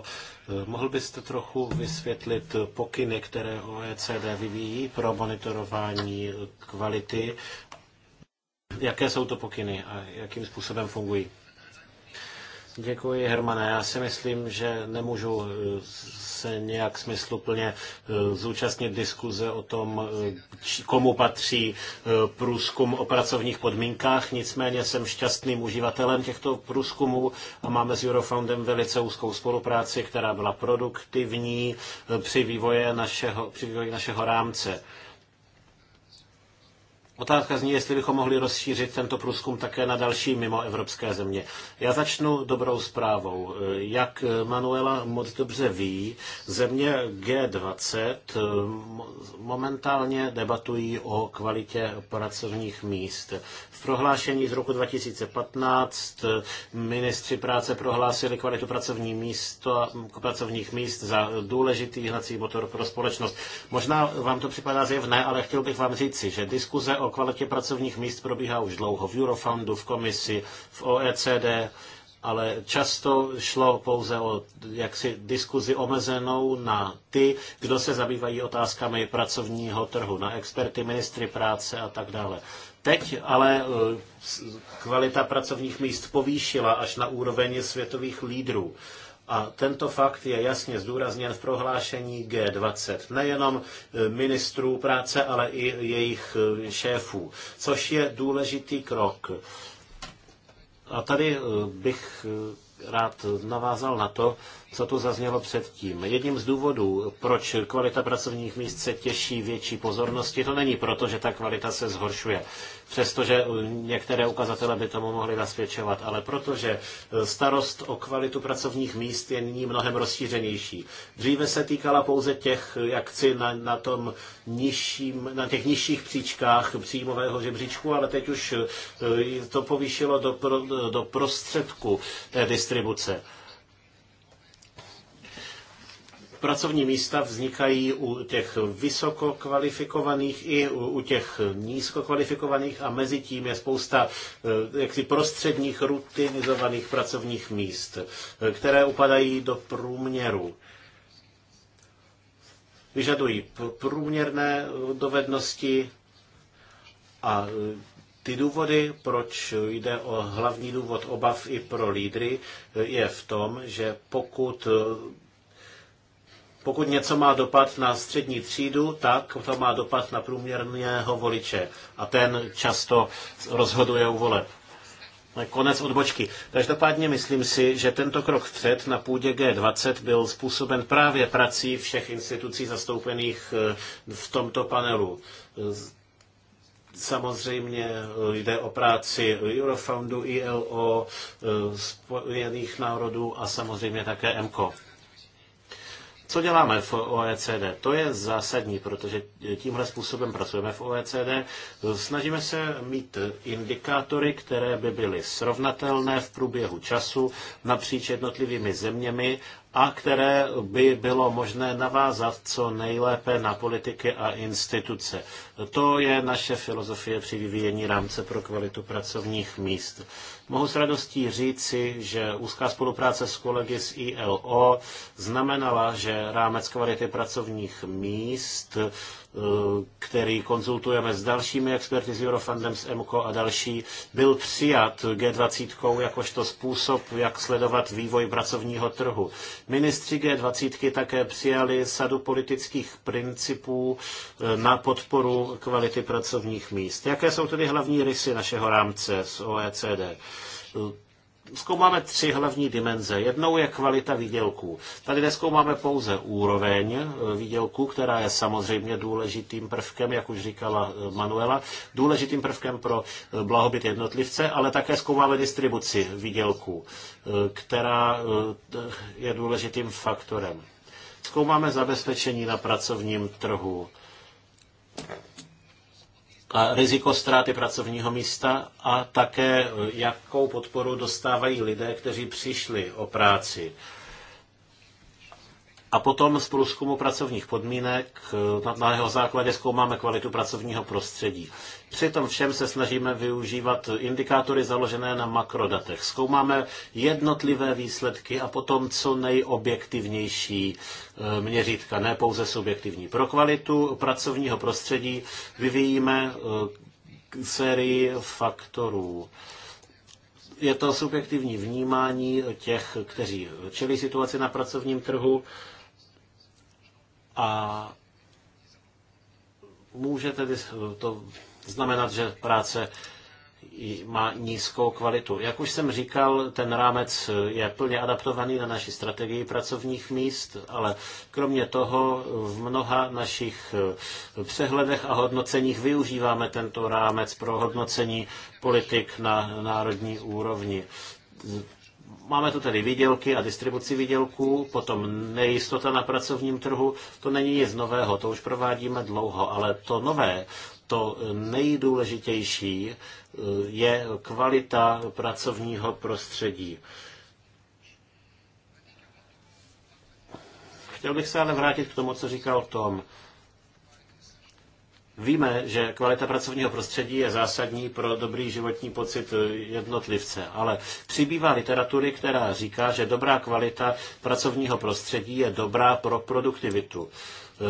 Uh, mohl byste trochu vysvětlit pokyny, které OECD vyvíjí pro monitorování kvality? Jaké jsou to pokyny a jakým způsobem fungují? Děkuji, Hermane. Já si myslím, že nemůžu eh, se nějak smysluplně eh, zúčastnit diskuze o tom, eh, komu patří průzkum o pracovních podmínkách. Nicméně jsem šťastným uživatelem těchto průzkumů a máme s Eurofoundem velice úzkou spolupráci, která byla produktivní při vývoji našeho, při vývoji našeho rámce. Otázka zní, jestli bychom mohli rozšířit tento průzkum také na další mimo evropské země. Já začnu dobrou zprávou. Jak Manuela moc dobře ví, země G20 eh, momentálně debatují o kvalitě pracovních míst prohlášení z roku 2015 ministři práce prohlásili kvalitu pracovní místo, pracovních míst za důležitý hnací motor pro společnost. Možná vám to připadá zjevné, ale chtěl bych vám říci, že diskuze o kvalitě pracovních míst probíhá už dlouho v Eurofoundu, v komisi, v OECD, ale často šlo pouze o jaksi diskuzi omezenou na ty, kdo se zabývají otázkami pracovního trhu, na experty, ministry práce a tak dále. Teď ale eh, kvalita pracovních míst povýšila až na úroveň světových lídrů. A tento fakt je jasně zdůrazněn v prohlášení G20, nejenom eh, ministrů práce, ale i jejich eh, šéfů, což je důležitý krok. A tady bych rád navázal na to, co tu zaznělo předtím. Jedním z důvodů, proč kvalita pracovních míst se těší větší pozornosti, to není proto, že ta kvalita se zhoršuje. Přestože některé ukazatele by tomu mohly nasvědčovat, ale protože starost o kvalitu pracovních míst je nyní mnohem rozšířenější. Dříve se týkala pouze těch akci na, na, tom nižším, na těch nižších příčkách příjmového žebříčku, ale teď už to povýšilo do, pro, do prostředku té distribuce. pracovní místa vznikají u těch vysoko kvalifikovaných i u těch nízko kvalifikovaných a mezi tím je spousta eh, jaksi prostředních rutinizovaných pracovních míst, eh, které upadají do průměru vyžadují průměrné eh, dovednosti a ty důvody, proč jde o hlavní důvod obav i pro lídry, je v tom, že pokud pokud něco má dopad na střední třídu, tak to má dopad na průměrného voliče. A ten často rozhoduje u voleb. Konec odbočky. Každopádně myslím si, že tento krok vpřed na půdě G20 byl způsoben právě prací všech institucí zastoupených eh, v tomto panelu. Samozřejmě jde o práci Eurofoundu, ILO, eh, Spojených národů a samozřejmě také MCO. Co děláme v OECD? To je zásadní, protože tímhle způsobem pracujeme v OECD. Snažíme se mít indikátory, které by byly srovnatelné v průběhu času napříč jednotlivými zeměmi a které by bylo možné navázat co nejlépe na politiky a instituce. To je naše filozofie při vyvíjení rámce pro kvalitu pracovních míst. Mohu s radostí říci, že úzká spolupráce s kolegy z ILO znamenala, že rámec kvality pracovních míst Eh, který konzultujeme s dalšími experty z Eurofundem, s EMCO a další, byl přijat G20 jakožto způsob, jak sledovat vývoj pracovního trhu. Ministři G20 také přijali sadu politických principů eh, na podporu kvality pracovních míst. Jaké jsou tedy hlavní rysy našeho rámce z OECD? Eh, zkoumáme tři hlavní dimenze. Jednou je kvalita výdělků. Tady neskoumáme pouze úroveň eh, výdělků, která je samozřejmě důležitým prvkem, jak už říkala eh, Manuela, důležitým prvkem pro eh, blahobyt jednotlivce, ale také zkoumáme distribuci výdělků, která je důležitým faktorem. Zkoumáme zabezpečení na pracovním trhu a riziko ztráty pracovního místa a také jakou podporu dostávají lidé, kteří přišli o práci. A potom z průzkumu pracovních podmínek eh, na jeho základě zkoumáme kvalitu pracovního prostředí. Při tom všem se snažíme využívat indikátory založené na makrodatech. Zkoumáme jednotlivé výsledky a potom co nejobjektivnější eh, měřítka, ne pouze subjektivní. Pro kvalitu pracovního prostředí vyvíjíme eh, sérii faktorů je to subjektivní vnímání těch, kteří čelí situaci na pracovním trhu a může tedy to znamenat, že práce má nízkou kvalitu. Jak už jsem říkal, ten rámec je plně adaptovaný na naši strategii pracovních míst, ale kromě toho v mnoha našich eh, přehledech a hodnoceních využíváme tento rámec pro hodnocení politik na národní úrovni Máme tu tedy výdělky a distribuci výdělků, potom nejistota na pracovním trhu, to není nic nového, to už provádíme dlouho, ale to nové, to nejdůležitější eh, je kvalita pracovního prostředí. Chtěl bych se ale vrátit k tomu, co říkal Tom. Víme, že kvalita pracovního prostředí je zásadní pro dobrý životní pocit jednotlivce, ale přibývá literatury, která říká, že dobrá kvalita pracovního prostředí je dobrá pro produktivitu.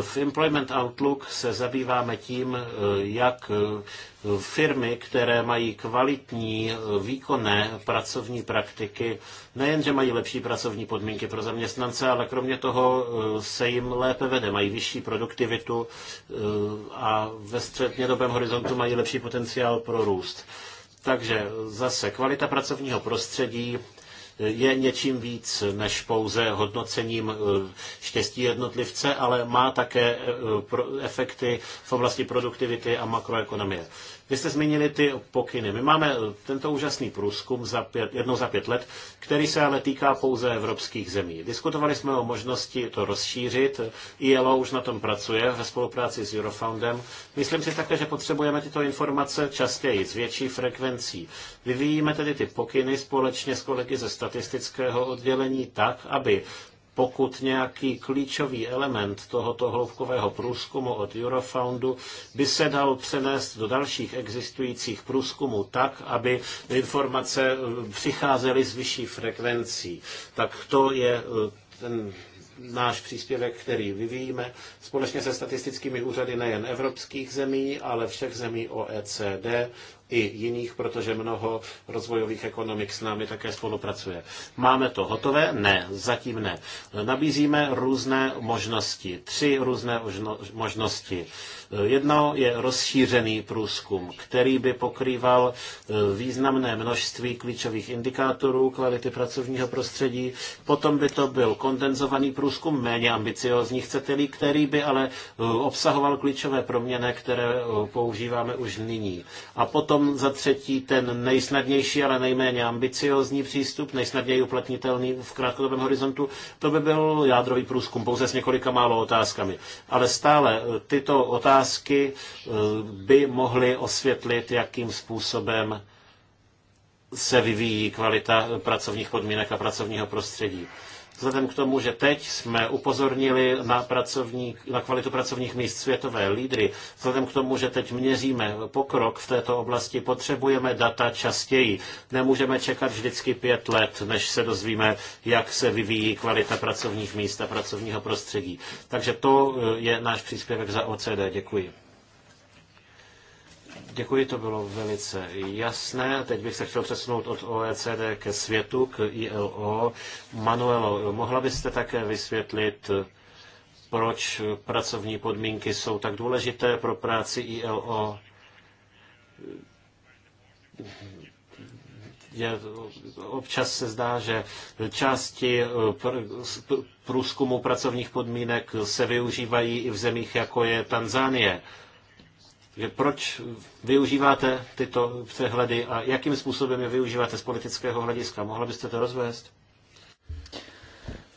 V Employment Outlook se zabýváme tím, eh, jak eh, firmy, které mají kvalitní, eh, výkonné pracovní praktiky, nejenže mají lepší pracovní podmínky pro zaměstnance, ale kromě toho se jim lépe vede, mají vyšší produktivitu a ve střednědobém horizontu mají lepší potenciál pro růst. Takže zase kvalita pracovního prostředí, je něčím víc než pouze hodnocením eh, štěstí jednotlivce, ale má také eh, efekty v oblasti produktivity a makroekonomie. Vy jste zmínili ty pokyny. My máme eh, tento úžasný průzkum za pět, jednou za pět let, který se ale týká pouze evropských zemí. Diskutovali jsme o možnosti to rozšířit. ILO už na tom pracuje ve spolupráci s Eurofoundem. Myslím si také, že potřebujeme tyto informace častěji, s větší frekvencí. Vyvíjíme tedy ty pokyny společně s kolegy ze statistického oddělení tak, aby pokud nějaký klíčový element tohoto hloubkového průzkumu od Eurofoundu by se dal přenést do dalších existujících průzkumů tak, aby informace eh, přicházely z vyšší frekvencí. Tak to je eh, ten náš příspěvek, který vyvíjíme společně se statistickými úřady nejen evropských zemí, ale všech zemí OECD i jiných, protože mnoho rozvojových ekonomik s námi také spolupracuje. Máme to hotové? Ne, zatím ne. Nabízíme různé možnosti, tři různé možnosti. Jedno je rozšířený průzkum, který by pokrýval e, významné množství klíčových indikátorů kvality pracovního prostředí. Potom by to byl kondenzovaný průzkum, méně ambiciozní, chcete-li, který by ale e, obsahoval klíčové proměny, které e, používáme už nyní. A potom za třetí ten nejsnadnější, ale nejméně ambiciozní přístup, nejsnadněji uplatnitelný v krátkodobém horizontu, to by byl jádrový průzkum pouze s několika málo otázkami. Ale stále tyto otázky otázky eh, by mohly osvětlit, jakým způsobem se vyvíjí kvalita pracovních podmínek a pracovního prostředí. Vzhledem k tomu, že teď jsme upozornili na, na kvalitu pracovních míst světové lídry, vzhledem k tomu, že teď měříme pokrok v této oblasti, potřebujeme data častěji. Nemůžeme čekat vždycky pět let, než se dozvíme, jak se vyvíjí kvalita pracovních míst a pracovního prostředí. Takže to e, je náš příspěvek za OCD. Děkuji. Děkuji, to bylo velice jasné. Teď bych se chtěl přesunout od OECD ke světu, k ILO. Manuelo, mohla byste také vysvětlit, proč pracovní podmínky jsou tak důležité pro práci ILO? je, občas se zdá, že části průzkumu pracovních podmínek se využívají i v zemích, jako je Tanzánie že proč využíváte tyto přehledy a jakým způsobem je využíváte z politického hlediska. Mohla byste to rozvést?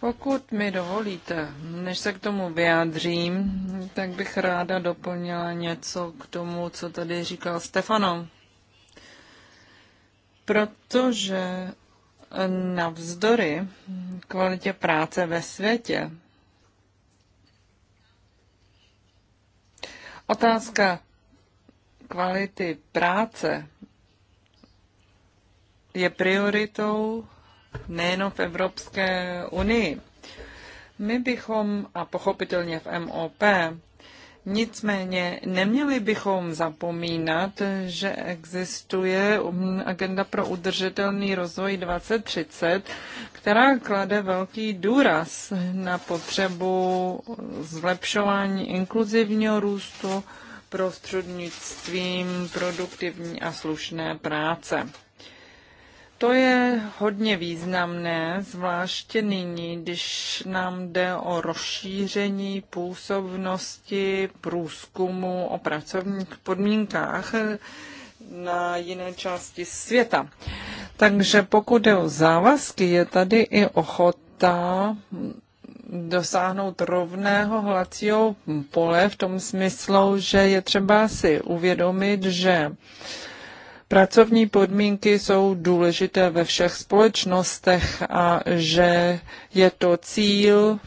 Pokud mi dovolíte, než se k tomu vyjádřím, tak bych ráda doplnila něco k tomu, co tady říkal Stefano. Protože navzdory kvalitě práce ve světě, otázka kvality práce je prioritou nejenom v Evropské unii. My bychom, a pochopitelně v MOP, nicméně neměli bychom zapomínat, že existuje agenda pro udržitelný rozvoj 2030, která klade velký důraz na potřebu zlepšování inkluzivního růstu, prostřednictvím produktivní a slušné práce. To je hodně významné, zvláště nyní, když nám jde o rozšíření působnosti průzkumu o pracovních podmínkách na jiné části světa. Takže pokud je o závazky, je tady i ochota dosáhnout rovného hlacího pole v tom smyslu, že je třeba si uvědomit, že pracovní podmínky jsou důležité ve všech společnostech a že je to cíl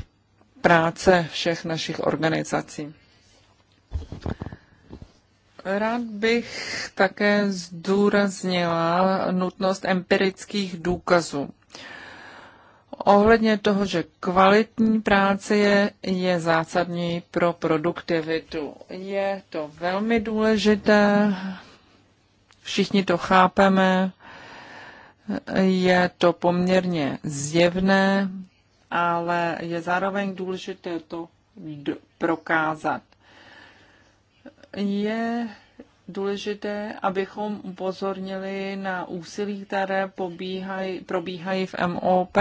práce všech našich organizací. Rád bych také zdůraznila nutnost empirických důkazů ohledně toho, že kvalitní práce je, je zásadní pro produktivitu. Je to velmi důležité, všichni to chápeme, je to poměrně zjevné, ale je zároveň důležité to prokázat. Je důležité, abychom upozornili na úsilí, které pobíhaj, probíhají v MOP,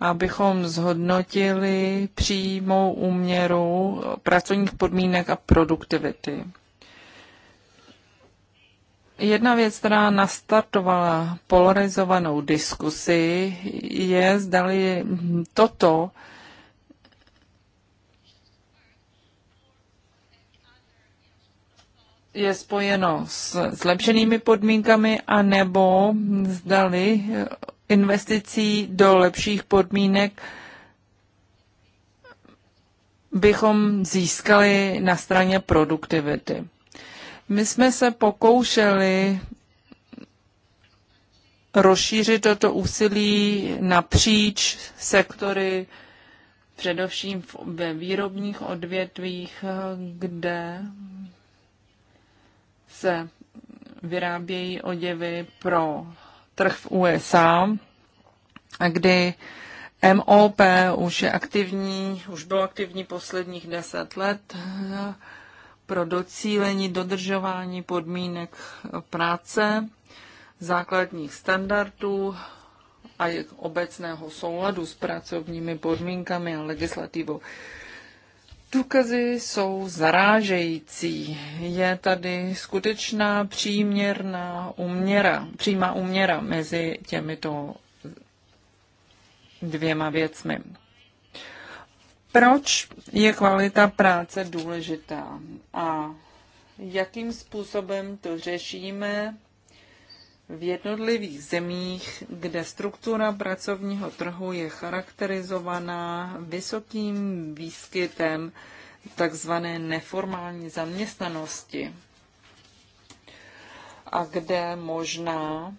abychom zhodnotili přímou úměru pracovních podmínek a produktivity. Jedna věc, která nastartovala polarizovanou diskusi, je, zdali toto je spojeno s zlepšenými podmínkami, a nebo zdali investicí do lepších podmínek bychom získali na straně produktivity. My jsme se pokoušeli rozšířit toto úsilí napříč sektory, především ve výrobních odvětvích, kde se vyrábějí oděvy pro trh v USA, kdy MOP už je aktivní, už bylo aktivní posledních deset let pro docílení dodržování podmínek práce, základních standardů a obecného souladu s pracovními podmínkami a legislativou. Důkazy jsou zarážející. Je tady skutečná příměrná uměra, přímá uměra mezi těmito dvěma věcmi. Proč je kvalita práce důležitá a jakým způsobem to řešíme v jednotlivých zemích, kde struktura pracovního trhu je charakterizovaná vysokým výskytem takzvané neformální zaměstnanosti a kde možná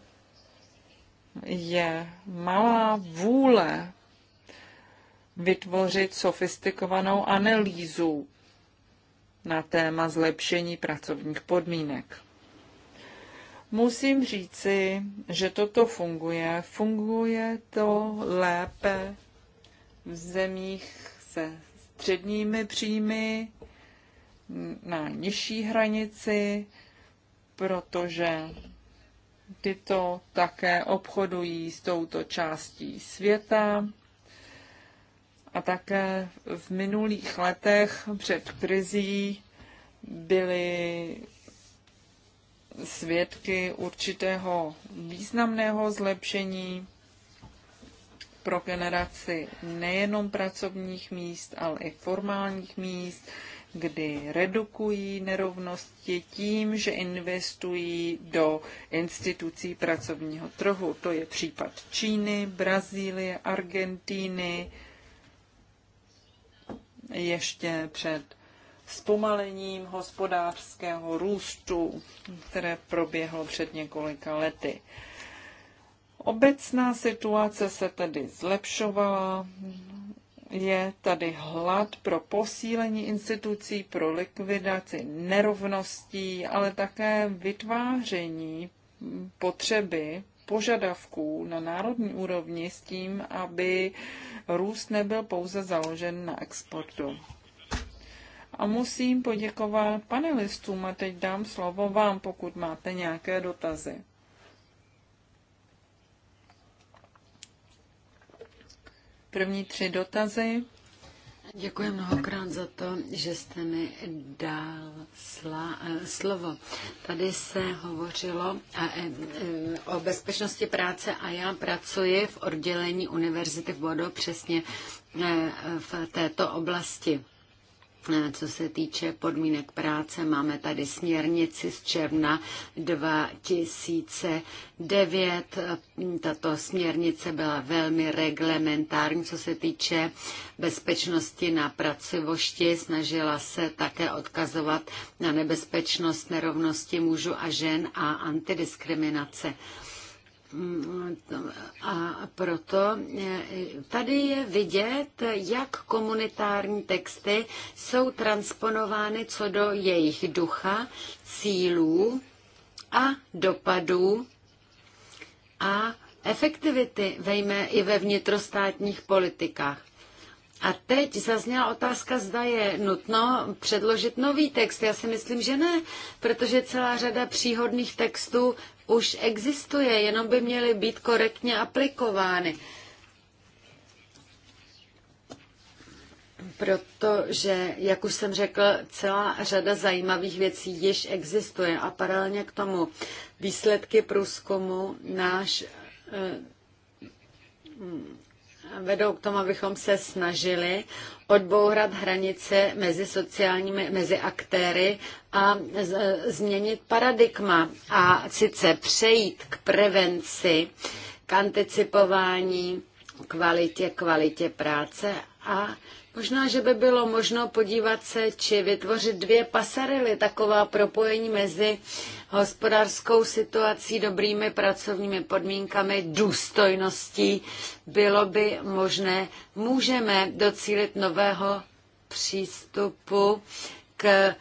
je malá vůle vytvořit sofistikovanou analýzu na téma zlepšení pracovních podmínek. Musím říci, že toto funguje. Funguje to lépe v zemích se středními příjmy, na nižší hranici, protože tyto také obchodují s touto částí světa. A také v minulých letech před krizí byly svědky určitého významného zlepšení pro generaci nejenom pracovních míst, ale i formálních míst, kdy redukují nerovnosti tím, že investují do institucí pracovního trhu. To je případ Číny, Brazílie, Argentíny, ještě před zpomalením hospodářského růstu, které proběhlo před několika lety. Obecná situace se tedy zlepšovala, je tady hlad pro posílení institucí, pro likvidaci nerovností, ale také vytváření potřeby požadavků na národní úrovni s tím, aby růst nebyl pouze založen na exportu. A musím poděkovat panelistům a teď dám slovo vám, pokud máte nějaké dotazy. První tři
dotazy. Děkuji mnohokrát za to, že jste mi dal sla, eh, slovo. Tady se hovořilo eh, eh, o bezpečnosti práce a já pracuji v oddělení Univerzity v Bodo přesně v této oblasti. No, co se týče podmínek práce, máme tady směrnici z června 2009. Tato směrnice byla velmi reglementární, co se týče bezpečnosti na pracovišti. Snažila se také odkazovat na nebezpečnost nerovnosti mužů a žen a antidiskriminace a proto eh, tady je vidět, jak komunitární texty jsou transponovány co do jejich ducha, cílů a dopadů a efektivity vejme i ve vnitrostátních politikách. A teď zazněla otázka, zda je nutno předložit nový text. Já si myslím, že ne, protože celá řada příhodných textů už existuje, jenom by měly být korektně aplikovány. Protože, jak už jsem řekl, celá řada zajímavých věcí již existuje a paralelně k tomu výsledky průzkumu náš eh, vedou k tomu, abychom se snažili odbourat hranice mezi sociálními, mezi aktéry a z, změnit paradigma a sice přejít k prevenci, k anticipování, kvalitě, kvalitě práce a Možná, že by bylo možno podívat se, či vytvořit dvě pasarely, taková propojení mezi hospodářskou situací, dobrými pracovními podmínkami, důstojností. Bylo by možné, můžeme docílit nového přístupu k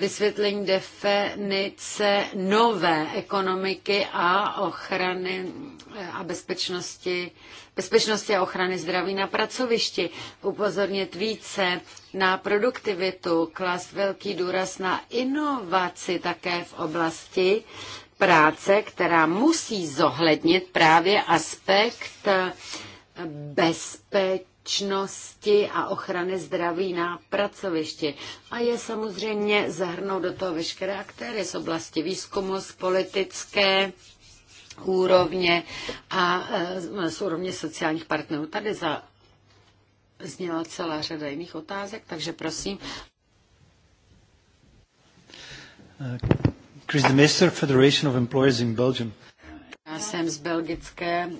vysvětlení definice nové ekonomiky a ochrany a bezpečnosti, bezpečnosti a ochrany zdraví na pracovišti, upozornit více na produktivitu, klást velký důraz na inovaci také v oblasti práce, která musí zohlednit právě aspekt bezpečnosti bezpečnosti a ochrany zdraví na pracovišti. A je samozřejmě zahrnout do toho veškeré aktéry z oblasti výzkumu, z politické úrovně a e, z úrovně sociálních partnerů. Tady za zněla celá řada jiných otázek, takže prosím.
Uh, Chris de Meester, Federation of Employers in Belgium.
Já jsem z belgické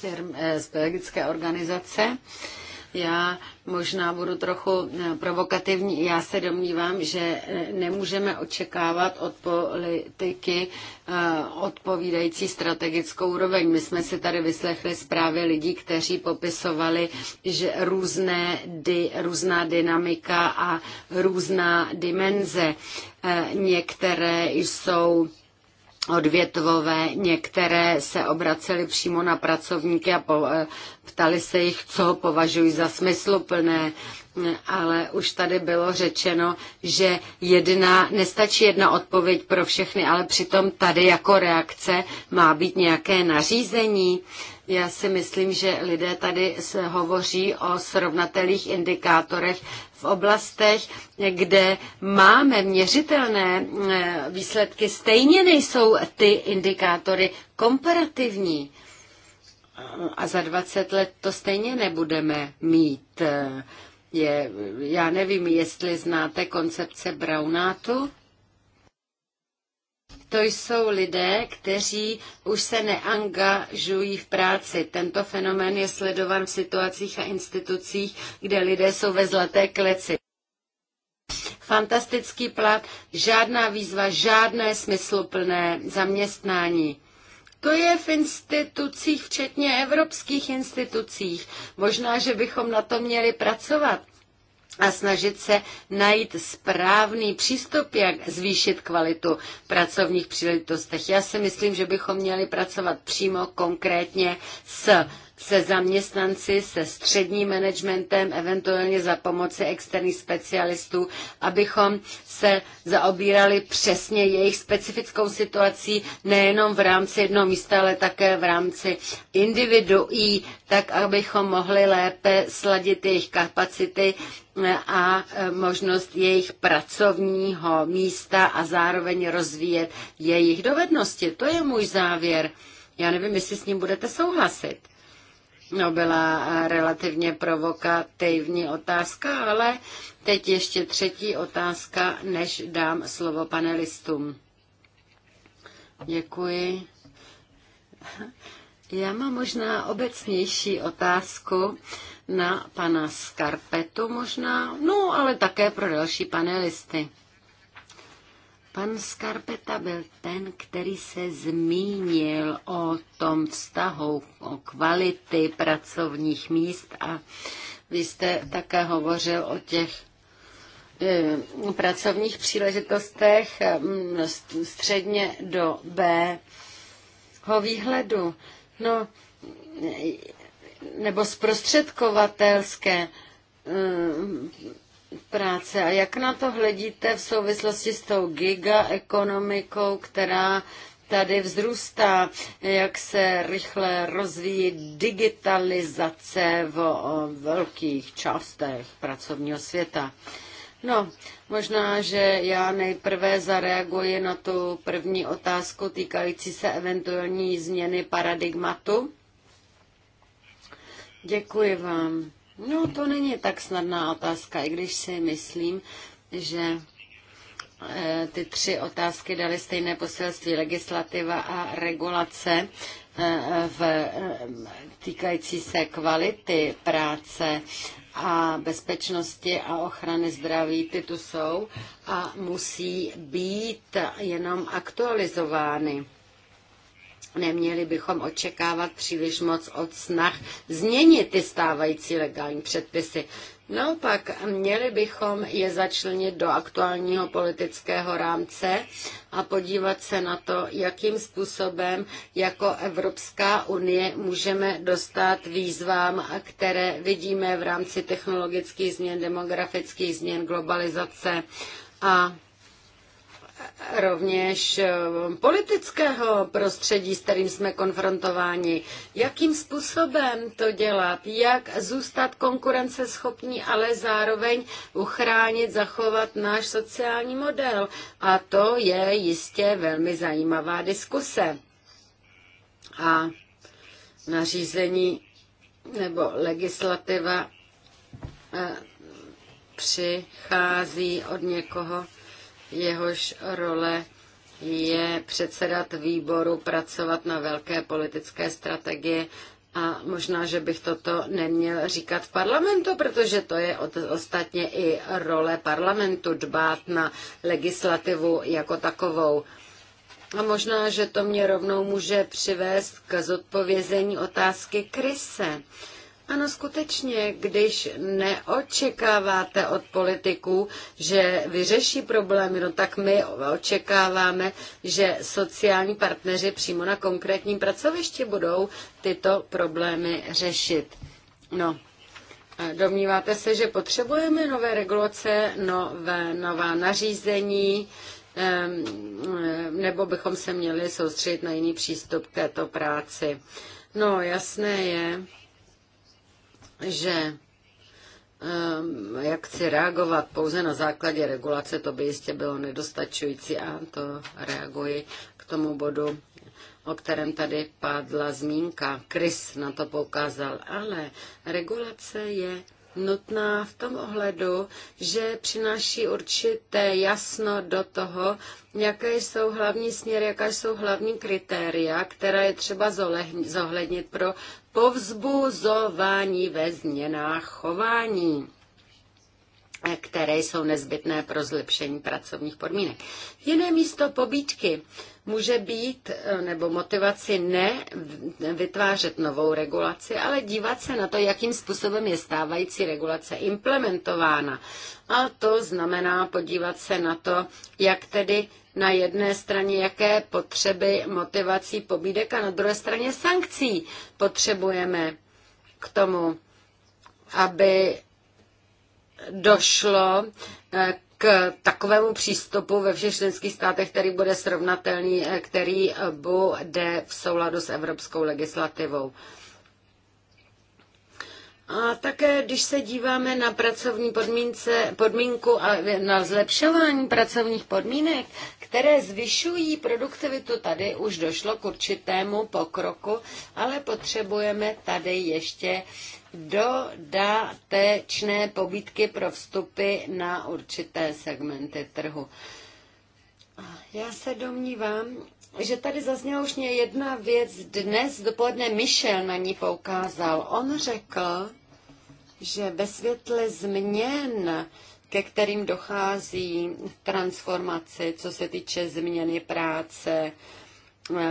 firm, z eh, belgické organizace. Já možná budu trochu eh, provokativní. Já se domnívám, že eh, nemůžeme očekávat od politiky odpovídající strategickou úroveň. My jsme si tady vyslechli zprávy lidí, kteří popisovali, že různé, dy, různá dynamika a různá dimenze. Některé jsou odvětvové, některé se obracely přímo na pracovníky a eh, ptali se jich, co považují za smysluplné, ale už tady bylo řečeno, že jedna, nestačí jedna odpověď pro všechny, ale přitom tady jako reakce má být nějaké nařízení. Já si myslím, že lidé tady hovoří o srovnatelných indikátorech v oblastech, kde máme měřitelné eh, výsledky. Stejně nejsou ty indikátory komparativní. A za 20 let to stejně nebudeme mít. Je, já nevím, jestli znáte koncepce Brownátu. To jsou lidé, kteří už se neangažují v práci. Tento fenomén je sledovan v situacích a institucích, kde lidé jsou ve zlaté kleci. Fantastický plat, žádná výzva, žádné smysluplné zaměstnání. To je v institucích, včetně evropských institucích. Možná, že bychom na to měli pracovat a snažit se najít správný přístup, jak zvýšit kvalitu pracovních příležitostech. Já si myslím, že bychom měli pracovat přímo konkrétně s se zaměstnanci, se středním managementem, eventuálně za pomoci externích specialistů, abychom se zaobírali přesně jejich specifickou situací nejenom v rámci jednoho místa, ale také v rámci individuí, tak abychom mohli lépe sladit jejich kapacity eh, a eh, možnost jejich pracovního místa a zároveň rozvíjet jejich dovednosti. To je můj závěr. Já nevím, jestli s ním budete souhlasit. No, byla eh, relativně provokativní otázka, ale teď ještě třetí otázka, než dám slovo panelistům. Děkuji. Já mám možná obecnější otázku na pana Skarpetu možná, no ale také pro další panelisty. Pan Skarpeta byl ten, který se zmínil o tom vztahu, o kvality pracovních míst a vy jste také hovořil o těch eh, pracovních příležitostech eh, středně do B ho výhledu. No, eh, nebo zprostředkovatelské práce. A jak na to hledíte v souvislosti s tou ekonomikou, která tady vzrůstá, jak se rychle rozvíjí digitalizace v velkých částech pracovního světa. No, možná, že já nejprve zareaguji na tu první otázku týkající se eventuální změny paradigmatu. Děkuji vám. No, to není tak snadná otázka, i když si myslím, že eh, ty tři otázky daly stejné poselství legislativa a regulace eh, v eh, týkající se kvality práce a bezpečnosti a ochrany zdraví, ty tu jsou a musí být jenom aktualizovány. Neměli bychom očekávat příliš moc od snah změnit ty stávající legální předpisy. Naopak, měli bychom je začlenit do aktuálního politického rámce a podívat se na to, jakým způsobem jako Evropská unie můžeme dostat výzvám, které vidíme v rámci technologických změn, demografických změn, globalizace a rovněž eh, politického prostředí, s kterým jsme konfrontováni. Jakým způsobem to dělat? Jak zůstat konkurenceschopní, ale zároveň uchránit, zachovat náš sociální model? A to je jistě velmi zajímavá diskuse. A nařízení nebo legislativa eh, přichází od někoho, jehož role je předsedat výboru, pracovat na velké politické strategii a možná, že bych toto neměl říkat v parlamentu, protože to je od, ostatně i role parlamentu dbát na legislativu jako takovou. A možná, že to mě rovnou může přivést k zodpovězení otázky Krise. Uh, ano, skutečně, když neočekáváte od politiků, že vyřeší problémy, no tak my očekáváme, že sociální partneři přímo na konkrétním pracovišti budou tyto problémy řešit. No, domníváte se, že potřebujeme nové regulace, nové, nová nařízení, nebo bychom se měli soustředit na jiný přístup k této práci? No, jasné je že ehm, jak chci reagovat pouze na základě regulace, to by jistě bylo nedostačující a to reaguji k tomu bodu, o kterém tady padla zmínka. Chris na to poukázal, ale regulace je nutná v tom ohledu, že přináší určité jasno do toho, jaké jsou hlavní směry, jaká jsou hlavní kritéria, která je třeba zohlednit pro povzbuzování ve změnách chování které jsou nezbytné pro zlepšení pracovních podmínek. Jiné místo pobídky může být, eh, nebo motivaci ne vytvářet novou regulaci, ale dívat se na to, jakým způsobem je stávající regulace implementována. A to znamená podívat se na to, jak tedy na jedné straně jaké potřeby motivací pobídek a na druhé straně sankcí potřebujeme k tomu, aby došlo eh, k takovému přístupu ve všech členských státech, který bude srovnatelný, eh, který eh, bude v souladu s evropskou legislativou. A také, když se díváme na pracovní podmínce, podmínku a na zlepšování pracovních podmínek, které zvyšují produktivitu, tady už došlo k určitému pokroku, ale potřebujeme tady ještě dodatečné pobídky pro vstupy na určité segmenty trhu. Já se domnívám, že tady zazněla už mě jedna věc. Dnes dopoledne Michel na ní poukázal. On řekl, že ve světle změn, ke kterým dochází transformaci, co se týče změny práce, eh,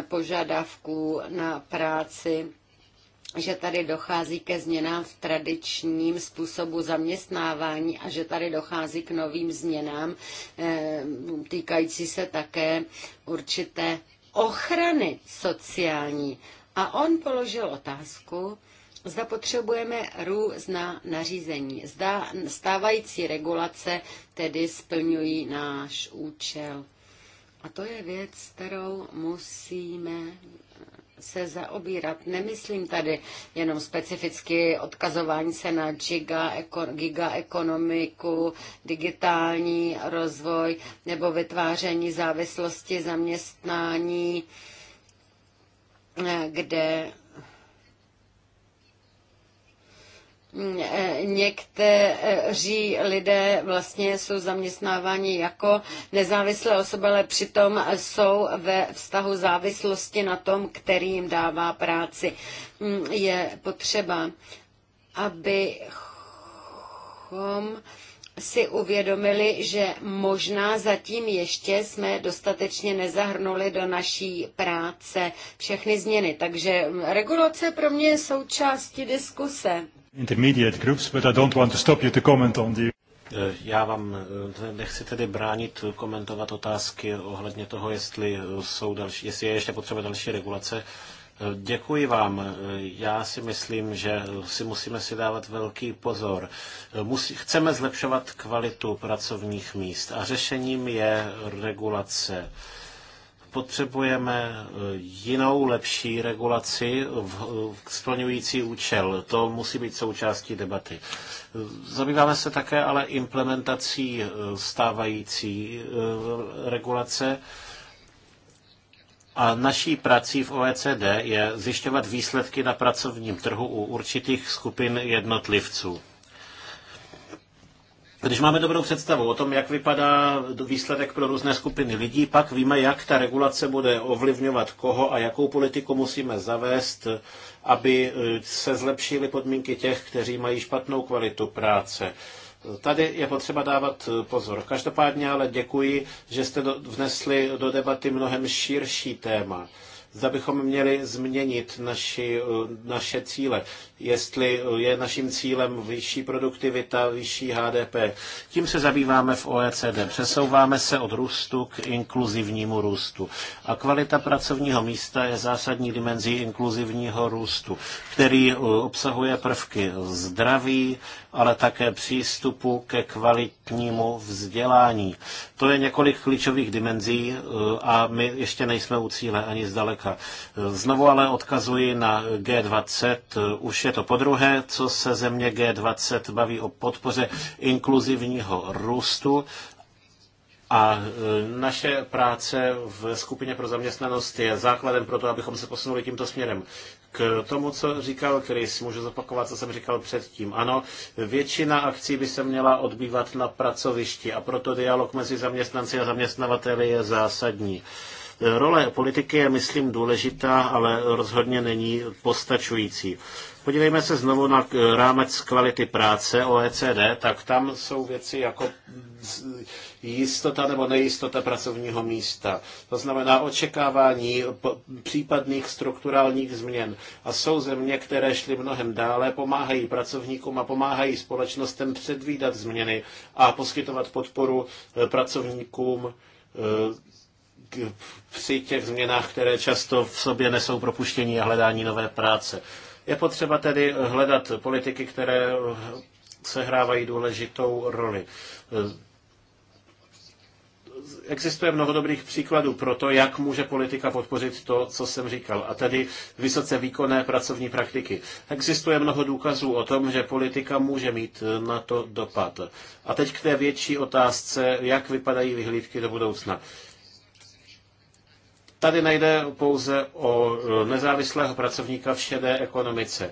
požadavků na práci, že tady dochází ke změnám v tradičním způsobu zaměstnávání a že tady dochází k novým změnám eh, týkající se také určité ochrany sociální. A on položil otázku, zda potřebujeme různá nařízení, zda stávající regulace tedy splňují náš účel. A to je věc, kterou musíme se zaobírat. Nemyslím tady jenom specificky odkazování se na giga, giga ekonomiku, digitální rozvoj nebo vytváření závislosti zaměstnání, eh, kde někteří lidé vlastně jsou zaměstnáváni jako nezávislé osoby, ale přitom jsou ve vztahu závislosti na tom, který jim dává práci. Mm, je potřeba, abychom si uvědomili, že možná zatím ještě jsme dostatečně nezahrnuli do naší práce všechny změny. Takže regulace pro mě je součástí diskuse
intermediate
groups, but I don't want to stop you to comment on the eh, já vám eh, nechci tedy bránit komentovat otázky ohledně toho, jestli, eh, jsou další, jestli je ještě potřeba další regulace. Děkuji vám. Já si myslím, že si musíme si dávat velký pozor. Musí, chceme zlepšovat kvalitu pracovních míst a řešením je regulace potřebujeme e, jinou, lepší regulaci splňující účel. To musí být součástí debaty. E, zabýváme se také ale implementací e, stávající regulace. A naší prací v OECD je zjišťovat výsledky na pracovním trhu u určitých skupin jednotlivců. Když máme dobrou představu o tom, jak vypadá výsledek pro různé skupiny lidí, pak víme, jak ta regulace bude ovlivňovat koho a jakou politiku musíme zavést, aby eh, se zlepšily podmínky těch, kteří mají špatnou kvalitu práce. Tady je potřeba dávat eh, pozor. Každopádně ale děkuji, že jste vnesli do debaty mnohem širší téma zda bychom měli změnit naši, eh, naše cíle jestli je naším cílem vyšší produktivita, vyšší HDP. Tím se zabýváme v OECD. Přesouváme se od růstu k inkluzivnímu růstu. A kvalita pracovního místa je zásadní dimenzí inkluzivního růstu, který eh, obsahuje prvky zdraví, ale také přístupu ke kvalitnímu vzdělání. To je několik klíčových dimenzí eh, a my ještě nejsme u cíle ani zdaleka. Eh, znovu ale odkazuji na G20, už je to podruhé, co se země G20 baví o podpoře inkluzivního růstu. A e, naše práce v skupině pro zaměstnanost je základem pro to, abychom se posunuli tímto směrem. K tomu, co říkal Chris, můžu zopakovat, co jsem říkal předtím. Ano, většina akcí by se měla odbývat na pracovišti a proto dialog mezi zaměstnanci a zaměstnavateli je zásadní. E, role politiky je, myslím, důležitá, ale rozhodně není postačující. Podívejme se znovu na eh, rámec kvality práce OECD, tak tam jsou věci jako jistota nebo nejistota pracovního místa. To znamená očekávání případných strukturálních změn. A jsou země, které šly mnohem dále, pomáhají pracovníkům a pomáhají společnostem předvídat změny a poskytovat podporu eh, pracovníkům eh, při těch změnách, které často v sobě nesou propuštění a hledání nové práce. Je potřeba tedy hledat politiky, které sehrávají důležitou roli existuje mnoho dobrých příkladů pro to, jak může politika podpořit to, co jsem říkal, a tedy vysoce výkonné pracovní praktiky. Existuje mnoho důkazů o tom, že politika může mít na to dopad. A teď k té větší otázce, jak vypadají vyhlídky do budoucna. Tady nejde pouze o e, nezávislého pracovníka v šedé ekonomice. E,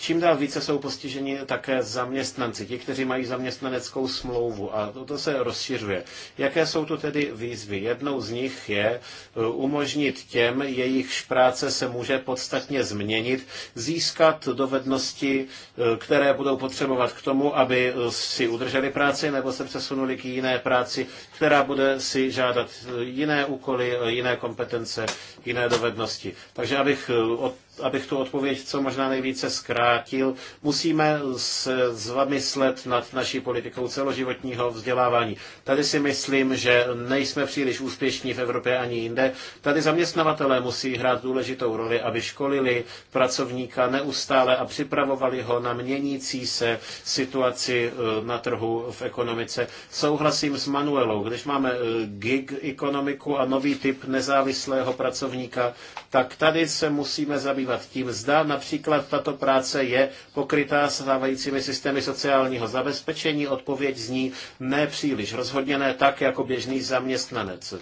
Čím dál více jsou postiženi také zaměstnanci, ti, kteří mají zaměstnaneckou smlouvu a to se rozšiřuje. Jaké jsou tu tedy výzvy? Jednou z nich je e, umožnit těm, jejichž práce se může podstatně změnit, získat dovednosti, e, které budou potřebovat k tomu, aby e, si udrželi práci nebo se přesunuli k jiné práci, která bude si žádat jiné úkoly, jiné kompetence, jiné dovednosti. Takže abych od abych tu odpověď co možná nejvíce zkrátil, musíme se zamyslet nad naší politikou celoživotního vzdělávání. Tady si myslím, že nejsme příliš úspěšní v Evropě ani jinde. Tady zaměstnavatelé musí hrát důležitou roli, aby školili pracovníka neustále a připravovali ho na měnící se situaci eh, na trhu v ekonomice. Souhlasím s Manuelou, když máme eh, gig ekonomiku a nový typ nezávislého pracovníka, tak tady se musíme zabývat zabývat tím, zda například tato práce je pokrytá stávajícími systémy sociálního zabezpečení. Odpověď zní nepříliš rozhodněné ne tak jako běžný zaměstnanec. E,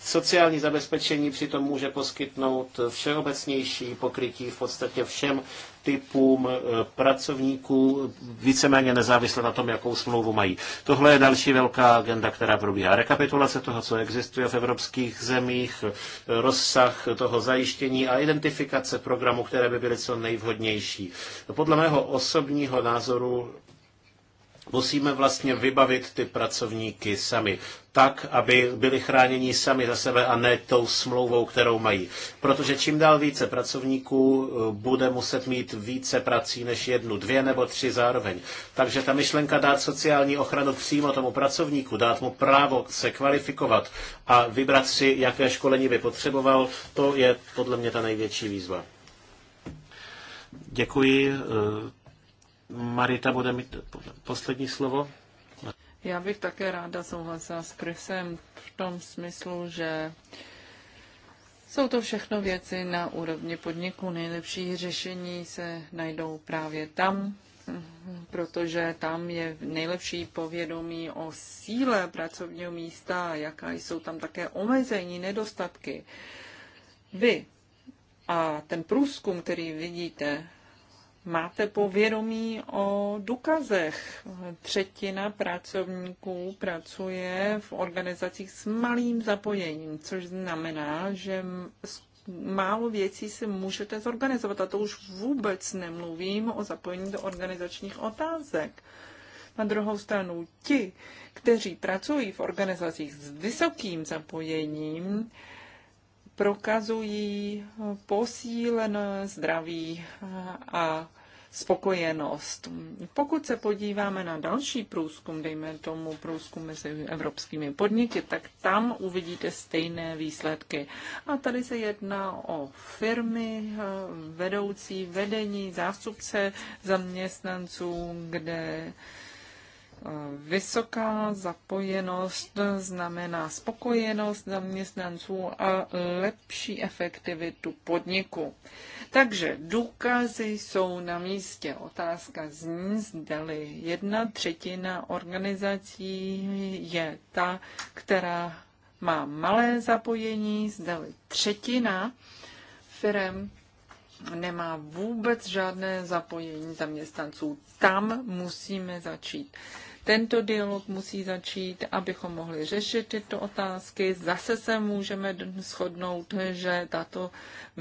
sociální zabezpečení přitom může poskytnout všeobecnější pokrytí v podstatě všem typům eh, pracovníků víceméně nezávisle na tom, jakou smlouvu mají. Tohle je další velká agenda, která probíhá. Rekapitulace toho, co existuje v evropských zemích, eh, rozsah toho zajištění a identifikace programů, které by byly co nejvhodnější. Podle mého osobního názoru musíme vlastně vybavit ty pracovníky sami tak, aby byli chráněni sami za sebe a ne tou smlouvou, kterou mají. Protože čím dál více pracovníků eh, bude muset mít více prací než jednu, dvě nebo tři zároveň. Takže ta myšlenka dát sociální ochranu přímo tomu pracovníku, dát mu právo se kvalifikovat a vybrat si, jaké školení by potřeboval, to je podle mě ta největší výzva. Děkuji. Eh, Marita bude mít poslední slovo.
Já bych také ráda souhlasila s Krysem v tom smyslu, že jsou to všechno věci na úrovni podniku. Nejlepší řešení se najdou právě tam, protože tam je nejlepší povědomí o síle pracovního místa, jaká jsou tam také omezení, nedostatky. Vy a ten průzkum, který vidíte, máte povědomí o důkazech. Třetina pracovníků pracuje v organizacích s malým zapojením, což znamená, že málo věcí si můžete zorganizovat. A to už vůbec nemluvím o zapojení do organizačních otázek. Na druhou stranu ti, kteří pracují v organizacích s vysokým zapojením, prokazují posílené zdraví a spokojenost. Pokud se podíváme na další průzkum, dejme tomu průzkum mezi evropskými podniky, tak tam uvidíte stejné výsledky. A tady se jedná o firmy, vedoucí, vedení, zástupce zaměstnanců, kde eh, Vysoká zapojenost znamená spokojenost zaměstnanců a lepší efektivitu podniku. Takže důkazy jsou na místě. Otázka zní, zdali jedna třetina organizací je ta, která má malé zapojení, zdali třetina firm nemá vůbec žádné zapojení zaměstnanců. Tam musíme začít. Tento dialog musí začít, abychom mohli řešit tyto otázky. Zase se můžeme shodnout, že tato,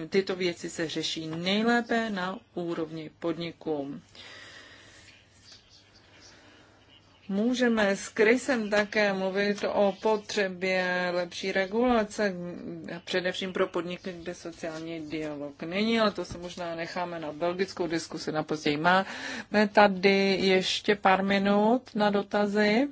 tyto věci se řeší nejlépe na úrovni podniků. Můžeme s Krysem také mluvit o potřebě lepší regulace, především pro podniky, kde sociální dialog není, ale to se možná necháme na belgickou diskusi na později. Máme tady ještě pár minut na dotazy.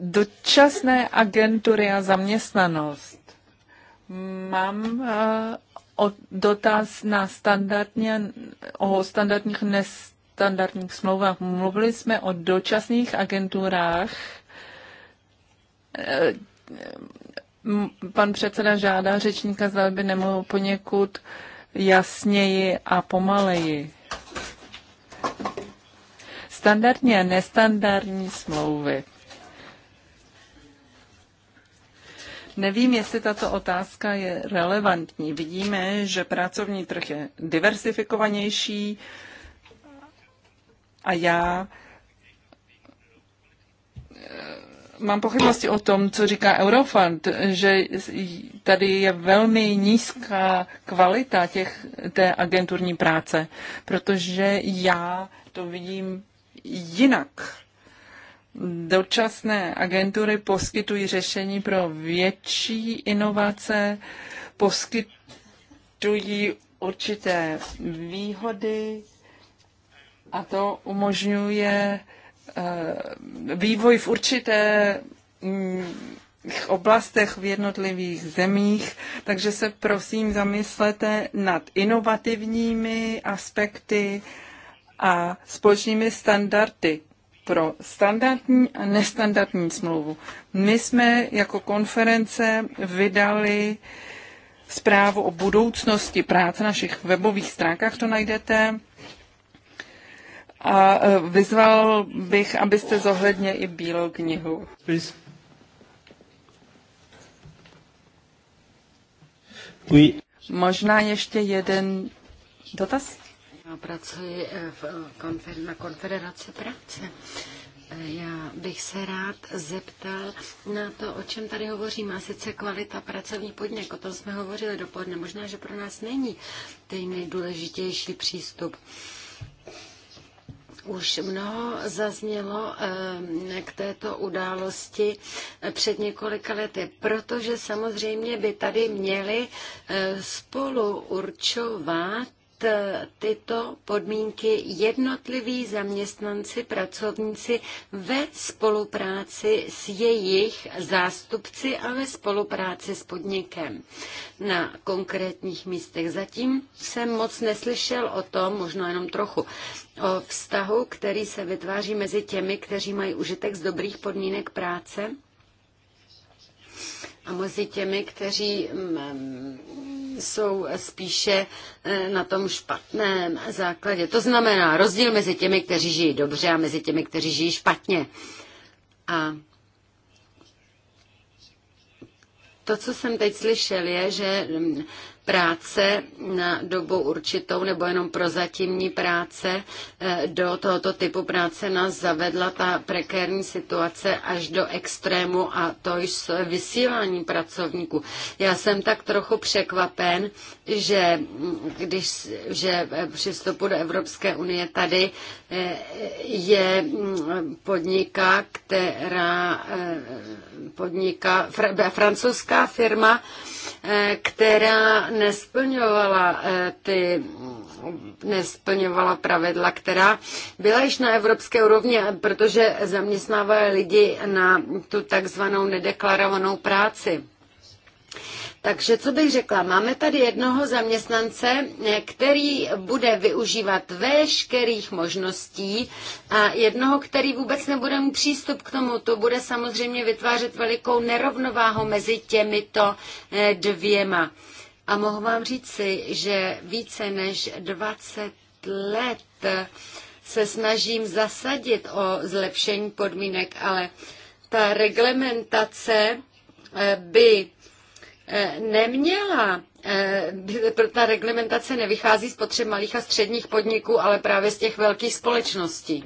dočasné agentury a zaměstnanost. Mám eh, o dotaz na standardně, o standardních nestandardních smlouvách. Mluvili jsme o dočasných agenturách. Eh, pan předseda žádá řečníka, zda by nemohl poněkud jasněji a pomaleji. Standardně a nestandardní smlouvy. Nevím, jestli tato otázka je relevantní. Vidíme, že pracovní trh je diversifikovanější a já eh, mám pochybnosti o tom, co říká Eurofund, že tady je velmi nízká kvalita těch, té agenturní práce, protože já to vidím jinak. Dočasné agentury poskytují řešení pro větší inovace, poskytují určité výhody a to umožňuje eh, vývoj v určité mm, oblastech v jednotlivých zemích, takže se prosím zamyslete nad inovativními aspekty a společnými standardy pro standardní a nestandardní smlouvu. My jsme jako konference vydali zprávu o budoucnosti práce našich webových stránkách, to najdete. A e, vyzval bych, abyste zohledně i bílou knihu. Oui. Možná ještě jeden dotaz?
Pracuji eh, v eh, konfer- na konfederaci práce. Eh, já bych se rád zeptal na to, o čem tady hovoříme, a sice kvalita pracovní podnik. O tom jsme hovořili dopoledne. Možná, že pro nás není ten nejdůležitější přístup. Už mnoho zaznělo k této události před několika lety, protože samozřejmě by tady měli spolu určovat Eh, tyto podmínky jednotliví zaměstnanci, pracovníci ve spolupráci s jejich zástupci a ve spolupráci s podnikem na konkrétních místech. Zatím jsem moc neslyšel o tom, možná jenom trochu, o vztahu, který se vytváří mezi těmi, kteří mají užitek z dobrých podmínek práce mezi těmi, kteří mm, mm, jsou spíše eh, na tom špatném základě. To znamená rozdíl mezi těmi, kteří žijí dobře a mezi těmi, kteří žijí špatně. A to, co jsem teď slyšel, je, že mm, práce na dobu určitou nebo jenom prozatímní práce. Eh, do tohoto typu práce nás zavedla ta prekérní situace až do extrému a to již vysílání pracovníků. Já jsem tak trochu překvapen, že, když, že při vstupu do Evropské unie tady eh, je mm, podniká, která eh, podniká, francouzská firma, eh, která nesplňovala ty nesplňovala pravidla, která byla již na evropské úrovni, protože zaměstnávala lidi na tu takzvanou nedeklarovanou práci. Takže co bych řekla, máme tady jednoho zaměstnance, eh, který bude využívat veškerých možností a jednoho, který vůbec nebude mít přístup k tomu. To bude samozřejmě vytvářet velikou nerovnováhu mezi těmito eh, dvěma. A mohu vám říci, že více než 20 let se snažím zasadit o zlepšení podmínek, ale ta reglementace eh, by Eh, neměla eh, ta reglementace nevychází z potřeb malých a středních podniků, ale právě z těch velkých společností.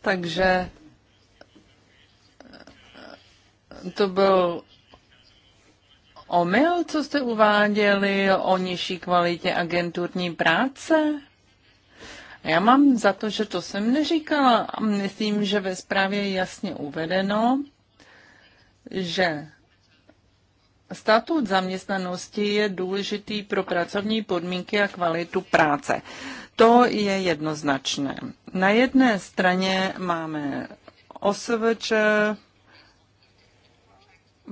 Takže eh,
to byl omyl, co jste uváděli o nižší kvalitě agenturní práce? Já mám za to, že to jsem neříkala. Myslím, že ve zprávě je jasně uvedeno, že Statut zaměstnanosti je důležitý pro pracovní podmínky a kvalitu práce. To je jednoznačné. Na jedné straně máme OSVČ,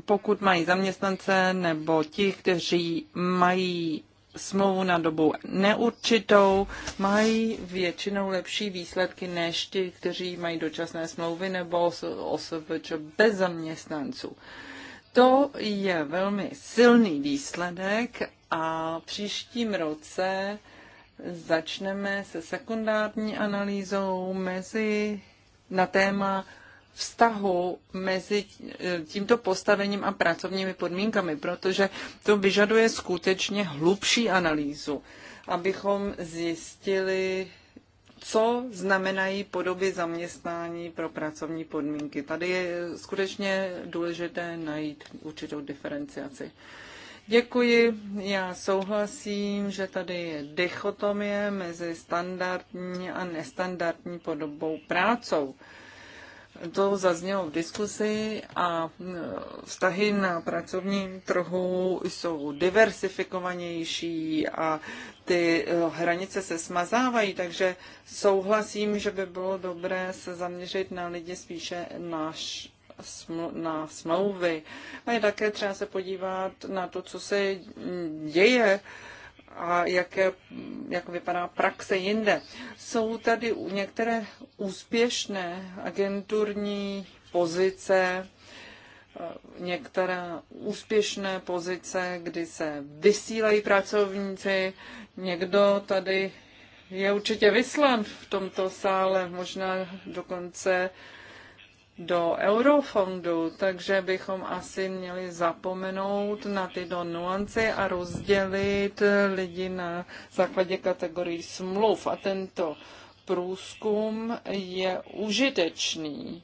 pokud mají zaměstnance nebo ti, kteří mají smlouvu na dobu neurčitou, mají většinou lepší výsledky než ti, kteří mají dočasné smlouvy nebo OSVČ bez zaměstnanců. To je velmi silný výsledek a příštím roce začneme se sekundární analýzou mezi, na téma vztahu mezi tímto postavením a pracovními podmínkami, protože to vyžaduje skutečně hlubší analýzu, abychom zjistili, co znamenají podoby zaměstnání pro pracovní podmínky. Tady je skutečně důležité najít určitou diferenciaci. Děkuji. Já souhlasím, že tady je dichotomie mezi standardní a nestandardní podobou prácou. To zaznělo v diskusi a e, vztahy na pracovním trhu jsou diversifikovanější a ty e, hranice se smazávají, takže souhlasím, že by bylo dobré se zaměřit na lidi spíše naš, na smlouvy. A je také třeba se podívat na to, co se děje uh, a jaké, jak vypadá praxe jinde. Jsou tady některé úspěšné agenturní pozice, některé úspěšné pozice, kdy se vysílají pracovníci. Někdo tady je určitě vyslan v tomto sále, možná dokonce do eurofondu, takže bychom asi měli zapomenout na tyto nuance a rozdělit lidi na základě kategorií smluv. A tento průzkum je užitečný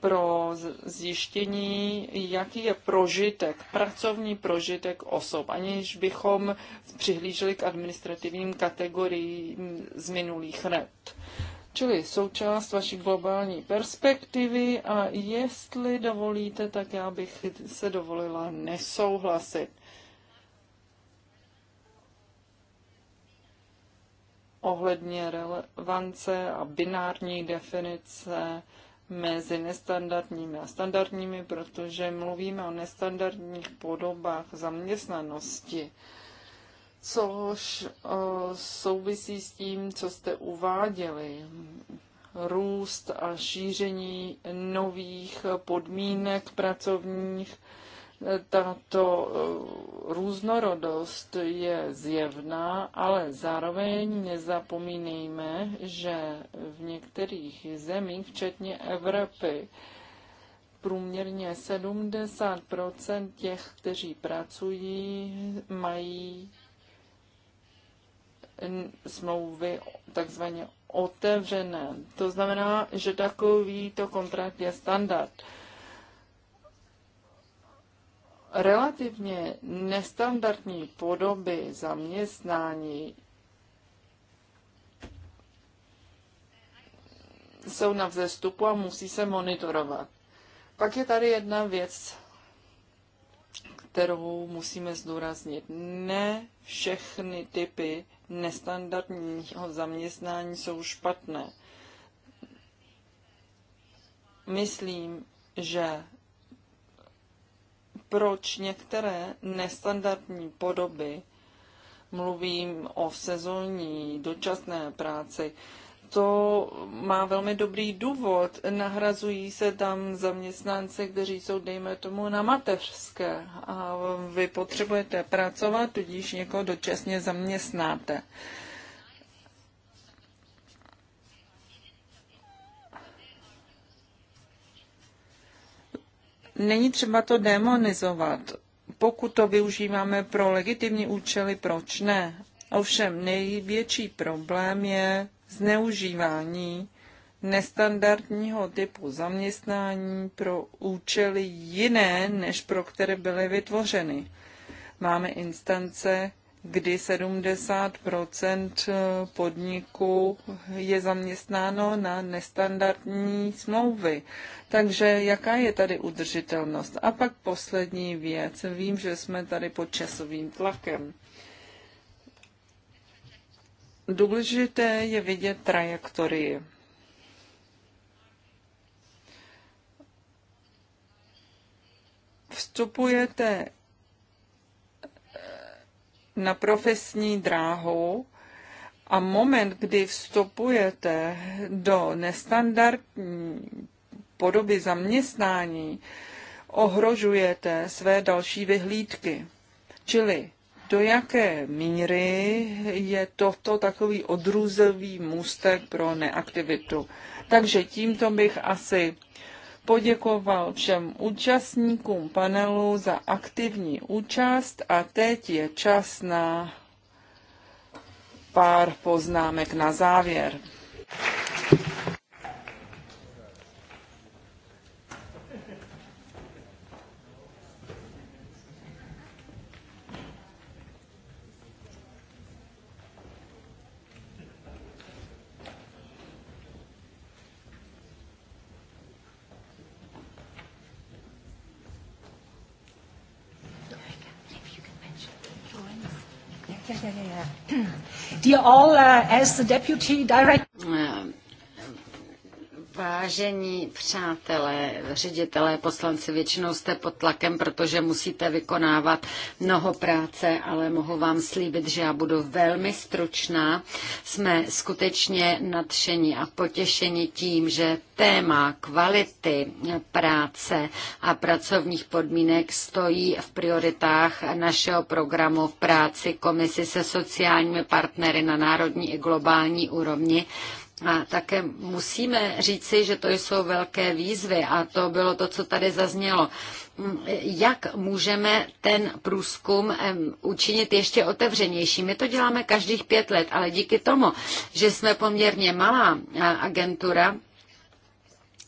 pro zjištění, jaký je prožitek, pracovní prožitek osob, aniž bychom přihlíželi k administrativním kategoriím z minulých let čili součást vaší globální perspektivy a jestli dovolíte, tak já bych se dovolila nesouhlasit. Ohledně relevance a binární definice mezi nestandardními a standardními, protože mluvíme o nestandardních podobách zaměstnanosti což eh, souvisí s tím, co jste uváděli. Růst a šíření nových podmínek pracovních. Tato eh, různorodost je zjevná, ale zároveň nezapomínejme, že v některých zemích, včetně Evropy, průměrně 70 těch, kteří pracují, mají smlouvy takzvaně otevřené. To znamená, že takovýto kontrakt je standard. Relativně nestandardní podoby zaměstnání jsou na vzestupu a musí se monitorovat. Pak je tady jedna věc, kterou musíme zdůraznit. Ne všechny typy nestandardního zaměstnání jsou špatné. Myslím, že proč některé nestandardní podoby, mluvím o sezónní dočasné práci, to má velmi dobrý důvod. Nahrazují se tam zaměstnance, kteří jsou, dejme tomu, na mateřské. A vy potřebujete pracovat, tudíž někoho dočasně zaměstnáte. Není třeba to demonizovat. Pokud to využíváme pro legitimní účely, proč ne? Ovšem největší problém je zneužívání nestandardního typu zaměstnání pro účely jiné, než pro které byly vytvořeny. Máme instance, kdy 70 podniků je zaměstnáno na nestandardní smlouvy. Takže jaká je tady udržitelnost? A pak poslední věc. Vím, že jsme tady pod časovým tlakem. Důležité je vidět trajektorii. Vstupujete eh, na profesní dráhu a moment, kdy vstupujete do nestandardní podoby zaměstnání, ohrožujete své další vyhlídky. Čili do jaké míry je toto takový odrůzový můstek pro neaktivitu. Takže tímto bych asi poděkoval všem účastníkům panelu za aktivní účast a teď je čas na pár poznámek na závěr.
Dear all, uh, as the deputy director... Eh, Vážení přátelé, ředitelé, poslanci, většinou jste pod tlakem, protože musíte vykonávat mnoho práce, ale mohu vám slíbit, že já budu velmi stručná. Jsme skutečně nadšení a potěšeni tím, že téma kvality práce a pracovních podmínek stojí v prioritách našeho programu v práci komisi se sociálními partnery na národní i globální úrovni a také musíme říci, že to jsou velké výzvy a to bylo to, co tady zaznělo. Jak můžeme ten průzkum učinit ještě otevřenější? My to děláme každých pět let, ale díky tomu, že jsme poměrně malá agentura,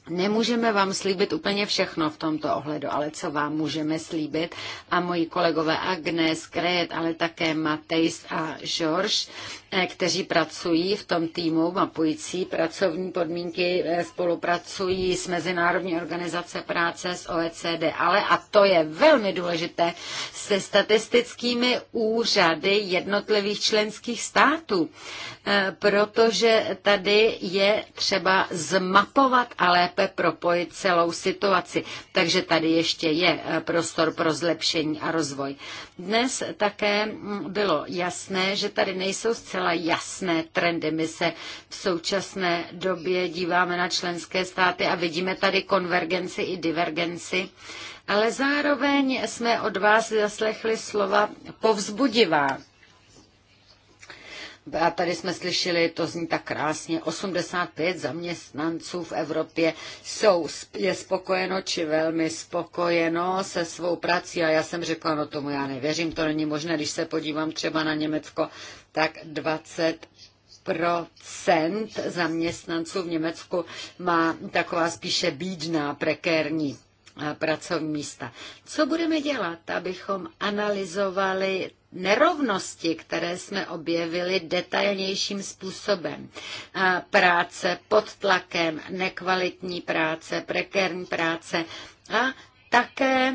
Nemůžeme vám slíbit úplně všechno v tomto ohledu, ale co vám můžeme slíbit, a moji kolegové Agnes, Kret, ale také Matejs a George, Eh, kteří pracují v tom týmu mapující pracovní podmínky, eh, spolupracují s Mezinárodní organizace práce, s OECD, ale, a to je velmi důležité, se statistickými úřady jednotlivých členských států, eh, protože tady je třeba zmapovat a lépe propojit celou situaci. Takže tady ještě je prostor pro zlepšení a rozvoj. Dnes také mm, bylo jasné, že tady nejsou zcela jasné trendy. My se v současné době díváme na členské státy a vidíme tady konvergenci i divergenci. Ale zároveň jsme od vás zaslechli slova povzbudivá a tady jsme slyšeli, to zní tak krásně, 85 zaměstnanců v Evropě jsou, je spokojeno či velmi spokojeno se svou prací a já jsem řekla, no tomu já nevěřím, to není možné, když se podívám třeba na Německo, tak 20 procent zaměstnanců v Německu má taková spíše bídná, prekérní pracovní místa. Co budeme dělat, abychom analyzovali nerovnosti, které jsme objevili detailnějším způsobem. Práce pod tlakem, nekvalitní práce, prekérní práce a také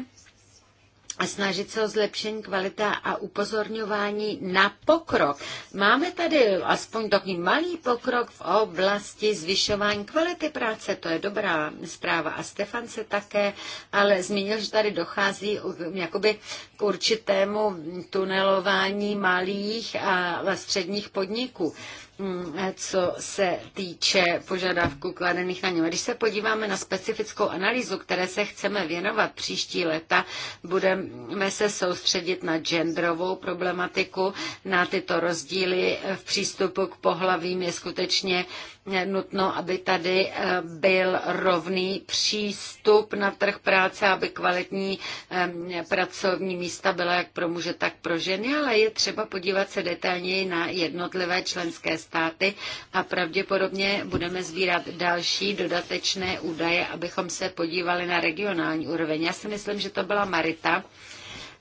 a snažit se o zlepšení kvalita a upozorňování na pokrok. Máme tady aspoň takový malý pokrok v oblasti zvyšování kvality práce, to je dobrá zpráva. A Stefan se také ale zmínil, že tady dochází jakoby k určitému tunelování malých a středních podniků. Mm, co se týče požadavků kladených na ně. Když se podíváme na specifickou analýzu, které se chceme věnovat příští léta, budeme se soustředit na genderovou problematiku, na tyto rozdíly v přístupu k pohlavím je skutečně nutno, aby tady eh, byl rovný přístup na trh práce, aby kvalitní eh, pracovní místa byla jak pro muže, tak pro ženy, ale je třeba podívat se detailněji na jednotlivé členské státy a pravděpodobně budeme sbírat další dodatečné údaje, abychom se podívali na regionální úroveň. Já si myslím, že to byla Marita,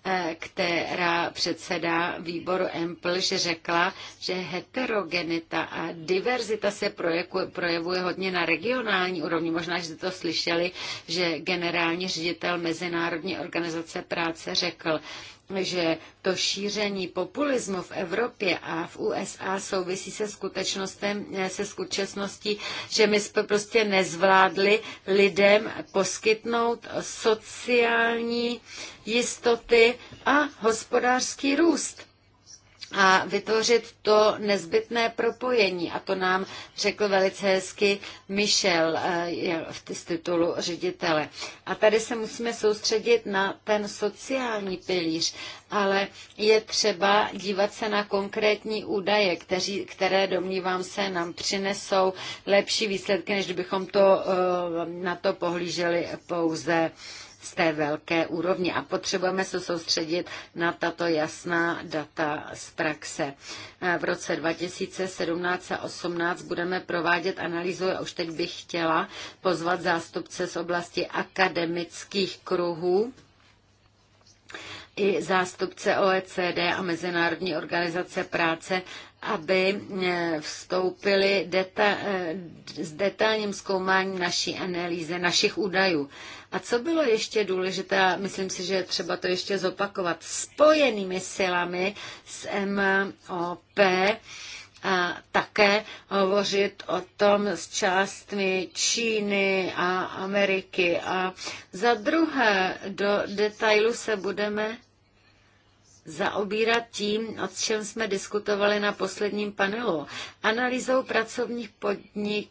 E, která předsedá výboru EMPL, že řekla, že heterogenita a diverzita se projevuje, hodně na regionální úrovni. Možná, že jste to slyšeli, že generální ředitel Mezinárodní organizace práce řekl, že to šíření populismu v Evropě a v USA souvisí se skutečnostem, eh, se skutečností, že my jsme prostě nezvládli lidem poskytnout sociální jistoty a hospodářský růst a vytvořit to nezbytné propojení. A to nám řekl velice hezky Michel eh, v titulu ředitele. A tady se musíme soustředit na ten sociální pilíř, ale je třeba dívat se na konkrétní údaje, kteří, které, domnívám se, nám přinesou lepší výsledky, než bychom to, eh, na to pohlíželi pouze z té velké úrovně a potřebujeme se soustředit na tato jasná data z praxe. V roce 2017 a 2018 budeme provádět analýzu a už teď bych chtěla pozvat zástupce z oblasti akademických kruhů, i zástupce OECD a Mezinárodní organizace práce, aby eh, vstoupili deta- eh, s detailním zkoumáním naší analýzy, našich údajů. A co bylo ještě důležité, a myslím si, že je třeba to ještě zopakovat, spojenými silami s MOP, a také hovořit o tom s částmi Číny a Ameriky. A za druhé, do detailu se budeme zaobírat tím, o čem jsme diskutovali na posledním panelu. Analýzou pracovních podniků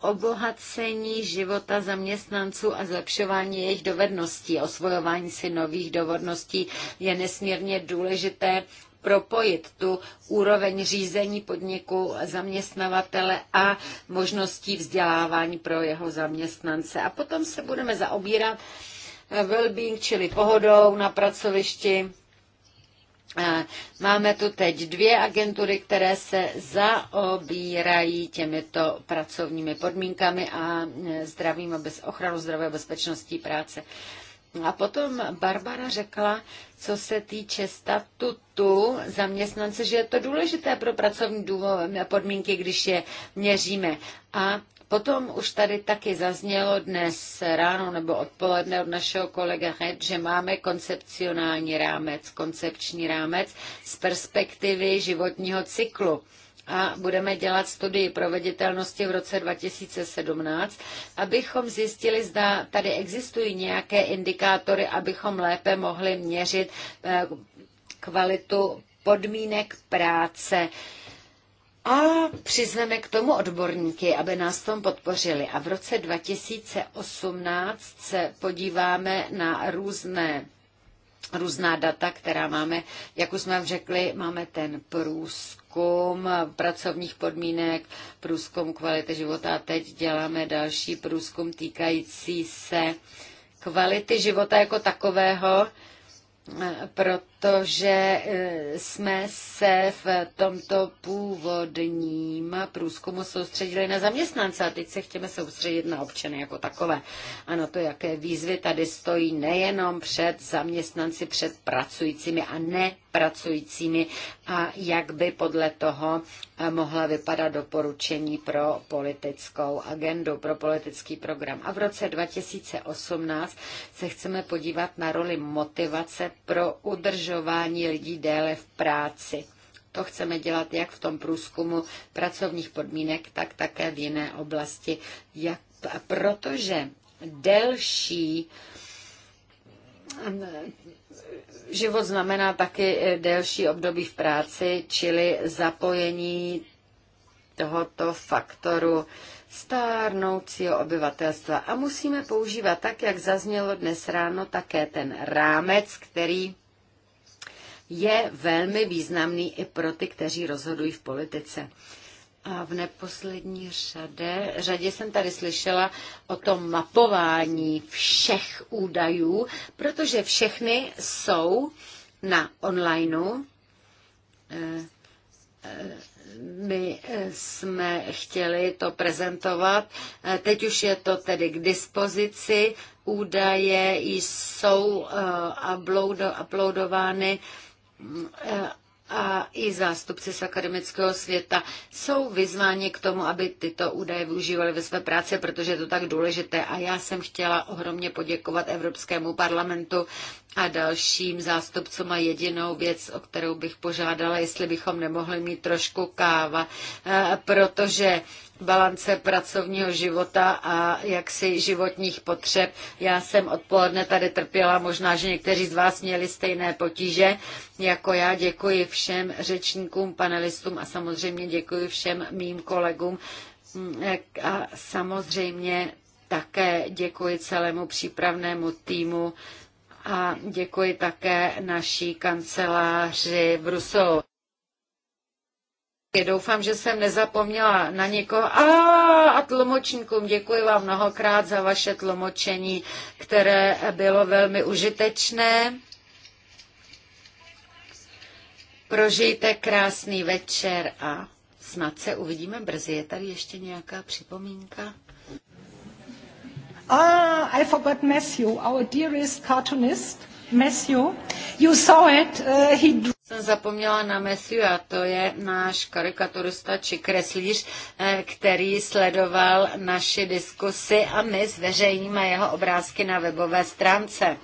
obohacení života zaměstnanců a zlepšování jejich dovedností. Osvojování si nových dovedností je nesmírně důležité propojit tu úroveň řízení podniku zaměstnavatele a možností vzdělávání pro jeho zaměstnance. A potom se budeme zaobírat eh, well čili pohodou na pracovišti, Máme tu teď dvě agentury, které se zaobírají těmito pracovními podmínkami a e, zdravím a bez ochranu zdravé bezpečností práce. A potom Barbara řekla, co se týče statutu zaměstnance, že je to důležité pro pracovní podmínky, když je měříme. A Potom už tady taky zaznělo dnes ráno nebo odpoledne od našeho kolega Hed, že máme koncepcionální rámec, koncepční rámec z perspektivy životního cyklu a budeme dělat studii proveditelnosti v roce 2017, abychom zjistili, zda tady existují nějaké indikátory, abychom lépe mohli měřit eh, kvalitu podmínek práce a přizveme k tomu odborníky, aby nás tom podpořili. A v roce 2018 se podíváme na různé různá data, která máme, jak už jsme řekli, máme ten průzkum pracovních podmínek, průzkum kvality života a teď děláme další průzkum týkající se kvality života jako takového, proto eh, protože e, jsme se v tomto původním průzkumu soustředili na zaměstnance a teď se chceme soustředit na občany jako takové. Ano, to, jaké výzvy tady stojí nejenom před zaměstnanci, před pracujícími a nepracujícími a jak by podle toho e, mohla vypadat doporučení pro politickou agendu, pro politický program. A v roce 2018 se chceme podívat na roli motivace pro udržování udržování lidí déle v práci. To chceme dělat jak v tom průzkumu pracovních podmínek, tak také v jiné oblasti. Jak, protože delší mm, život znamená taky delší období v práci, čili zapojení tohoto faktoru stárnoucího obyvatelstva. A musíme používat tak, jak zaznělo dnes ráno, také ten rámec, který je velmi významný i pro ty, kteří rozhodují v politice. A v neposlední řadě, řadě jsem tady slyšela o tom mapování všech údajů, protože všechny jsou na onlineu. Eh, eh, my eh, jsme chtěli to prezentovat. Teď už je to tedy k dispozici. Údaje jsou uploadovány a i zástupci z akademického světa jsou vyzváni k tomu, aby tyto údaje využívali ve své práci, protože je to tak důležité. A já jsem chtěla ohromně poděkovat Evropskému parlamentu a dalším zástupcům a jedinou věc, o kterou bych požádala, jestli bychom nemohli mít trošku káva, eh, protože balance pracovního života a jaksi životních potřeb. Já jsem odpoledne tady trpěla, možná, že někteří z vás měli stejné potíže jako já. Děkuji všem řečníkům, panelistům a samozřejmě děkuji všem mým kolegům. A samozřejmě také děkuji celému přípravnému týmu a děkuji také naší kanceláři Bruselu. Doufám, že jsem nezapomněla na někoho. A, a tlumočníkům děkuji vám mnohokrát za vaše tlumočení, které bylo velmi užitečné. Prožijte krásný večer a snad se uvidíme brzy. Je tady ještě nějaká připomínka? Ah, I forgot Matthew, our dearest cartoonist. Matthew, you saw it. Uh, he jsem zapomněla na Matthew a to je náš karikaturista či kreslíř, eh, který sledoval naši diskusy a my zveřejníme jeho obrázky na webové stránce.